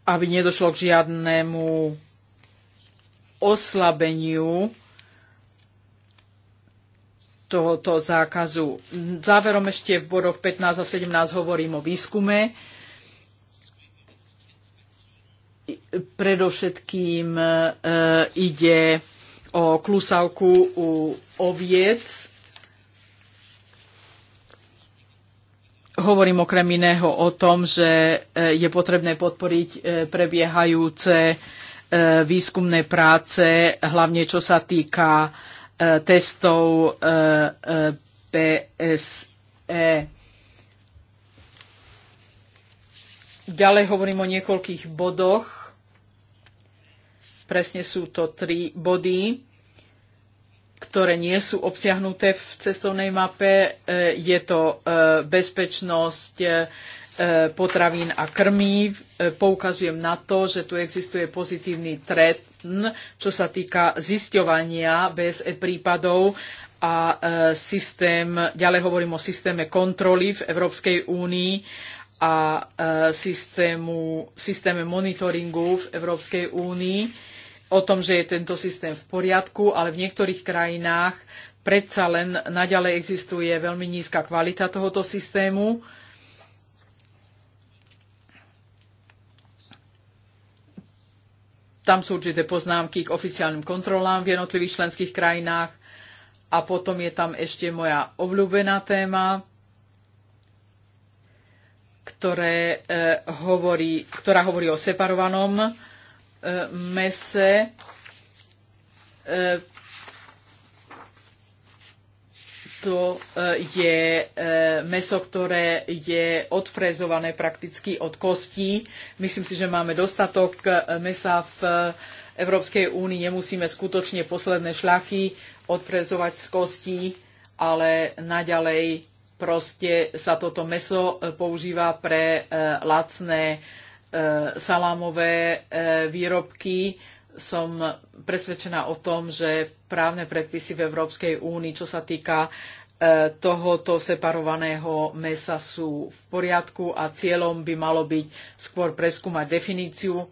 aby nedošlo k žiadnemu oslabeniu tohoto zákazu. Záverom ešte v bodoch 15 a 17 hovorím o výskume predovšetkým e, ide o klusavku u oviec. Hovorím okrem iného o tom, že e, je potrebné podporiť e, prebiehajúce výskumné práce, hlavne čo sa týka testov PSE. Ďalej hovorím o niekoľkých bodoch. Presne sú to tri body, ktoré nie sú obsiahnuté v cestovnej mape. E, je to e, bezpečnosť e, potravín a krmí. Poukazujem na to, že tu existuje pozitívny trend, čo sa týka zisťovania BSE prípadov a systém, ďalej hovorím o systéme kontroly v Európskej únii a e, systému, systéme monitoringu v Európskej únii o tom, že je tento systém v poriadku, ale v niektorých krajinách predsa len naďalej existuje veľmi nízka kvalita tohoto systému. Tam sú určité poznámky k oficiálnym kontrolám v jednotlivých členských krajinách. A potom je tam ešte moja obľúbená téma, ktoré, e, hovorí, ktorá hovorí o separovanom e, mese. E, to e, je e, meso, ktoré je odfrezované prakticky od kostí. Myslím si, že máme dostatok e, mesa v Európskej únii. Nemusíme skutočne posledné šlachy odfrezovať z kostí, ale naďalej proste sa toto meso e, používa pre e, lacné e, salámové výrobky. Som presvedčená o tom, že právne predpisy v Európskej únii, čo sa týka tohoto separovaného mesa sú v poriadku a cieľom by malo byť skôr preskúmať definíciu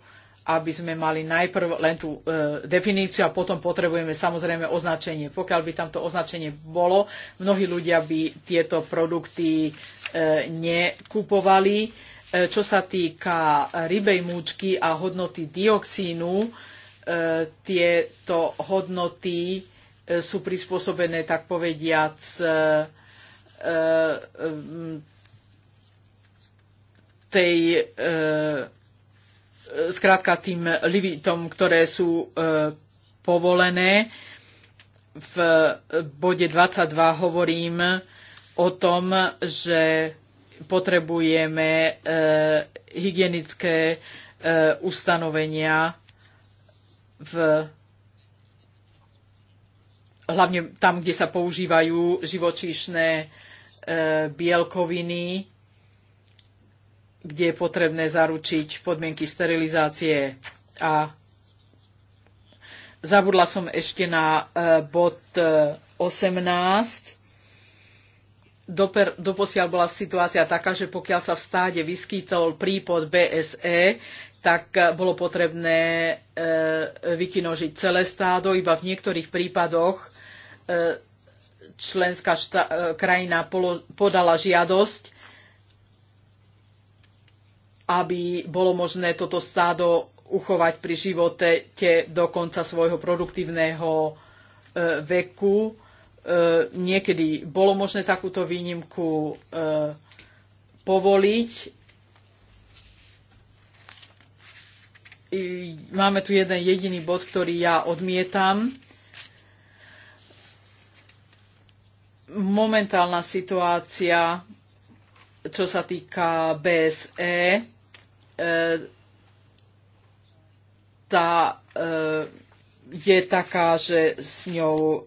aby sme mali najprv len tú e, definíciu a potom potrebujeme samozrejme označenie. Pokiaľ by tamto označenie bolo, mnohí ľudia by tieto produkty e, nekupovali. E, čo sa týka rybej múčky a hodnoty dioxínu, e, tieto hodnoty e, sú prispôsobené, tak povediac, e, e, tej e, zkrátka tým limitom, ktoré sú e, povolené. V bode 22 hovorím o tom, že potrebujeme e, hygienické e, ustanovenia v hlavne tam, kde sa používajú živočíšne bielkoviny kde je potrebné zaručiť podmienky sterilizácie a zabudla som ešte na e, bod 18. E, Doper, doposiaľ bola situácia taká, že pokiaľ sa v stáde vyskytol prípod BSE, tak e, bolo potrebné e, vykinožiť celé stádo. Iba v niektorých prípadoch e, členská šta, e, krajina polo, podala žiadosť aby bolo možné toto stádo uchovať pri živote do konca svojho produktívneho e, veku. E, niekedy bolo možné takúto výnimku e, povoliť. Máme tu jeden jediný bod, ktorý ja odmietam. Momentálna situácia, čo sa týka BSE, E, tá e, je taká, že s ňou e,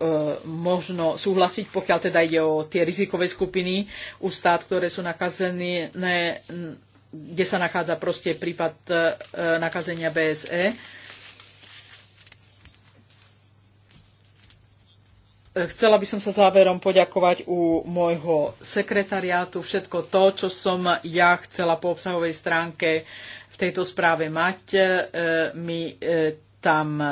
možno súhlasiť, pokiaľ teda ide o tie rizikové skupiny u stát, ktoré sú nakazené, kde sa nachádza proste prípad nakazenia BSE Chcela by som sa záverom poďakovať u môjho sekretariátu. Všetko to, čo som ja chcela po obsahovej stránke v tejto správe mať, e, mi e, tam e,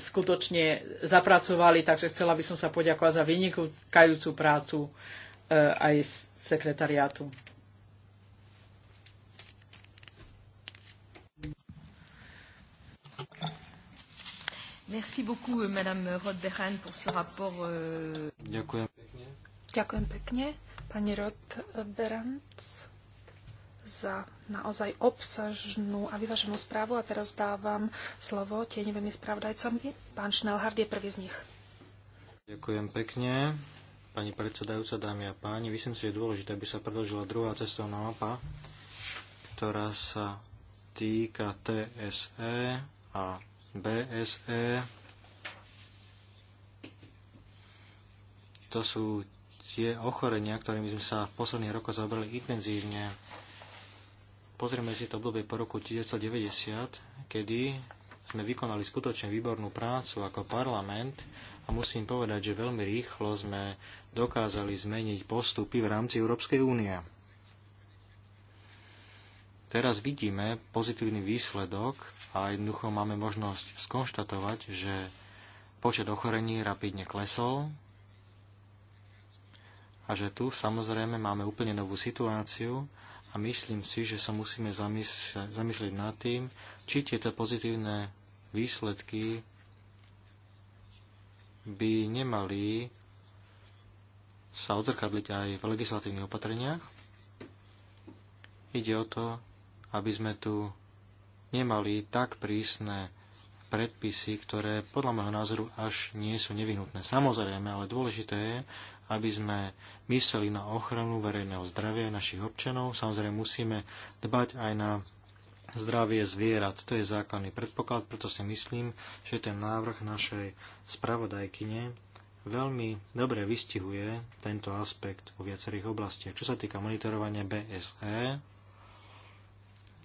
skutočne zapracovali, takže chcela by som sa poďakovať za vynikajúcu prácu aj sekretariátu. Merci beaucoup, euh, Madame roth pour ce rapport. Euh... Ďakujem pekne. pani Roth-Berant, za naozaj obsažnú a vyváženú správu. A teraz dávam slovo tieňovými spravodajcami. Pán Šnelhard je prvý z nich. Ďakujem pekne. Pani predsedajúca, dámy a páni, myslím si, že je dôležité, aby sa predložila druhá cestovná mapa, ktorá sa týka TSE a BSE. To sú tie ochorenia, ktorými sme sa v posledných rokoch zaoberali intenzívne. Pozrieme si to obdobie po roku 1990, kedy sme vykonali skutočne výbornú prácu ako parlament a musím povedať, že veľmi rýchlo sme dokázali zmeniť postupy v rámci Európskej únie teraz vidíme pozitívny výsledok a jednoducho máme možnosť skonštatovať, že počet ochorení rapidne klesol a že tu samozrejme máme úplne novú situáciu a myslím si, že sa musíme zamysle zamyslieť nad tým, či tieto pozitívne výsledky by nemali sa odzrkadliť aj v legislatívnych opatreniach. Ide o to, aby sme tu nemali tak prísne predpisy, ktoré podľa môjho názoru až nie sú nevyhnutné. Samozrejme, ale dôležité je, aby sme mysleli na ochranu verejného zdravia našich občanov. Samozrejme, musíme dbať aj na zdravie zvierat. To je základný predpoklad, preto si myslím, že ten návrh našej spravodajkyne veľmi dobre vystihuje tento aspekt vo viacerých oblastiach. Čo sa týka monitorovania BSE,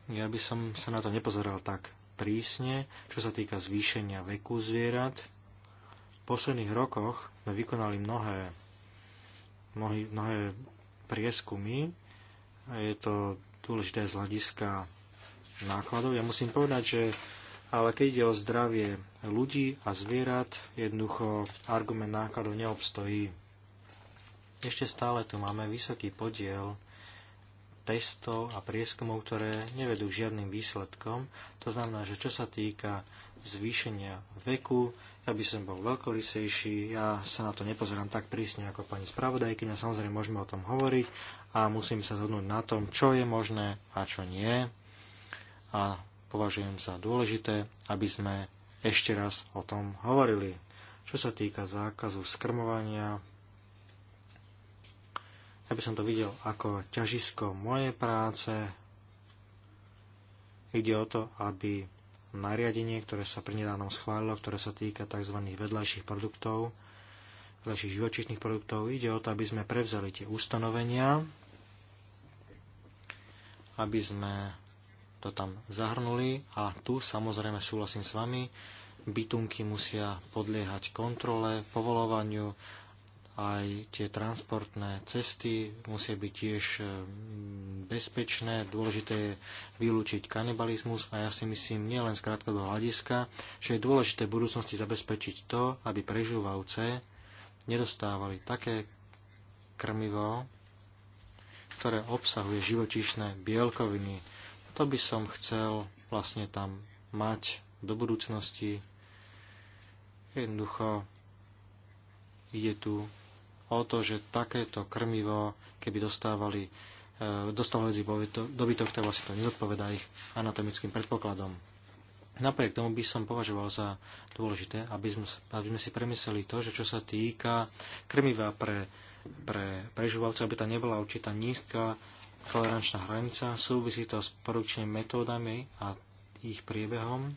ja by som sa na to nepozeral tak prísne, čo sa týka zvýšenia veku zvierat. V posledných rokoch sme vykonali mnohé, mnohé, mnohé prieskumy. Je to dôležité z hľadiska nákladov. Ja musím povedať, že ale keď ide o zdravie ľudí a zvierat, jednoducho argument nákladov neobstojí. Ešte stále tu máme vysoký podiel testov a prieskumov, ktoré nevedú žiadnym výsledkom. To znamená, že čo sa týka zvýšenia veku, ja by som bol veľkorysejší, ja sa na to nepozerám tak prísne ako pani spravodajkyňa, samozrejme môžeme o tom hovoriť a musím sa zhodnúť na tom, čo je možné a čo nie. A považujem za dôležité, aby sme ešte raz o tom hovorili. Čo sa týka zákazu skrmovania, ja by som to videl ako ťažisko mojej práce. Ide o to, aby nariadenie, ktoré sa pri nedávnom schválilo, ktoré sa týka tzv. vedľajších produktov, vedľajších živočíšnych produktov, ide o to, aby sme prevzali tie ustanovenia, aby sme to tam zahrnuli a tu samozrejme súhlasím s vami, bytunky musia podliehať kontrole, povolovaniu, aj tie transportné cesty musia byť tiež e, bezpečné. Dôležité je vylúčiť kanibalizmus a ja si myslím nielen z krátkodobého hľadiska, že je dôležité v budúcnosti zabezpečiť to, aby prežúvavce nedostávali také krmivo, ktoré obsahuje živočíšne bielkoviny. To by som chcel vlastne tam mať do budúcnosti. Jednoducho ide tu o to, že takéto krmivo, keby dostávali e, dostávali medzi dobytok, tak vlastne to nezodpovedá ich anatomickým predpokladom. Napriek tomu by som považoval za dôležité, aby sme, aby sme si premysleli to, že čo sa týka krmiva pre, pre prežúvalcov, aby tam nebola určitá nízka tolerančná hranica, súvisí to s produkčnými metódami a ich priebehom.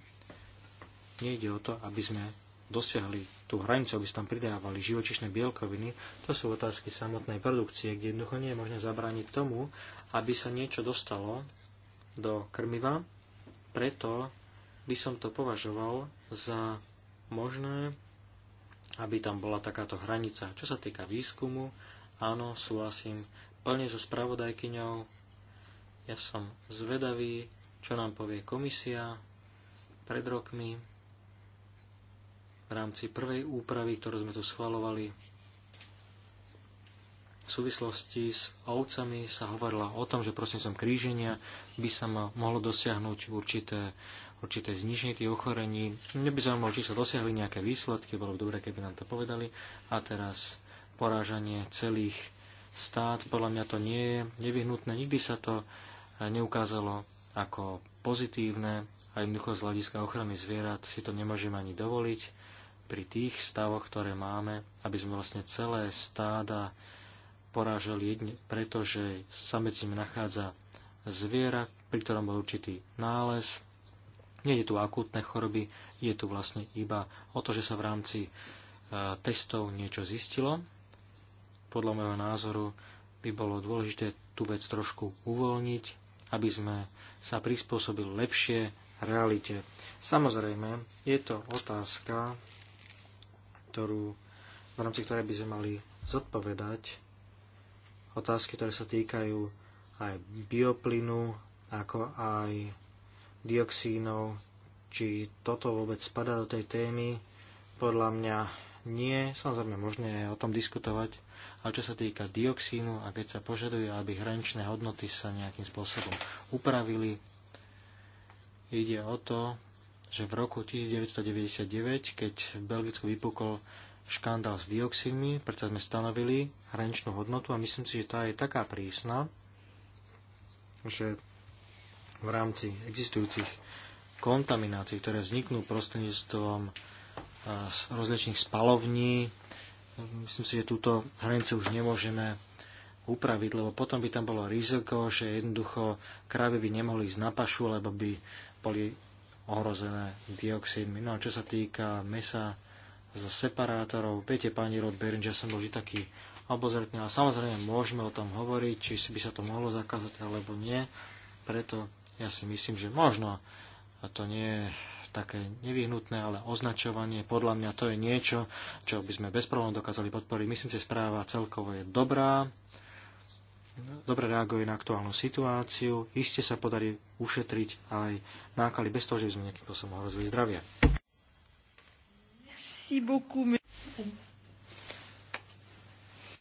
Nejde o to, aby sme dosiahli tú hranicu, aby sa tam pridávali živočišné bielkoviny, to sú otázky samotnej produkcie, kde jednoducho nie je možné zabrániť tomu, aby sa niečo dostalo do krmiva. Preto by som to považoval za možné, aby tam bola takáto hranica. Čo sa týka výskumu, áno, súhlasím plne so spravodajkyňou. Ja som zvedavý, čo nám povie komisia pred rokmi v rámci prvej úpravy, ktorú sme tu schvalovali. V súvislosti s ovcami sa hovorila o tom, že prostredníctvom kríženia by sa mohlo dosiahnuť určité, určité zniženie tých ochorení. Mne by zaujímalo, či sa dosiahli nejaké výsledky, bolo by dobre, keby nám to povedali. A teraz porážanie celých stát, podľa mňa to nie je nevyhnutné. Nikdy sa to neukázalo ako pozitívne a jednoducho z hľadiska ochrany zvierat si to nemôžeme ani dovoliť pri tých stavoch, ktoré máme, aby sme vlastne celé stáda porážali jedne, pretože sa medzi nimi nachádza zviera, pri ktorom bol určitý nález. Nie je tu akútne choroby, je tu vlastne iba o to, že sa v rámci e, testov niečo zistilo. Podľa môjho názoru by bolo dôležité tú vec trošku uvoľniť, aby sme sa prispôsobili lepšie realite. Samozrejme, je to otázka ktorú, v rámci ktorej by sme mali zodpovedať otázky, ktoré sa týkajú aj bioplynu, ako aj dioxínov, či toto vôbec spadá do tej témy. Podľa mňa nie, samozrejme možné je o tom diskutovať, ale čo sa týka dioxínu a keď sa požaduje, aby hraničné hodnoty sa nejakým spôsobom upravili, ide o to, že v roku 1999, keď v Belgicku vypukol škandál s dioxínmi, preto sme stanovili hraničnú hodnotu a myslím si, že tá je taká prísna, že v rámci existujúcich kontaminácií, ktoré vzniknú prostredníctvom rozličných spalovní, myslím si, že túto hranicu už nemôžeme upraviť, lebo potom by tam bolo riziko, že jednoducho krávy by nemohli ísť na pašu, lebo by boli ohrozené dioxidmi. No a čo sa týka mesa zo separátorov, viete, pani Rodberin, že som bol vždy taký obozretný, ale samozrejme môžeme o tom hovoriť, či si by sa to mohlo zakázať alebo nie, preto ja si myslím, že možno a to nie je také nevyhnutné, ale označovanie, podľa mňa to je niečo, čo by sme bez problémov dokázali podporiť. Myslím že správa celkovo je dobrá, dobre reaguje na aktuálnu situáciu, iste sa podarí ušetriť aj náklady bez toho, že by sme nejakým spôsobom ohrozili zdravie.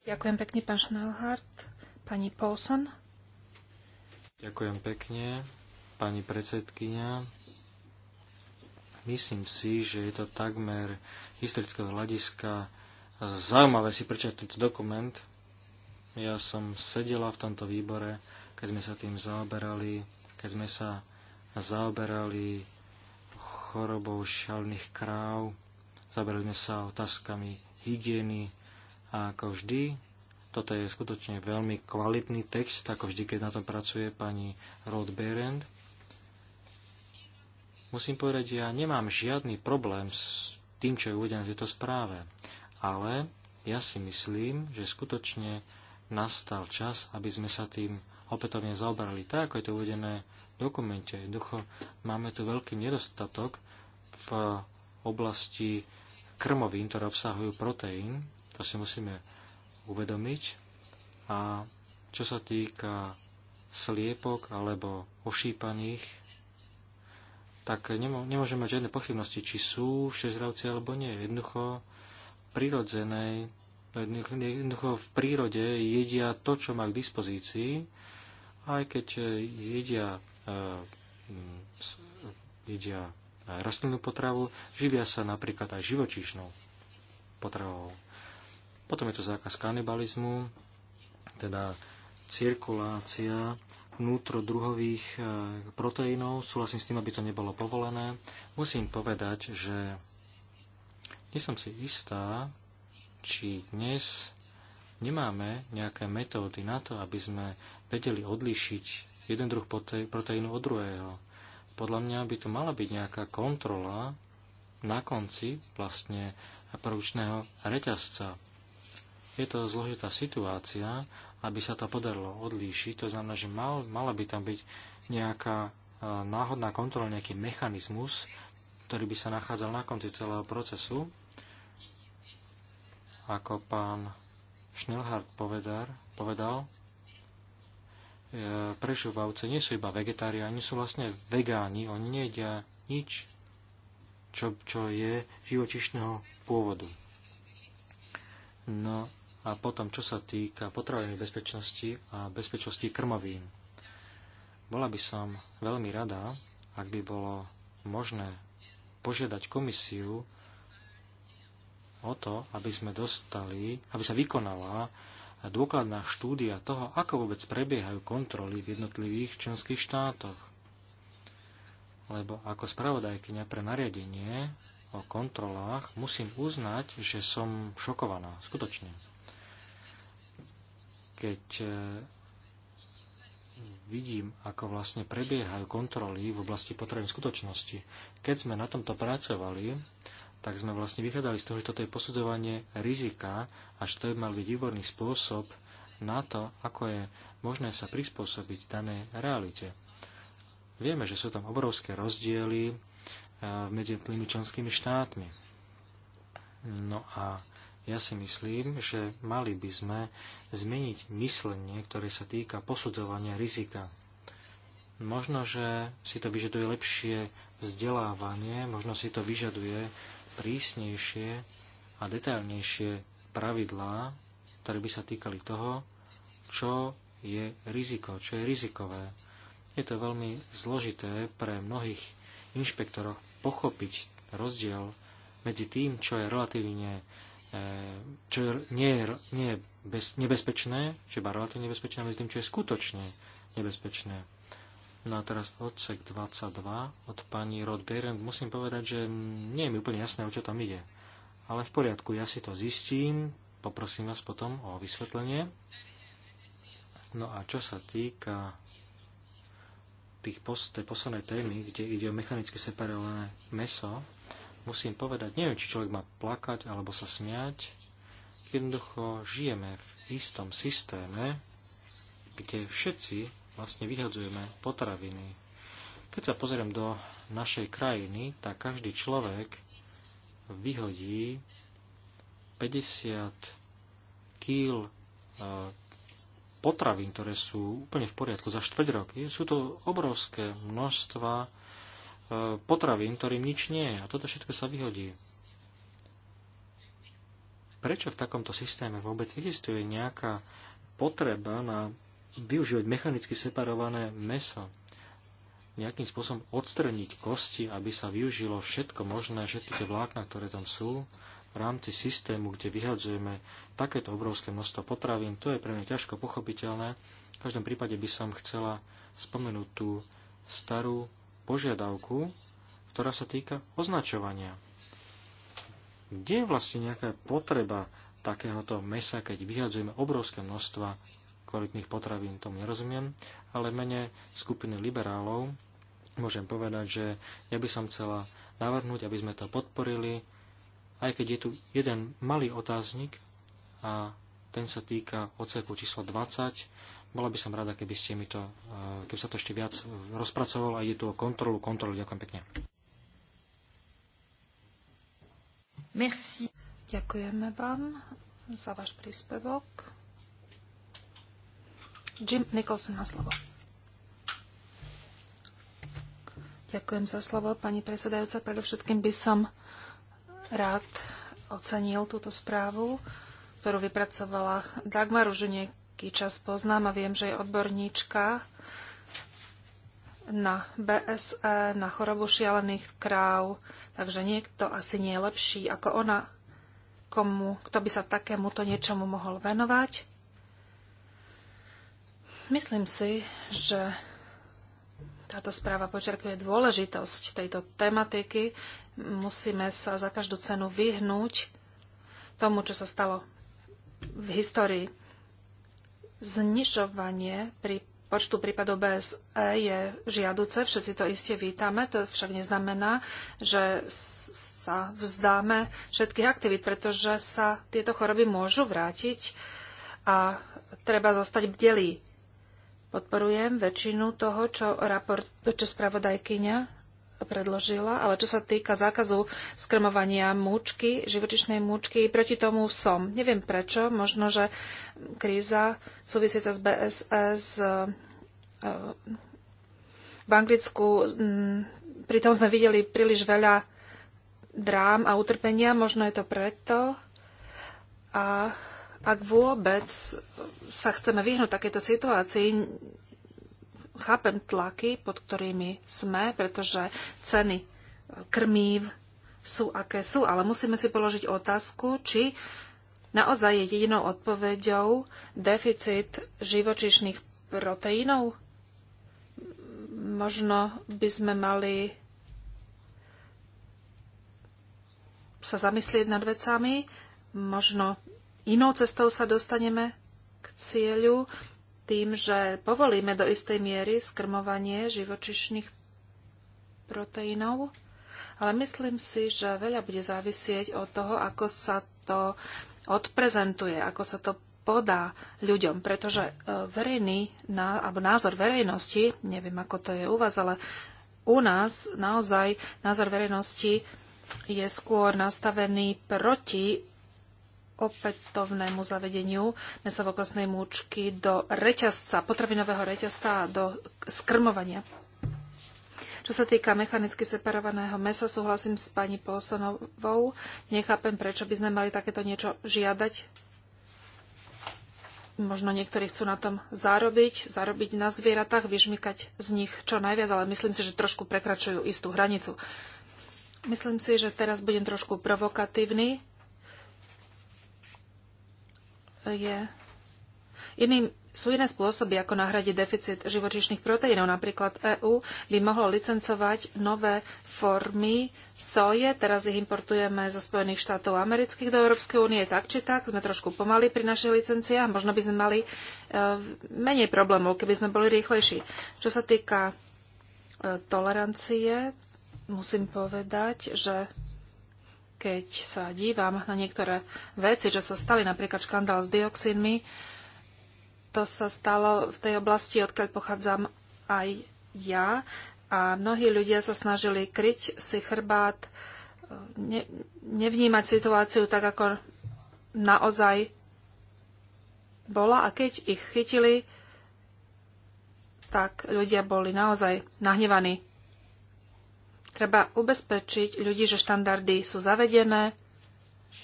Ďakujem pekne, pán Schnellhardt. Pani Paulson. Ďakujem pekne, pani predsedkynia. Myslím si, že je to takmer historického hľadiska zaujímavé si prečítať tento dokument, ja som sedela v tomto výbore, keď sme sa tým zaoberali, keď sme sa zaoberali chorobou šalných kráv, zaoberali sme sa otázkami hygieny a ako vždy, toto je skutočne veľmi kvalitný text, ako vždy, keď na tom pracuje pani Rod Berend. Musím povedať, ja nemám žiadny problém s tým, čo je uvedené v tejto správe, ale ja si myslím, že skutočne nastal čas, aby sme sa tým opätovne zaoberali Tak, ako je to uvedené v dokumente, jednoducho máme tu veľký nedostatok v oblasti krmovín, ktoré obsahujú proteín. To si musíme uvedomiť. A čo sa týka sliepok alebo ošípaných, tak nemôžeme mať žiadne pochybnosti, či sú šesťravci alebo nie. Jednoducho prirodzenej Jednoducho v prírode jedia to, čo má k dispozícii, aj keď e, jedia, e, jedia e, rastlinnú potravu, živia sa napríklad aj živočíšnou potravou. Potom je to zákaz kanibalizmu, teda cirkulácia vnútrodruhových proteínov. Súhlasím s tým, aby to nebolo povolené. Musím povedať, že nie som si istá, či dnes nemáme nejaké metódy na to, aby sme vedeli odlíšiť jeden druh proteínu od druhého. Podľa mňa by tu mala byť nejaká kontrola na konci vlastne prvúčného reťazca. Je to zložitá situácia, aby sa to podarilo odlíšiť. To znamená, že mal, mala by tam byť nejaká e, náhodná kontrola, nejaký mechanizmus, ktorý by sa nachádzal na konci celého procesu ako pán Schnellhardt povedal, povedal prešúvavce nie sú iba vegetariáni, sú vlastne vegáni, oni nejedia nič, čo, čo je živočišného pôvodu. No a potom, čo sa týka potravinovej bezpečnosti a bezpečnosti krmovín. Bola by som veľmi rada, ak by bolo možné požiadať komisiu o to, aby sme dostali, aby sa vykonala dôkladná štúdia toho, ako vôbec prebiehajú kontroly v jednotlivých členských štátoch. Lebo ako spravodajkyňa pre nariadenie o kontrolách musím uznať, že som šokovaná, skutočne. Keď e, vidím, ako vlastne prebiehajú kontroly v oblasti potrebných skutočnosti. Keď sme na tomto pracovali, tak sme vlastne vychádzali z toho, že toto je posudzovanie rizika a že to by mal byť výborný spôsob na to, ako je možné sa prispôsobiť danej realite. Vieme, že sú tam obrovské rozdiely e, medzi tými členskými štátmi. No a ja si myslím, že mali by sme zmeniť myslenie, ktoré sa týka posudzovania rizika. Možno, že si to vyžaduje lepšie vzdelávanie, možno si to vyžaduje prísnejšie a detailnejšie pravidlá, ktoré by sa týkali toho, čo je riziko, čo je rizikové. Je to veľmi zložité pre mnohých inšpektorov pochopiť rozdiel medzi tým, čo je relatívne e, čo je, nie je, nie je bez, nebezpečné, čo je relatívne nebezpečné, medzi tým, čo je skutočne nebezpečné. No a teraz odsek 22 od pani Rodberend. Musím povedať, že nie je mi úplne jasné, o čo tam ide. Ale v poriadku, ja si to zistím, poprosím vás potom o vysvetlenie. No a čo sa týka tých post, tej poslednej témy, kde ide o mechanicky separované meso, musím povedať, neviem, či človek má plakať alebo sa smiať. Jednoducho žijeme v istom systéme, kde všetci vlastne vyhadzujeme potraviny. Keď sa pozriem do našej krajiny, tak každý človek vyhodí 50 kg potravín, ktoré sú úplne v poriadku za štvrť rok. Sú to obrovské množstva e, potravín, ktorým nič nie je. A toto všetko sa vyhodí. Prečo v takomto systéme vôbec existuje nejaká potreba na využívať mechanicky separované meso, nejakým spôsobom odstrniť kosti, aby sa využilo všetko možné, všetky tie vlákna, ktoré tam sú, v rámci systému, kde vyhadzujeme takéto obrovské množstvo potravín, to je pre mňa ťažko pochopiteľné. V každom prípade by som chcela spomenúť tú starú požiadavku, ktorá sa týka označovania. Kde je vlastne nejaká potreba takéhoto mesa, keď vyhadzujeme obrovské množstva kvalitných potravín, tomu nerozumiem, ale mene skupiny liberálov môžem povedať, že ja by som chcela navrhnúť, aby sme to podporili, aj keď je tu jeden malý otáznik a ten sa týka odseku číslo 20. Bola by som rada, keby ste mi to, eh, keby sa to ešte viac rozpracovalo a ide tu o kontrolu, kontrolu. Ďakujem pekne. Merci. Ďakujeme vám za váš príspevok. Jim Nicholson slovo. Ďakujem za slovo, pani predsedajúca. Predovšetkým by som rád ocenil túto správu, ktorú vypracovala Dagmar. Už nejaký čas poznám a viem, že je odborníčka na BSE, na chorobu šialených kráv, takže niekto asi nie je lepší ako ona, komu, kto by sa takémuto niečomu mohol venovať. Myslím si, že táto správa počerkuje dôležitosť tejto tematiky. Musíme sa za každú cenu vyhnúť tomu, čo sa stalo v histórii. Znižovanie pri počtu prípadov BSE je žiaduce, všetci to iste vítame, to však neznamená, že sa vzdáme všetkých aktivít, pretože sa tieto choroby môžu vrátiť a treba zostať bdelí. Podporujem väčšinu toho, čo, raport, čo spravodajkyňa predložila, ale čo sa týka zákazu skrmovania múčky, živočišnej múčky, proti tomu som. Neviem prečo, možno, že kríza súvisiaca s BSS e, v Anglicku, mm, pritom sme videli príliš veľa drám a utrpenia, možno je to preto. A ak vôbec sa chceme vyhnúť takéto situácii, chápem tlaky, pod ktorými sme, pretože ceny e, krmív sú aké sú, ale musíme si položiť otázku, či naozaj je jedinou odpoveďou deficit živočišných proteínov. Možno by sme mali sa zamyslieť nad vecami, možno inou cestou sa dostaneme k cieľu tým, že povolíme do istej miery skrmovanie živočišných proteínov, ale myslím si, že veľa bude závisieť od toho, ako sa to odprezentuje, ako sa to podá ľuďom, pretože e, verejný, alebo názor verejnosti, neviem ako to je u vás, ale u nás naozaj názor verejnosti je skôr nastavený proti opätovnému zavedeniu mesovokostnej múčky do reťazca, potravinového reťazca a do skrmovania. Čo sa týka mechanicky separovaného mesa, súhlasím s pani Polsonovou. Nechápem, prečo by sme mali takéto niečo žiadať. Možno niektorí chcú na tom zarobiť, zarobiť na zvieratách, vyžmykať z nich čo najviac, ale myslím si, že trošku prekračujú istú hranicu. Myslím si, že teraz budem trošku provokatívny je iným sú iné spôsoby, ako nahradiť deficit živočišných proteínov. Napríklad EÚ by mohlo licencovať nové formy soje. Teraz ich importujeme zo Spojených štátov amerických do Európskej únie. Tak či tak, sme trošku pomali pri našich licenciách. Možno by sme mali e, menej problémov, keby sme boli rýchlejší. Čo sa týka e, tolerancie, musím povedať, že keď sa dívam na niektoré veci, čo sa stali, napríklad škandál s dioxínmi, to sa stalo v tej oblasti, odkiaľ pochádzam aj ja. A mnohí ľudia sa snažili kryť si chrbát, ne, nevnímať situáciu tak, ako naozaj bola. A keď ich chytili, tak ľudia boli naozaj nahnevaní. Treba ubezpečiť ľudí, že štandardy sú zavedené,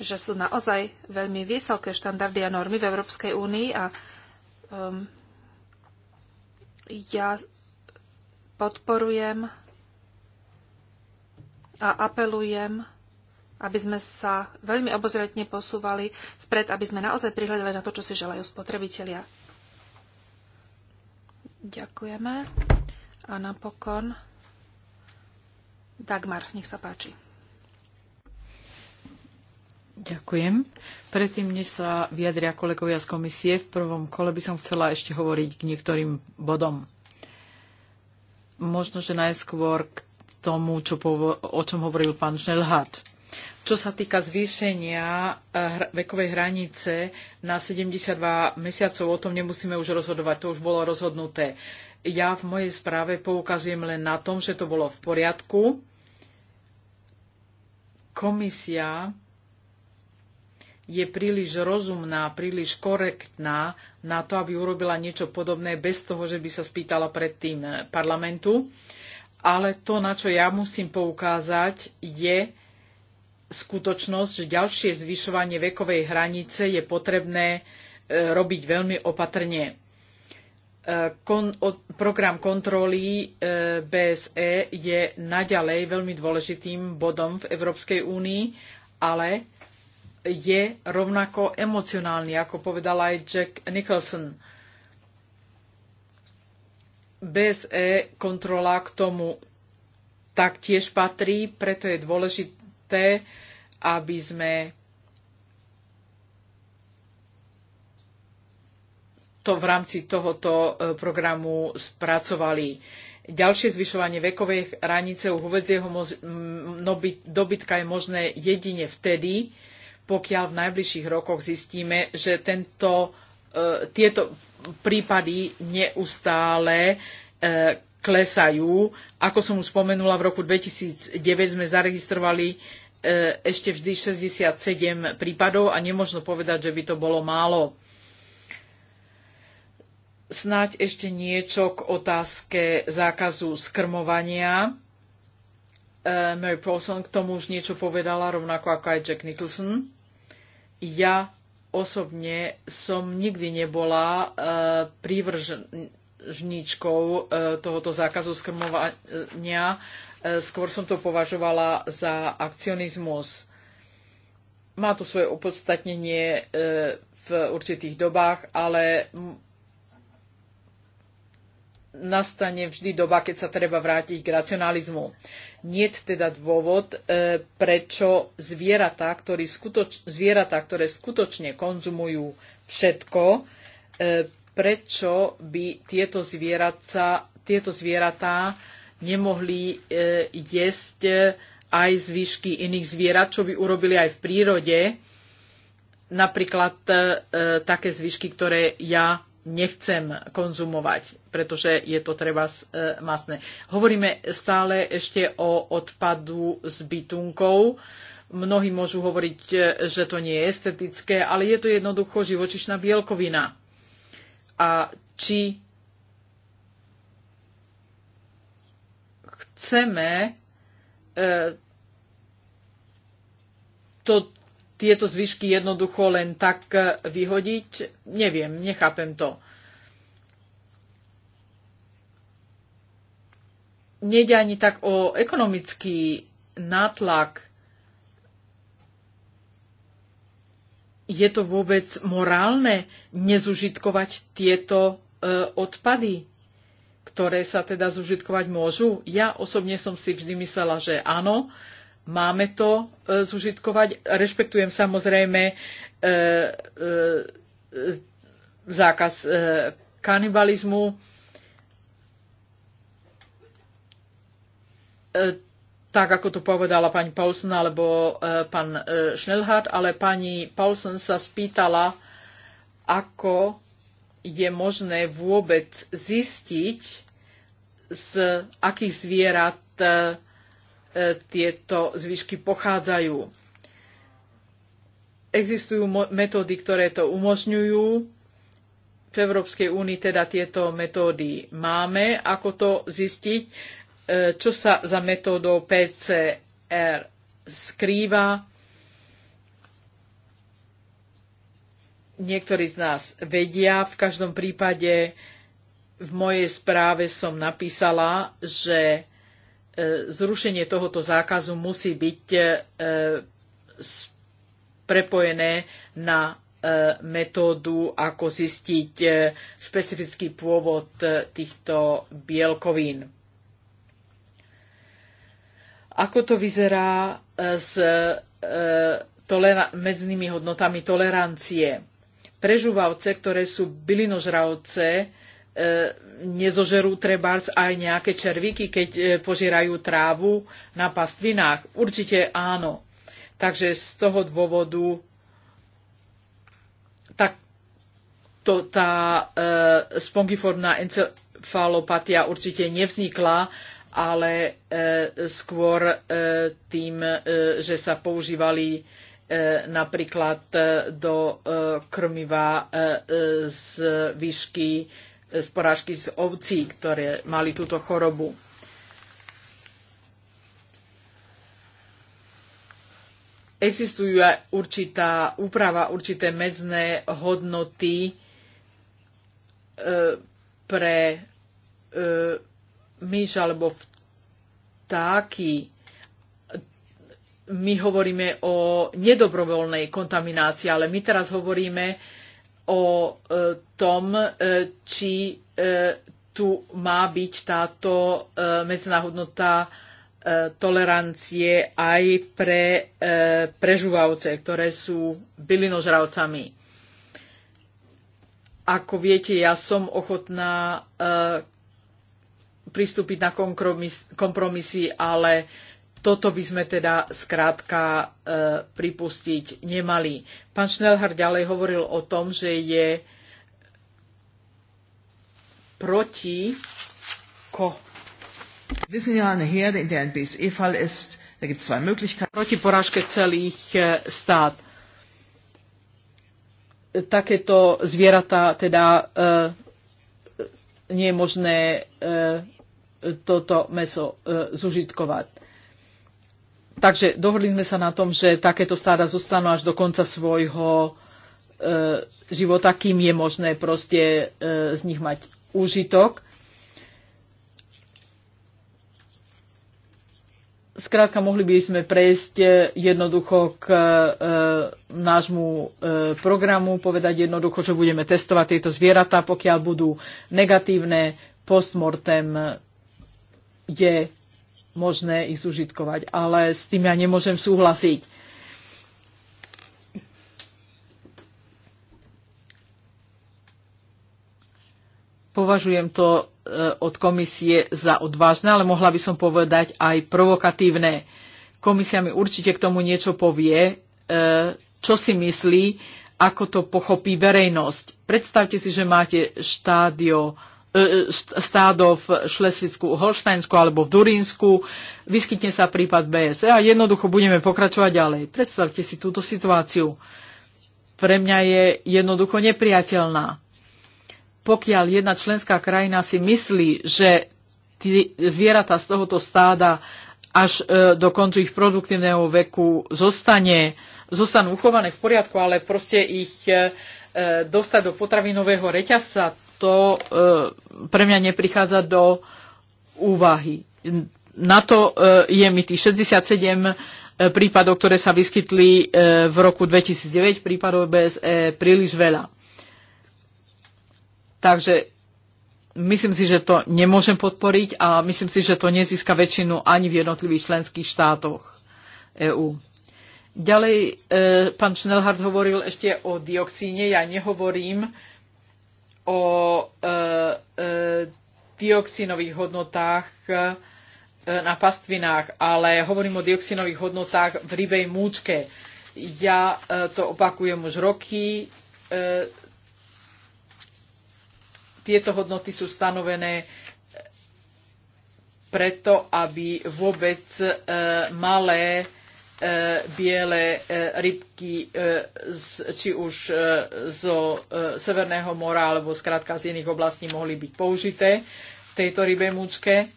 že sú naozaj veľmi vysoké štandardy a normy v Európskej únii a um, ja podporujem a apelujem, aby sme sa veľmi obozretne posúvali vpred, aby sme naozaj prihľadali na to, čo si želajú spotrebitelia. Ďakujeme. A napokon Dagmar, nech sa páči. Ďakujem. Predtým, než sa vyjadria kolegovia z komisie, v prvom kole by som chcela ešte hovoriť k niektorým bodom. Možno, že najskôr k tomu, čo povo- o čom hovoril pán Schnellhardt. Čo sa týka zvýšenia eh, vekovej hranice na 72 mesiacov, o tom nemusíme už rozhodovať, to už bolo rozhodnuté. Ja v mojej správe poukazujem len na tom, že to bolo v poriadku. Komisia je príliš rozumná, príliš korektná na to, aby urobila niečo podobné bez toho, že by sa spýtala predtým eh, parlamentu. Ale to, na čo ja musím poukázať, je skutočnosť, že ďalšie zvyšovanie vekovej hranice je potrebné eh, robiť veľmi opatrne. E, kon, o, program kontroly BSE e je naďalej veľmi dôležitým bodom v Európskej únii, ale je rovnako emocionálny, ako povedal aj Jack Nicholson. BSE kontrola k tomu taktiež patrí, preto je dôležité, aby sme to v rámci tohoto e, programu spracovali. Ďalšie zvyšovanie vekovej hranice u hovedzieho dobytka je možné jedine vtedy, pokiaľ v najbližších rokoch zistíme, že tento, e, tieto prípady neustále e, klesajú. Ako som už spomenula, v roku 2009 sme zaregistrovali ešte vždy 67 prípadov a nemôžno povedať, že by to bolo málo. Snáď ešte niečo k otázke zákazu skrmovania. E, Mary Paulson k tomu už niečo povedala, rovnako ako aj Jack Nicholson. Ja osobne som nikdy nebola e, prívržničkou e, tohoto zákazu skrmovania. skôr som to považovala za akcionizmus. Má to svoje opodstatnenie v určitých dobách, ale nastane vždy doba, keď sa treba vrátiť k racionalizmu. Nie teda dôvod, e, prečo zvieratá, ktoré, skutoč, zvieratá, ktoré skutočne konzumujú všetko, e, prečo by tieto, zvieratá, tieto zvieratá nemohli e, jesť aj zvyšky iných zvierat, čo by urobili aj v prírode, napríklad také zvyšky, ktoré ja nechcem konzumovať, pretože je to treba e, masné. Hovoríme stále ešte o odpadu s bytunkov. Mnohí môžu hovoriť, e, že to nie je estetické, ale je to jednoducho živočišná bielkovina. A či chceme e, to tieto zvyšky jednoducho len tak e, vyhodiť? Neviem, nechápem to. Nejde ani tak o ekonomický nátlak. Je to vôbec morálne nezužitkovať tieto e, odpady, ktoré sa teda zužitkovať môžu? Ja osobne som si vždy myslela, že áno, e, máme to e, zužitkovať. Rešpektujem samozrejme e, e, zákaz kanibalizmu. Tak, ako to povedala pani Paulson alebo pán Schnellhardt, ale pani Paulsen sa spýtala, ako je možné vôbec zistiť, z akých zvierat E, tieto zvyšky pochádzajú. Existujú metódy, ktoré to umožňujú. V Európskej únii teda tieto metódy máme. Ako to zistiť? E, čo sa za metódou PCR skrýva? Niektorí z nás vedia. V každom prípade v mojej správe som napísala, že E, zrušenie tohoto zákazu musí byť e, prepojené na e, metódu, ako zistiť špecifický pôvod týchto bielkovín. Ako to vyzerá s medznými hodnotami tolerancie? Prežúvavce, ktoré sú bylinožravce, E, nezožerú trebárs aj nejaké červíky, keď e, požierajú trávu na pastvinách? Určite áno. Takže z toho dôvodu tak to, tá e, spongiformná encefalopatia určite nevznikla, ale e, skôr e, tým, e, že sa používali e, napríklad e, do e, krmiva e, e, z výšky z porážky z ovcí, ktoré mali túto chorobu. Existujú aj určitá úprava, určité medzné hodnoty e, pre e, myš alebo vtáky my hovoríme o nedobrovoľnej kontaminácii, ale my teraz hovoríme o e, tom, e, či e, tu má byť táto medziná hodnota tolerancie aj pre prežúvavce, ktoré sú bylinožravcami. Ako viete, ja som ochotná pristúpiť na kompromisy, ale toto by sme teda skrátka e, pripustiť nemali. Pán Schnellhard ďalej hovoril o tom, že je proti ko. Proti porážke celých e, stát. Takéto zvieratá teda e, nie je možné e, toto meso e, zužitkovať. Takže dohodli sme sa na tom, že takéto stáda zostanú až do konca svojho e, života, kým je možné proste e, z nich mať úžitok. Skrátka, mohli by sme prejsť e, jednoducho k e, nášmu e, programu, povedať jednoducho, že budeme testovať tieto zvieratá, pokiaľ budú negatívne, postmortem je možné ich zužitkovať, ale s tým ja nemôžem súhlasiť. Považujem to e, od komisie za odvážne, ale mohla by som povedať aj provokatívne. Komisia mi určite k tomu niečo povie, e, čo si myslí, ako to pochopí verejnosť. Predstavte si, že máte štádio E, e, stádo v Šlesvicku, Holštajnsku alebo v Durínsku, vyskytne sa prípad BSE a jednoducho budeme pokračovať ďalej. Predstavte si túto situáciu. Pre mňa je jednoducho nepriateľná. Pokiaľ jedna členská krajina si myslí, že zvieratá z tohoto stáda až e, do koncu ich produktívneho veku zostane, zostanú uchované v poriadku, ale proste ich dostať do potravinového reťazca, to e, pre mňa neprichádza do úvahy. Na to e, je mi tých 67 e, prípadov, ktoré sa vyskytli v roku 2009, prípadov BSE príliš veľa. Takže myslím si, že to nemôžem podporiť a myslím si, že to nezíska väčšinu ani v jednotlivých členských štátoch EÚ. Ďalej, pán Schnellhardt hovoril ešte o dioxíne. Ja nehovorím o e, e, dioxinových hodnotách e, na pastvinách, ale hovorím o dioxinových hodnotách v rybej múčke. Ja to opakujem už roky. Tieto hodnoty sú stanovené preto, aby vôbec malé E, biele e, rybky e, či už zo Severného mora alebo skrátka z iných oblastí mohli byť použité tejto rybe múčke.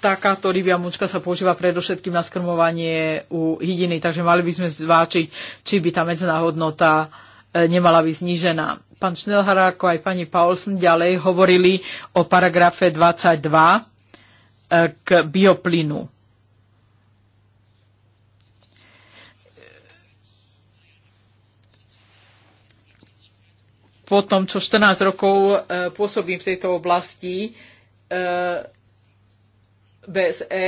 Takáto rybia múčka sa používa predovšetkým na skrmovanie u hydiny, takže mali by sme zváčiť, či by tá medzná hodnota E, nemala byť znížená. Pán Schnellhar ako aj pani Paulsen ďalej hovorili o paragrafe 22 e, k bioplynu. po tom, čo 14 rokov e, pôsobím v tejto oblasti BSE,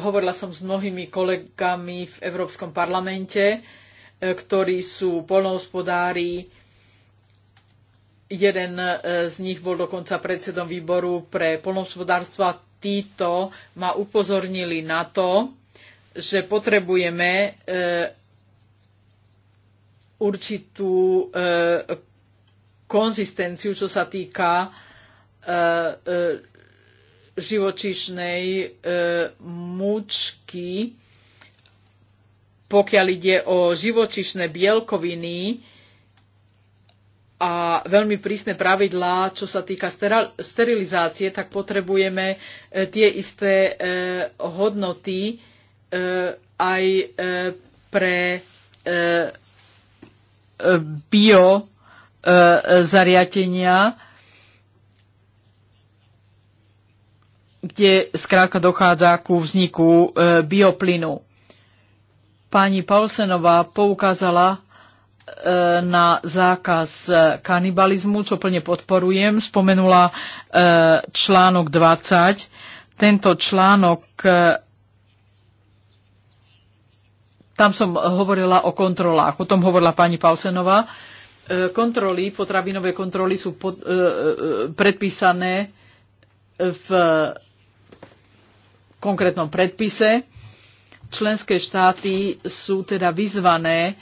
hovorila som s mnohými kolegami v Európskom parlamente E, ktorí sú polnohospodári. Jeden e, z nich bol dokonca predsedom výboru pre polnohospodárstvo a títo ma upozornili na to, že potrebujeme e, určitú konzistenciu, čo sa týka živočišnej múčky pokiaľ ide o živočišné bielkoviny a veľmi prísne pravidlá, čo sa týka sterilizácie, tak potrebujeme e, tie isté e, hodnoty e, aj pre bio zariatenia, kde skrátka dochádza ku vzniku bioplynu. Pani Paulsenová poukázala e, na zákaz e, kanibalizmu, čo plne podporujem. Spomenula e, článok 20. Tento článok tam som hovorila o kontrolách, o tom hovorila pani Paulsenová. Kontroly, potravinové kontroly sú pod, predpísané v konkrétnom predpise Členské štáty sú teda vyzvané,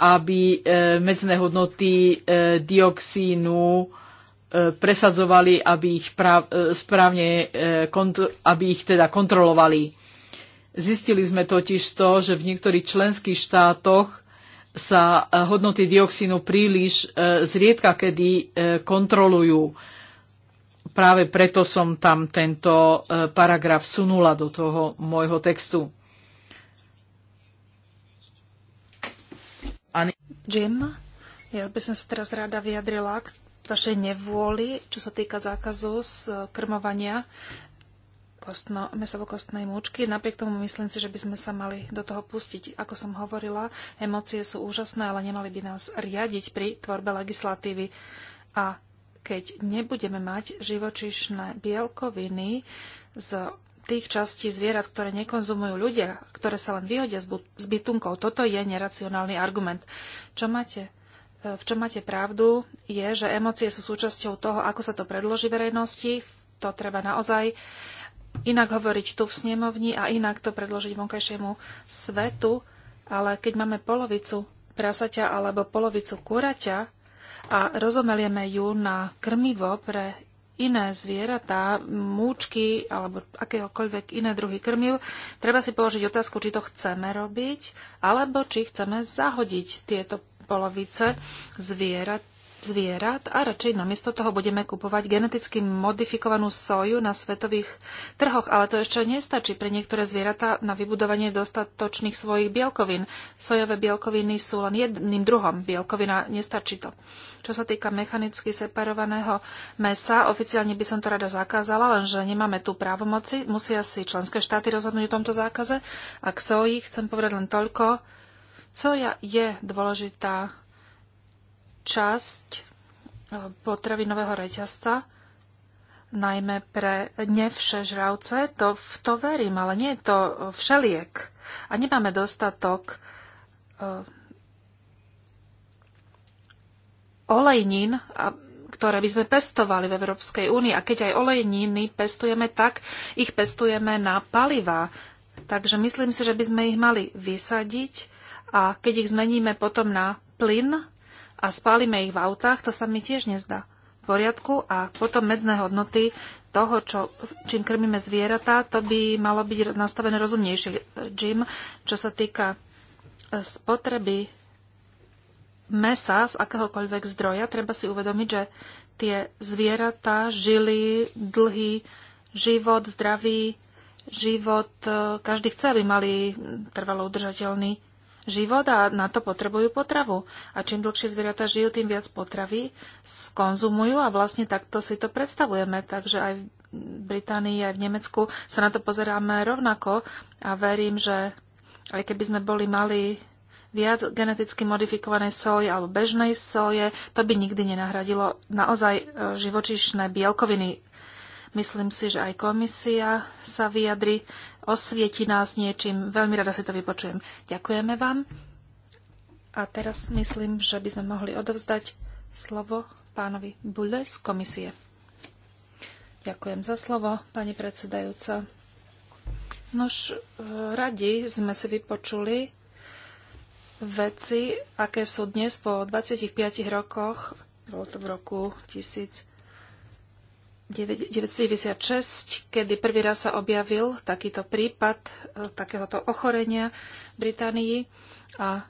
aby e, medzné hodnoty e, dioxínu e, presadzovali, aby ich, prav, správne, aby ich teda kontrolovali. Zistili sme totiž to, že v niektorých členských štátoch sa hodnoty dioxínu príliš zriedka kedy kontrolujú. Práve preto som tam tento paragraf sunula do toho môjho textu. Jim, ja by som sa teraz rada vyjadrila k vašej nevôli, čo sa týka zákazu z e, krmovania kostno, mesovokostnej múčky. Napriek tomu myslím si, že by sme sa mali do toho pustiť. Ako som hovorila, emócie sú úžasné, ale nemali by nás riadiť pri tvorbe legislatívy. A keď nebudeme mať živočišné bielkoviny z tých častí zvierat, ktoré nekonzumujú ľudia, ktoré sa len vyhodia z bytunkov. Toto je neracionálny argument. Čo máte? E, v čom máte pravdu, je, že emócie sú súčasťou toho, ako sa to predloží verejnosti. To treba naozaj inak hovoriť tu v snemovni a inak to predložiť vonkajšiemu svetu. Ale keď máme polovicu prasaťa alebo polovicu kuraťa a rozomelieme ju na krmivo pre iné zvieratá, múčky alebo akéhokoľvek iné druhy krmiv, treba si položiť otázku, či to chceme robiť, alebo či chceme zahodiť tieto polovice zvierat zvierat a radšej namiesto toho budeme kupovať geneticky modifikovanú soju na svetových trhoch. Ale to ešte nestačí pre niektoré zvieratá na vybudovanie dostatočných svojich bielkovín. Sojové bielkoviny sú len jedným druhom bielkovina, nestačí to. Čo sa týka mechanicky separovaného mesa, oficiálne by som to rada zakázala, lenže nemáme tu právomoci. Musia si členské štáty rozhodnúť o tomto zákaze. A k soji chcem povedať len toľko. Soja je dôležitá časť e, potravinového reťazca, najmä pre nevšežravce, to v to verím, ale nie je to e, všeliek. A nemáme dostatok uh, olejnín, a, ktoré by sme pestovali v Európskej únii. A keď aj olejniny pestujeme, tak ich pestujeme na palivá. Takže myslím si, že by sme ich mali vysadiť a keď ich zmeníme potom na plyn, a spálime ich v autách, to sa mi tiež nezdá v poriadku a potom medzné hodnoty toho, čo, čím krmíme zvieratá, to by malo byť nastavené rozumnejšie. Jim, čo sa týka e, spotreby mesa z akéhokoľvek zdroja, treba si uvedomiť, že tie zvieratá žili dlhý život, zdravý život. E, každý chce, aby mali trvalo udržateľný život a na to potrebujú potravu. A čím dlhšie zvieratá žijú, tým viac potravy skonzumujú a vlastne takto si to predstavujeme. Takže aj v Británii, aj v Nemecku sa na to pozeráme rovnako a verím, že aj keby sme boli mali viac geneticky modifikovanej soje alebo bežnej soje, to by nikdy nenahradilo naozaj e, živočišné bielkoviny. Myslím si, že aj komisia sa vyjadri osvieti nás niečím. Veľmi rada si to vypočujem. Ďakujeme vám. A teraz myslím, že by sme mohli odovzdať slovo pánovi Bule z komisie. Ďakujem za slovo, pani predsedajúca. Nož, e, radi sme si vypočuli veci, aké sú dnes po 25 rokoch, bolo to v roku 1000, 996, kedy prvý raz sa objavil takýto prípad e, takéhoto ochorenia v Británii a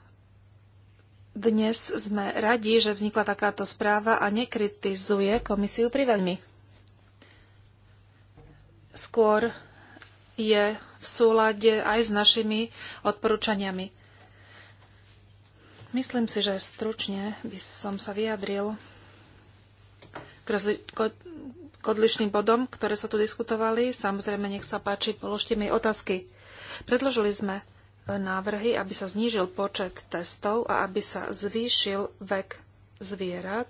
dnes sme radi, že vznikla takáto správa a nekritizuje komisiu pri veľmi. Skôr je v súlade aj s našimi odporúčaniami. Myslím si, že stručne by som sa vyjadril k k odlišným bodom, ktoré sa tu diskutovali. Samozrejme, nech sa páči, položte mi otázky. Predložili sme e, návrhy, aby sa znížil počet testov a aby sa zvýšil vek zvierat,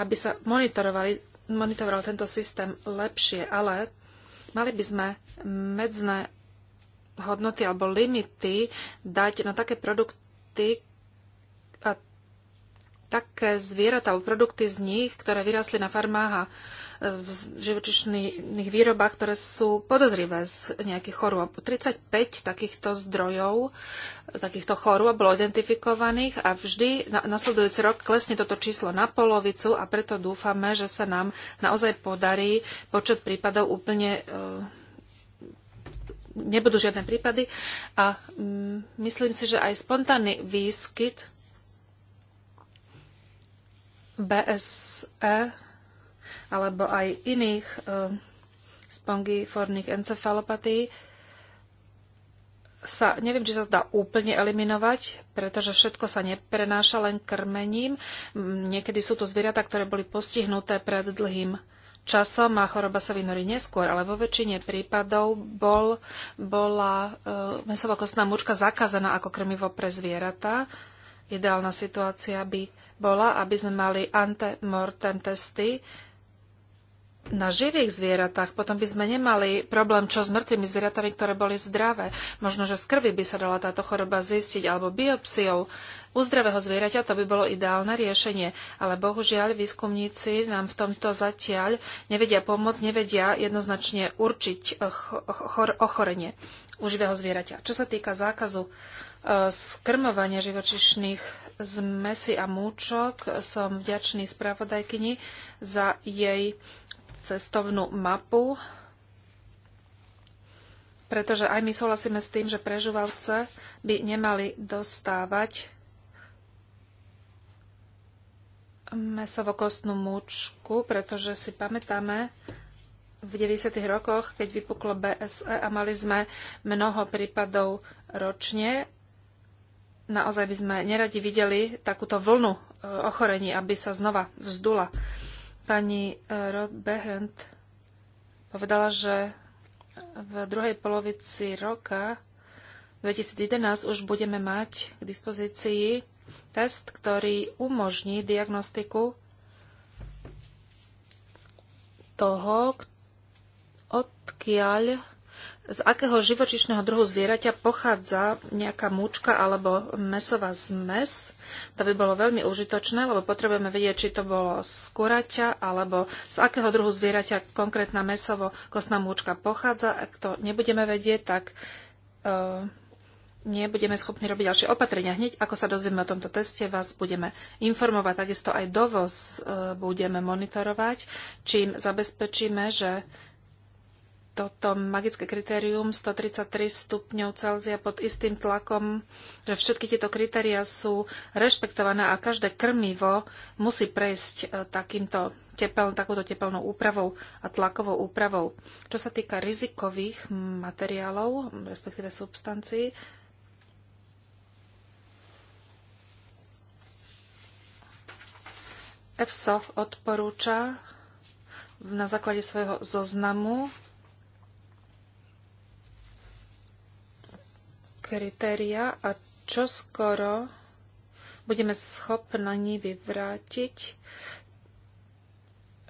aby sa monitorovali, monitoroval tento systém lepšie, ale mali by sme medzné hodnoty alebo limity dať na také produkty a také zvieratá alebo produkty z nich, ktoré vyrastli na farmách a v živočišných výrobách, ktoré sú podozrivé z nejakých chorôb. 35 takýchto zdrojov, takýchto chorôb bolo identifikovaných a vždy na, nasledujúci rok klesne toto číslo na polovicu a preto dúfame, že sa nám naozaj podarí počet prípadov úplne e, nebudú žiadne prípady a mm, myslím si, že aj spontánny výskyt BSE alebo aj iných eh, spongiformných encefalopatí, sa, neviem, či sa to dá úplne eliminovať, pretože všetko sa neprenáša len krmením. Niekedy sú to zvieratá, ktoré boli postihnuté pred dlhým časom a choroba sa vynorí neskôr, ale vo väčšine prípadov bol, bola e, mesovokostná mučka zakázaná ako krmivo pre zvieratá. Ideálna situácia by bola, aby sme mali antemortem testy, na živých zvieratách, potom by sme nemali problém, čo s mŕtvými zvieratami, ktoré boli zdravé. Možno, že z krvi by sa dala táto choroba zistiť, alebo biopsiou. U zdravého zvieraťa to by bolo ideálne riešenie, ale bohužiaľ výskumníci nám v tomto zatiaľ nevedia pomôcť, nevedia jednoznačne určiť eh, ochorenie u živého zvieraťa. Čo sa týka zákazu eh, skrmovania živočišných zmesí a múčok, eh, som vďačný spravodajkyni za jej cestovnú mapu, pretože aj my súhlasíme s tým, že prežúvavce by nemali dostávať mesovokostnú múčku, pretože si pamätáme v 90. rokoch, keď vypuklo BSE a mali sme mnoho prípadov ročne. Naozaj by sme neradi videli takúto vlnu e, ochorení, aby sa znova vzdula. Pani e, Rod Behrendt povedala, že v druhej polovici roka 2011 už budeme mať k dispozícii test, ktorý umožní diagnostiku toho, odkiaľ z akého živočišného druhu zvieraťa pochádza nejaká múčka alebo mesová zmes. To by bolo veľmi užitočné, lebo potrebujeme vedieť, či to bolo z kuraťa alebo z akého druhu zvieraťa konkrétna mesovo-kostná múčka pochádza. Ak to nebudeme vedieť, tak e, nebudeme schopní robiť ďalšie opatrenia. Hneď ako sa dozvieme o tomto teste, vás budeme informovať. Takisto aj dovoz e, budeme monitorovať, čím zabezpečíme, že toto magické kritérium 133 stupňov Celzia pod istým tlakom, že všetky tieto kritéria sú rešpektované a každé krmivo musí prejsť e, takýmto tepel, takúto tepelnou úpravou a tlakovou úpravou. Čo sa týka rizikových materiálov, respektíve substancií, EFSO odporúča na základe svojho zoznamu kritéria a čo skoro budeme schopní vyvrátiť,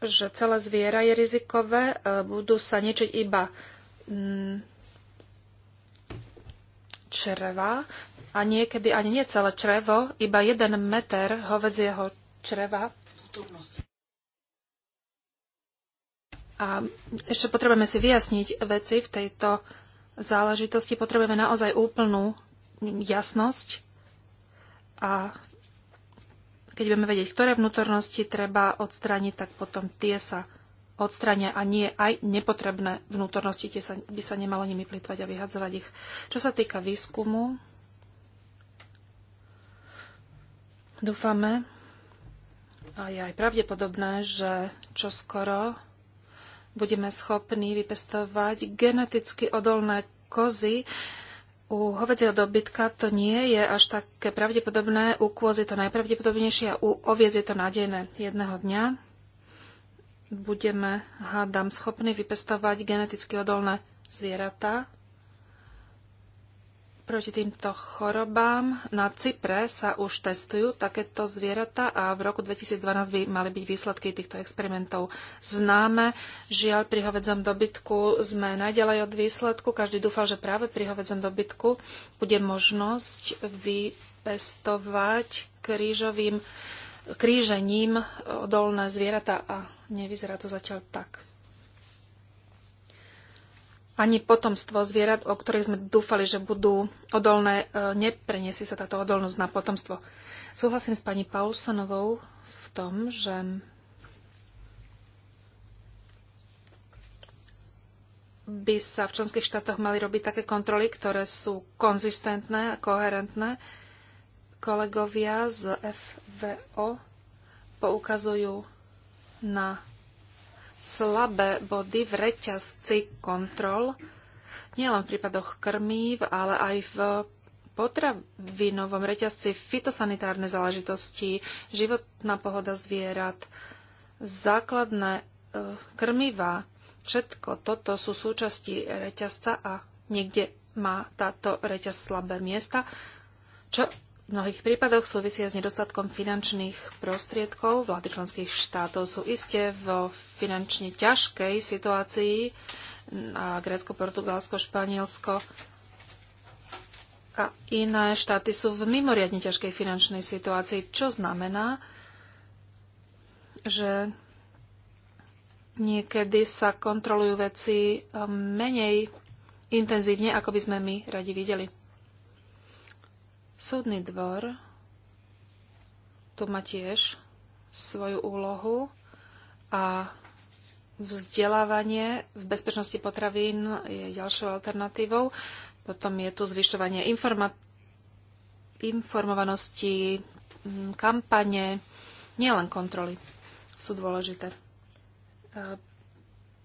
že celá zviera je rizikové, e, budú sa ničiť iba mm, čreva a niekedy ani nie celé črevo, iba jeden meter hovedzieho čreva. A ešte potrebujeme si vyjasniť veci v tejto záležitosti potrebujeme naozaj úplnú jasnosť a keď budeme vedieť, ktoré vnútornosti treba odstrániť, tak potom tie sa odstrania a nie aj nepotrebné vnútornosti, tie sa, by sa nemalo nimi plýtvať a vyhadzovať ich. Čo sa týka výskumu, dúfame a je aj pravdepodobné, že čoskoro budeme schopní vypestovať geneticky odolné kozy. U hovedzieho dobytka to nie je až také pravdepodobné, u kôz je to najpravdepodobnejšie a u oviec je to nádejné. Jedného dňa budeme, hádam, schopní vypestovať geneticky odolné zvieratá proti týmto chorobám. Na Cypre sa už testujú takéto zvieratá a v roku 2012 by mali byť výsledky týchto experimentov známe. Žiaľ, pri hovedzom dobytku sme najďalej od výsledku. Každý dúfal, že práve pri hovedzom dobytku bude možnosť vypestovať krížovým krížením odolné zvieratá a nevyzerá to zatiaľ tak ani potomstvo zvierat, o ktorých sme dúfali, že budú odolné, e, nepreniesie sa táto odolnosť na potomstvo. Súhlasím s pani Paulsonovou v tom, že by sa v členských štátoch mali robiť také kontroly, ktoré sú konzistentné a koherentné. Kolegovia z FVO poukazujú na slabé body v reťazci kontrol, nielen v prípadoch krmív, ale aj v potravinovom reťazci fitosanitárne záležitosti, životná pohoda zvierat, základné e, krmiva, všetko toto sú súčasti reťazca a niekde má táto reťaz slabé miesta, čo v mnohých prípadoch súvisia s nedostatkom finančných prostriedkov. Vlády členských štátov sú iste vo finančne ťažkej situácii a Grécko, Portugalsko, Španielsko a iné štáty sú v mimoriadne ťažkej finančnej situácii, čo znamená, že niekedy sa kontrolujú veci menej intenzívne, ako by sme my radi videli. Súdny dvor tu má tiež svoju úlohu a vzdelávanie v bezpečnosti potravín je ďalšou alternatívou. Potom je tu zvyšovanie informa- informovanosti, mm, kampane, nielen kontroly sú dôležité.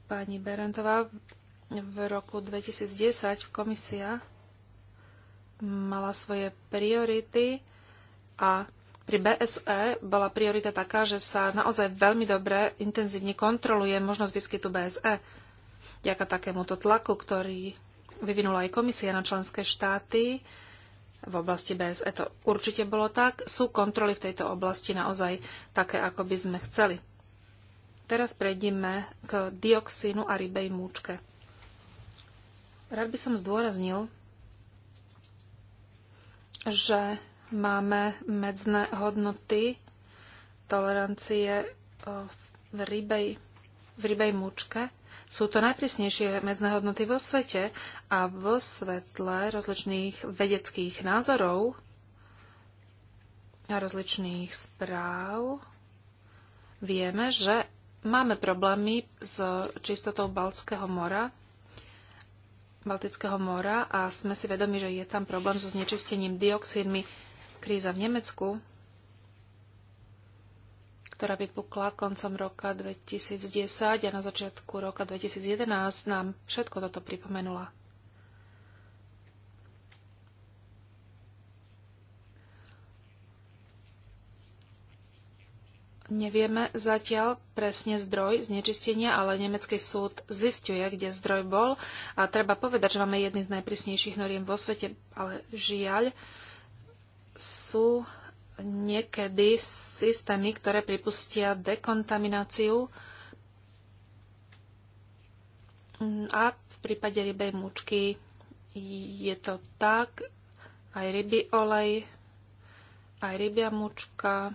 Pani Berentová, v roku 2010 komisia mala svoje priority a pri BSE bola priorita taká, že sa naozaj veľmi dobre, intenzívne kontroluje možnosť výskytu BSE. Ďaka takémuto tlaku, ktorý vyvinula aj komisia na členské štáty, v oblasti BSE to určite bolo tak, sú kontroly v tejto oblasti naozaj také, ako by sme chceli. Teraz prejdeme k dioxínu a rybej múčke. Rád by som zdôraznil, že máme medzné hodnoty tolerancie e, v rybej, v rybej mučke. Sú to najprísnejšie medzné hodnoty vo svete a vo svetle rozličných vedeckých názorov a rozličných správ vieme, že máme problémy s čistotou Baltského mora Baltického mora a sme si vedomi, že je tam problém so znečistením dioxidmi. Kríza v Nemecku, ktorá vypukla koncom roka 2010 a na začiatku roka 2011, nám všetko toto pripomenula. Nevieme zatiaľ presne zdroj znečistenia, ale nemecký súd zistuje, kde zdroj bol. A treba povedať, že máme jedny z najprísnejších noriem vo svete, ale žiaľ sú niekedy systémy, ktoré pripustia dekontamináciu a v prípade rybej múčky je to tak, aj ryby olej, aj rybia múčka,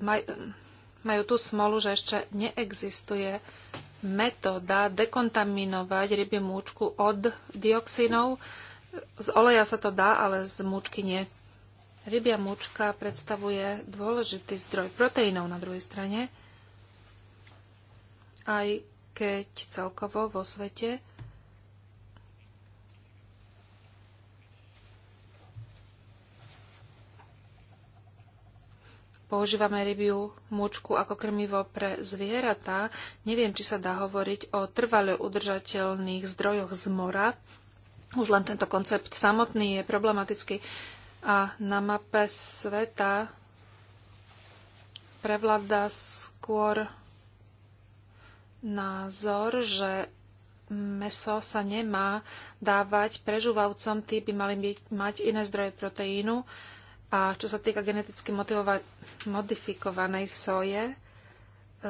maj, majú tú smolu, že ešte neexistuje metóda dekontaminovať rybie múčku od dioxínov. Z oleja sa to dá, ale z múčky nie. Rybia múčka predstavuje dôležitý zdroj proteínov na druhej strane, aj keď celkovo vo svete používame rybiu mučku ako krmivo pre zvieratá. Neviem, či sa dá hovoriť o trvale udržateľných zdrojoch z mora. Už len tento koncept samotný je problematický. A na mape sveta prevláda skôr názor, že meso sa nemá dávať prežúvavcom, tí by mali byť, mať iné zdroje proteínu a čo sa týka geneticky modifikovanej soje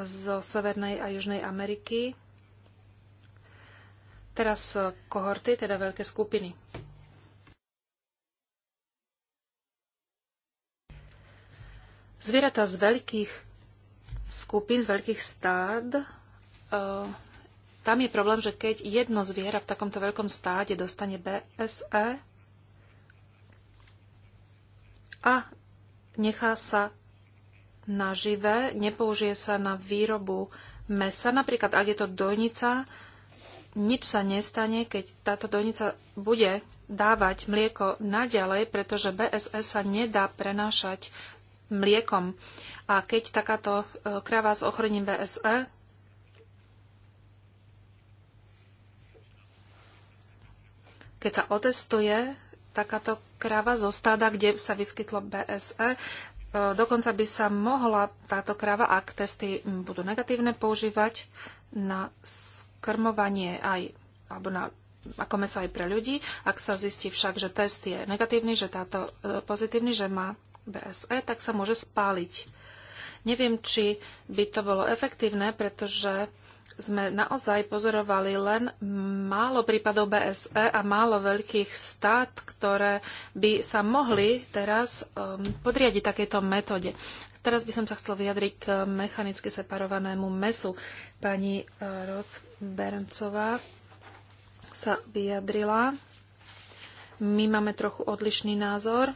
zo Severnej a Južnej Ameriky, teraz kohorty, teda veľké skupiny. Zvieratá z veľkých skupín, z veľkých stád, eh, tam je problém, že keď jedno zviera v takomto veľkom stáde dostane BSE, a nechá sa živé, nepoužije sa na výrobu mesa. Napríklad, ak je to dojnica, nič sa nestane, keď táto dojnica bude dávať mlieko naďalej, pretože BSE sa nedá prenášať mliekom. A keď takáto e, krava s ochorením BSE keď sa otestuje takáto krava zo stáda, kde sa vyskytlo BSE. E, dokonca by sa mohla táto krava, ak testy budú negatívne, používať na skrmovanie aj, alebo na, ako meso aj pre ľudí. Ak sa zistí však, že test je negatívny, že táto e, pozitívny, že má BSE, tak sa môže spáliť. Neviem, či by to bolo efektívne, pretože sme naozaj pozorovali len málo prípadov BSE a málo veľkých stát, ktoré by sa mohli teraz um, podriadiť takejto metóde. Teraz by som sa chcel vyjadriť k mechanicky separovanému mesu. Pani uh, Roth Berncová sa vyjadrila. My máme trochu odlišný názor.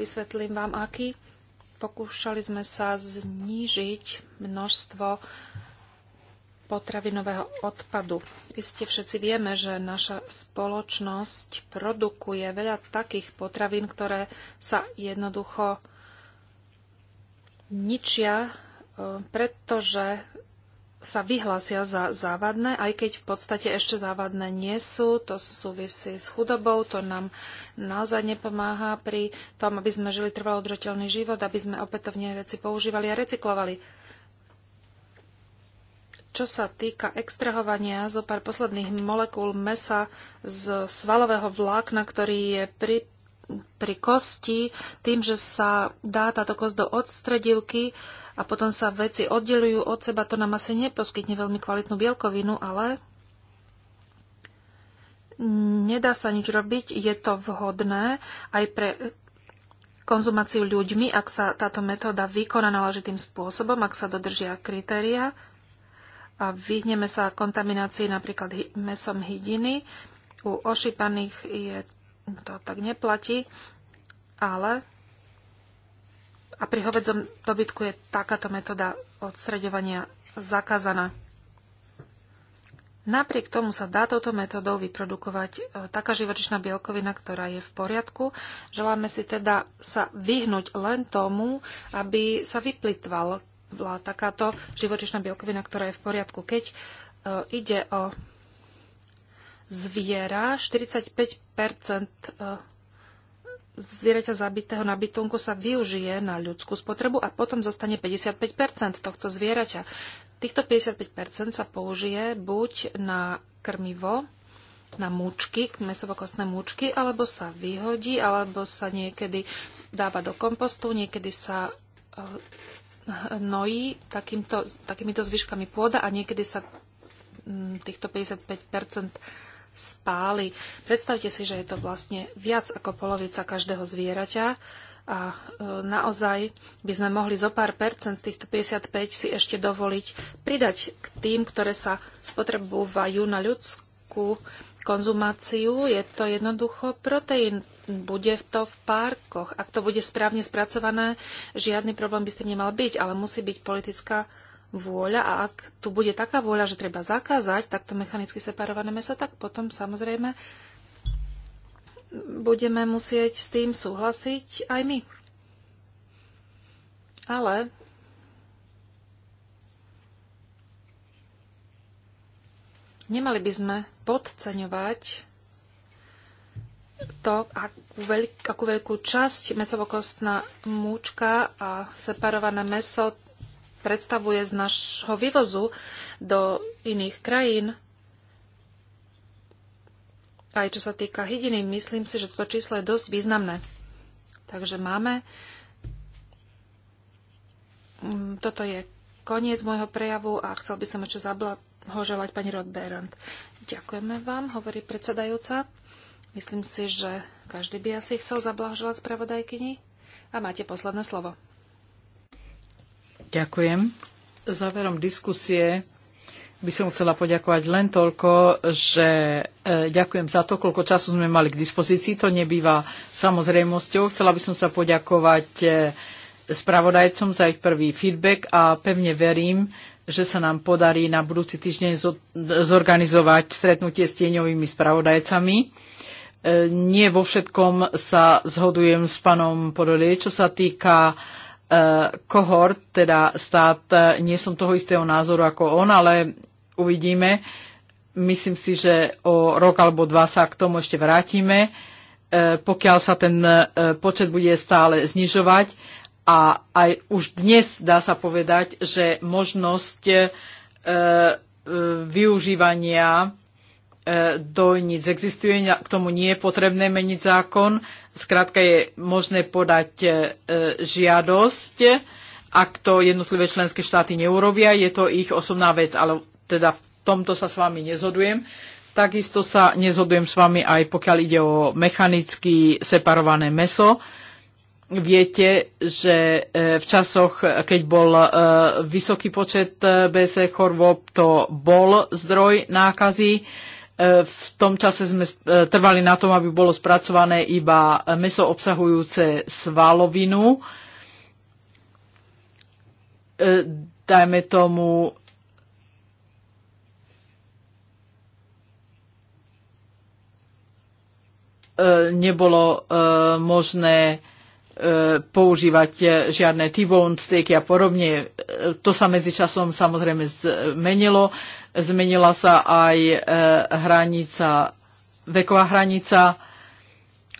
Vysvetlím vám, aký. Pokúšali sme sa znížiť množstvo potravinového odpadu. Iste všetci vieme, že naša spoločnosť produkuje veľa takých potravín, ktoré sa jednoducho ničia, e, pretože sa vyhlásia za závadné, aj keď v podstate ešte závadné nie sú. To súvisí s chudobou, to nám naozaj nepomáha pri tom, aby sme žili trvalo udržateľný život, aby sme opätovne veci používali a recyklovali. Čo sa týka extrahovania zo pár posledných molekúl mesa z svalového vlákna, ktorý je pri pri kosti tým, že sa dá táto kosť do odstredivky a potom sa veci oddelujú od seba, to nám asi neposkytne veľmi kvalitnú bielkovinu, ale nedá sa nič robiť, je to vhodné aj pre konzumáciu ľuďmi, ak sa táto metóda vykoná náležitým spôsobom, ak sa dodržia kritéria a vyhneme sa kontaminácii napríklad mesom hydiny. U ošípaných je to tak neplatí, ale a pri hovedzom dobytku je takáto metóda odstreďovania zakázaná. Napriek tomu sa dá touto metodou vyprodukovať e, taká živočišná bielkovina, ktorá je v poriadku. Želáme si teda sa vyhnúť len tomu, aby sa vyplitvala takáto živočišná bielkovina, ktorá je v poriadku. Keď e, ide o zviera, 45 e, zvieraťa zabitého na bytunku sa využije na ľudskú spotrebu a potom zostane 55 tohto zvieraťa. Týchto 55 sa použije buď na krmivo, na múčky, mesovokostné múčky, alebo sa vyhodí, alebo sa niekedy dáva do kompostu, niekedy sa e, hnojí takýmito, takýmito zvyškami pôda a niekedy sa mm, týchto 55 spáli. Predstavte si, že je to vlastne viac ako polovica každého zvieraťa a e, naozaj by sme mohli zo pár percent z týchto 55 si ešte dovoliť pridať k tým, ktoré sa spotrebujú na ľudskú konzumáciu. Je to jednoducho proteín. Bude to v párkoch. Ak to bude správne spracované, žiadny problém by s tým nemal byť, ale musí byť politická vôľa a ak tu bude taká vôľa, že treba zakázať takto mechanicky separované mesa, tak potom samozrejme budeme musieť s tým súhlasiť aj my. Ale nemali by sme podceňovať to, akú, veľk, akú veľkú časť mesovokostná múčka a separované meso predstavuje z našho vývozu do iných krajín, aj čo sa týka hydiny, myslím si, že toto číslo je dosť významné. Takže máme. Mm, toto je koniec môjho prejavu a chcel by som ešte zablahoželať pani Rodberant. Ďakujeme vám, hovorí predsedajúca. Myslím si, že každý by asi chcel zablahoželať spravodajkyni. A máte posledné slovo. Ďakujem. Záverom diskusie by som chcela poďakovať len toľko, že e, ďakujem za to, koľko času sme mali k dispozícii. To nebýva samozrejmosťou. Chcela by som sa poďakovať e, spravodajcom za ich prvý feedback a pevne verím, že sa nám podarí na budúci týždeň zorganizovať stretnutie s tieňovými spravodajcami. E, nie vo všetkom sa zhodujem s pánom Podolie, čo sa týka Eh, kohort, teda stát, eh, nie som toho istého názoru ako on, ale uvidíme. Myslím si, že o rok alebo dva sa k tomu ešte vrátime, eh, pokiaľ sa ten počet bude stále znižovať. A aj už dnes dá sa povedať, že možnosť využívania E, dojnic existuje, k tomu nie je potrebné meniť zákon. Skrátka je možné podať e, e, žiadosť, ak to jednotlivé členské štáty neurobia, je to ich osobná vec, ale teda v tomto sa s vami nezhodujem. Takisto sa nezhodujem s vami aj pokiaľ ide o mechanicky separované meso. Viete, že v časoch, keď bol vysoký počet BC chorôb, to bol zdroj nákazy E, v tom čase sme e, trvali na tom, aby bolo spracované iba meso obsahujúce svalovinu. E, dajme tomu nebolo možné používať žiadne T-bone steaky a podobne. To sa medzičasom samozrejme zmenilo. Zmenila sa aj e, hranica, veková hranica.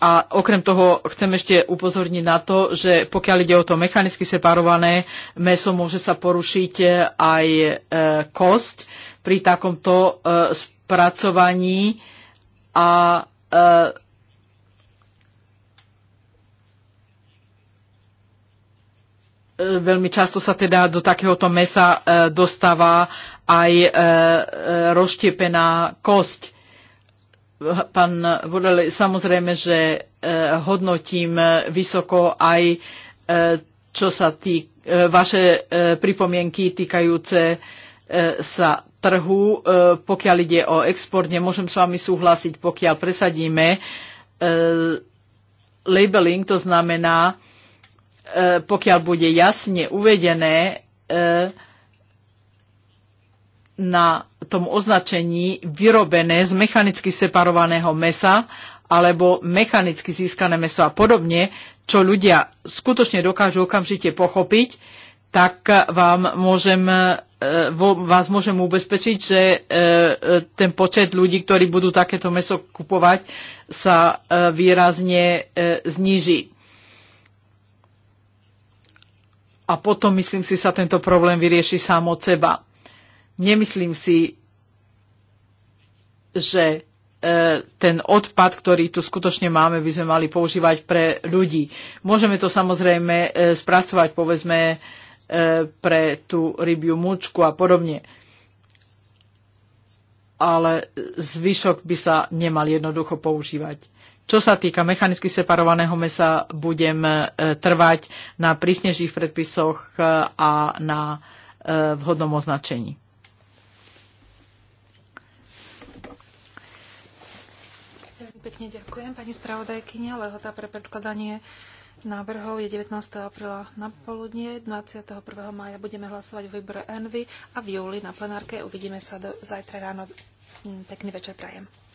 A okrem toho chcem ešte upozorniť na to, že pokiaľ ide o to mechanicky separované meso, môže sa porušiť e, aj e, kosť pri takomto spracovaní a E, veľmi často sa teda do takéhoto mesa e, dostáva aj e, rozštiepená kosť. Pán Vodel, samozrejme, že hodnotím vysoko aj čo sa tý, vaše pripomienky týkajúce sa trhu, pokiaľ ide o export, nemôžem s vami súhlasiť, pokiaľ presadíme labeling, to znamená, E, pokiaľ bude jasne uvedené e, na tom označení vyrobené z mechanicky separovaného mesa alebo mechanicky získané meso a podobne, čo ľudia skutočne dokážu okamžite pochopiť, tak vám môžem, e, vás môžem ubezpečiť, že ten počet ľudí, ktorí budú takéto meso kupovať, sa výrazne zníži a potom, myslím si, sa tento problém vyrieši sám od seba. Nemyslím si, že e, ten odpad, ktorý tu skutočne máme, by sme mali používať pre ľudí. Môžeme to samozrejme e, spracovať, povedzme, e, pre tú rybiu múčku a podobne. Ale zvyšok by sa nemal jednoducho používať. Čo sa týka mechanicky separovaného mesa, budem e, trvať na prísnejších predpisoch e, a na e, vhodnom označení. Pekne ďakujem, pani spravodajkynia. Lehota pre predkladanie návrhov je 19. apríla na poludnie, 21. mája budeme hlasovať v výbore Envy a v júli na plenárke uvidíme sa do zajtra ráno. Hm, pekný večer prajem.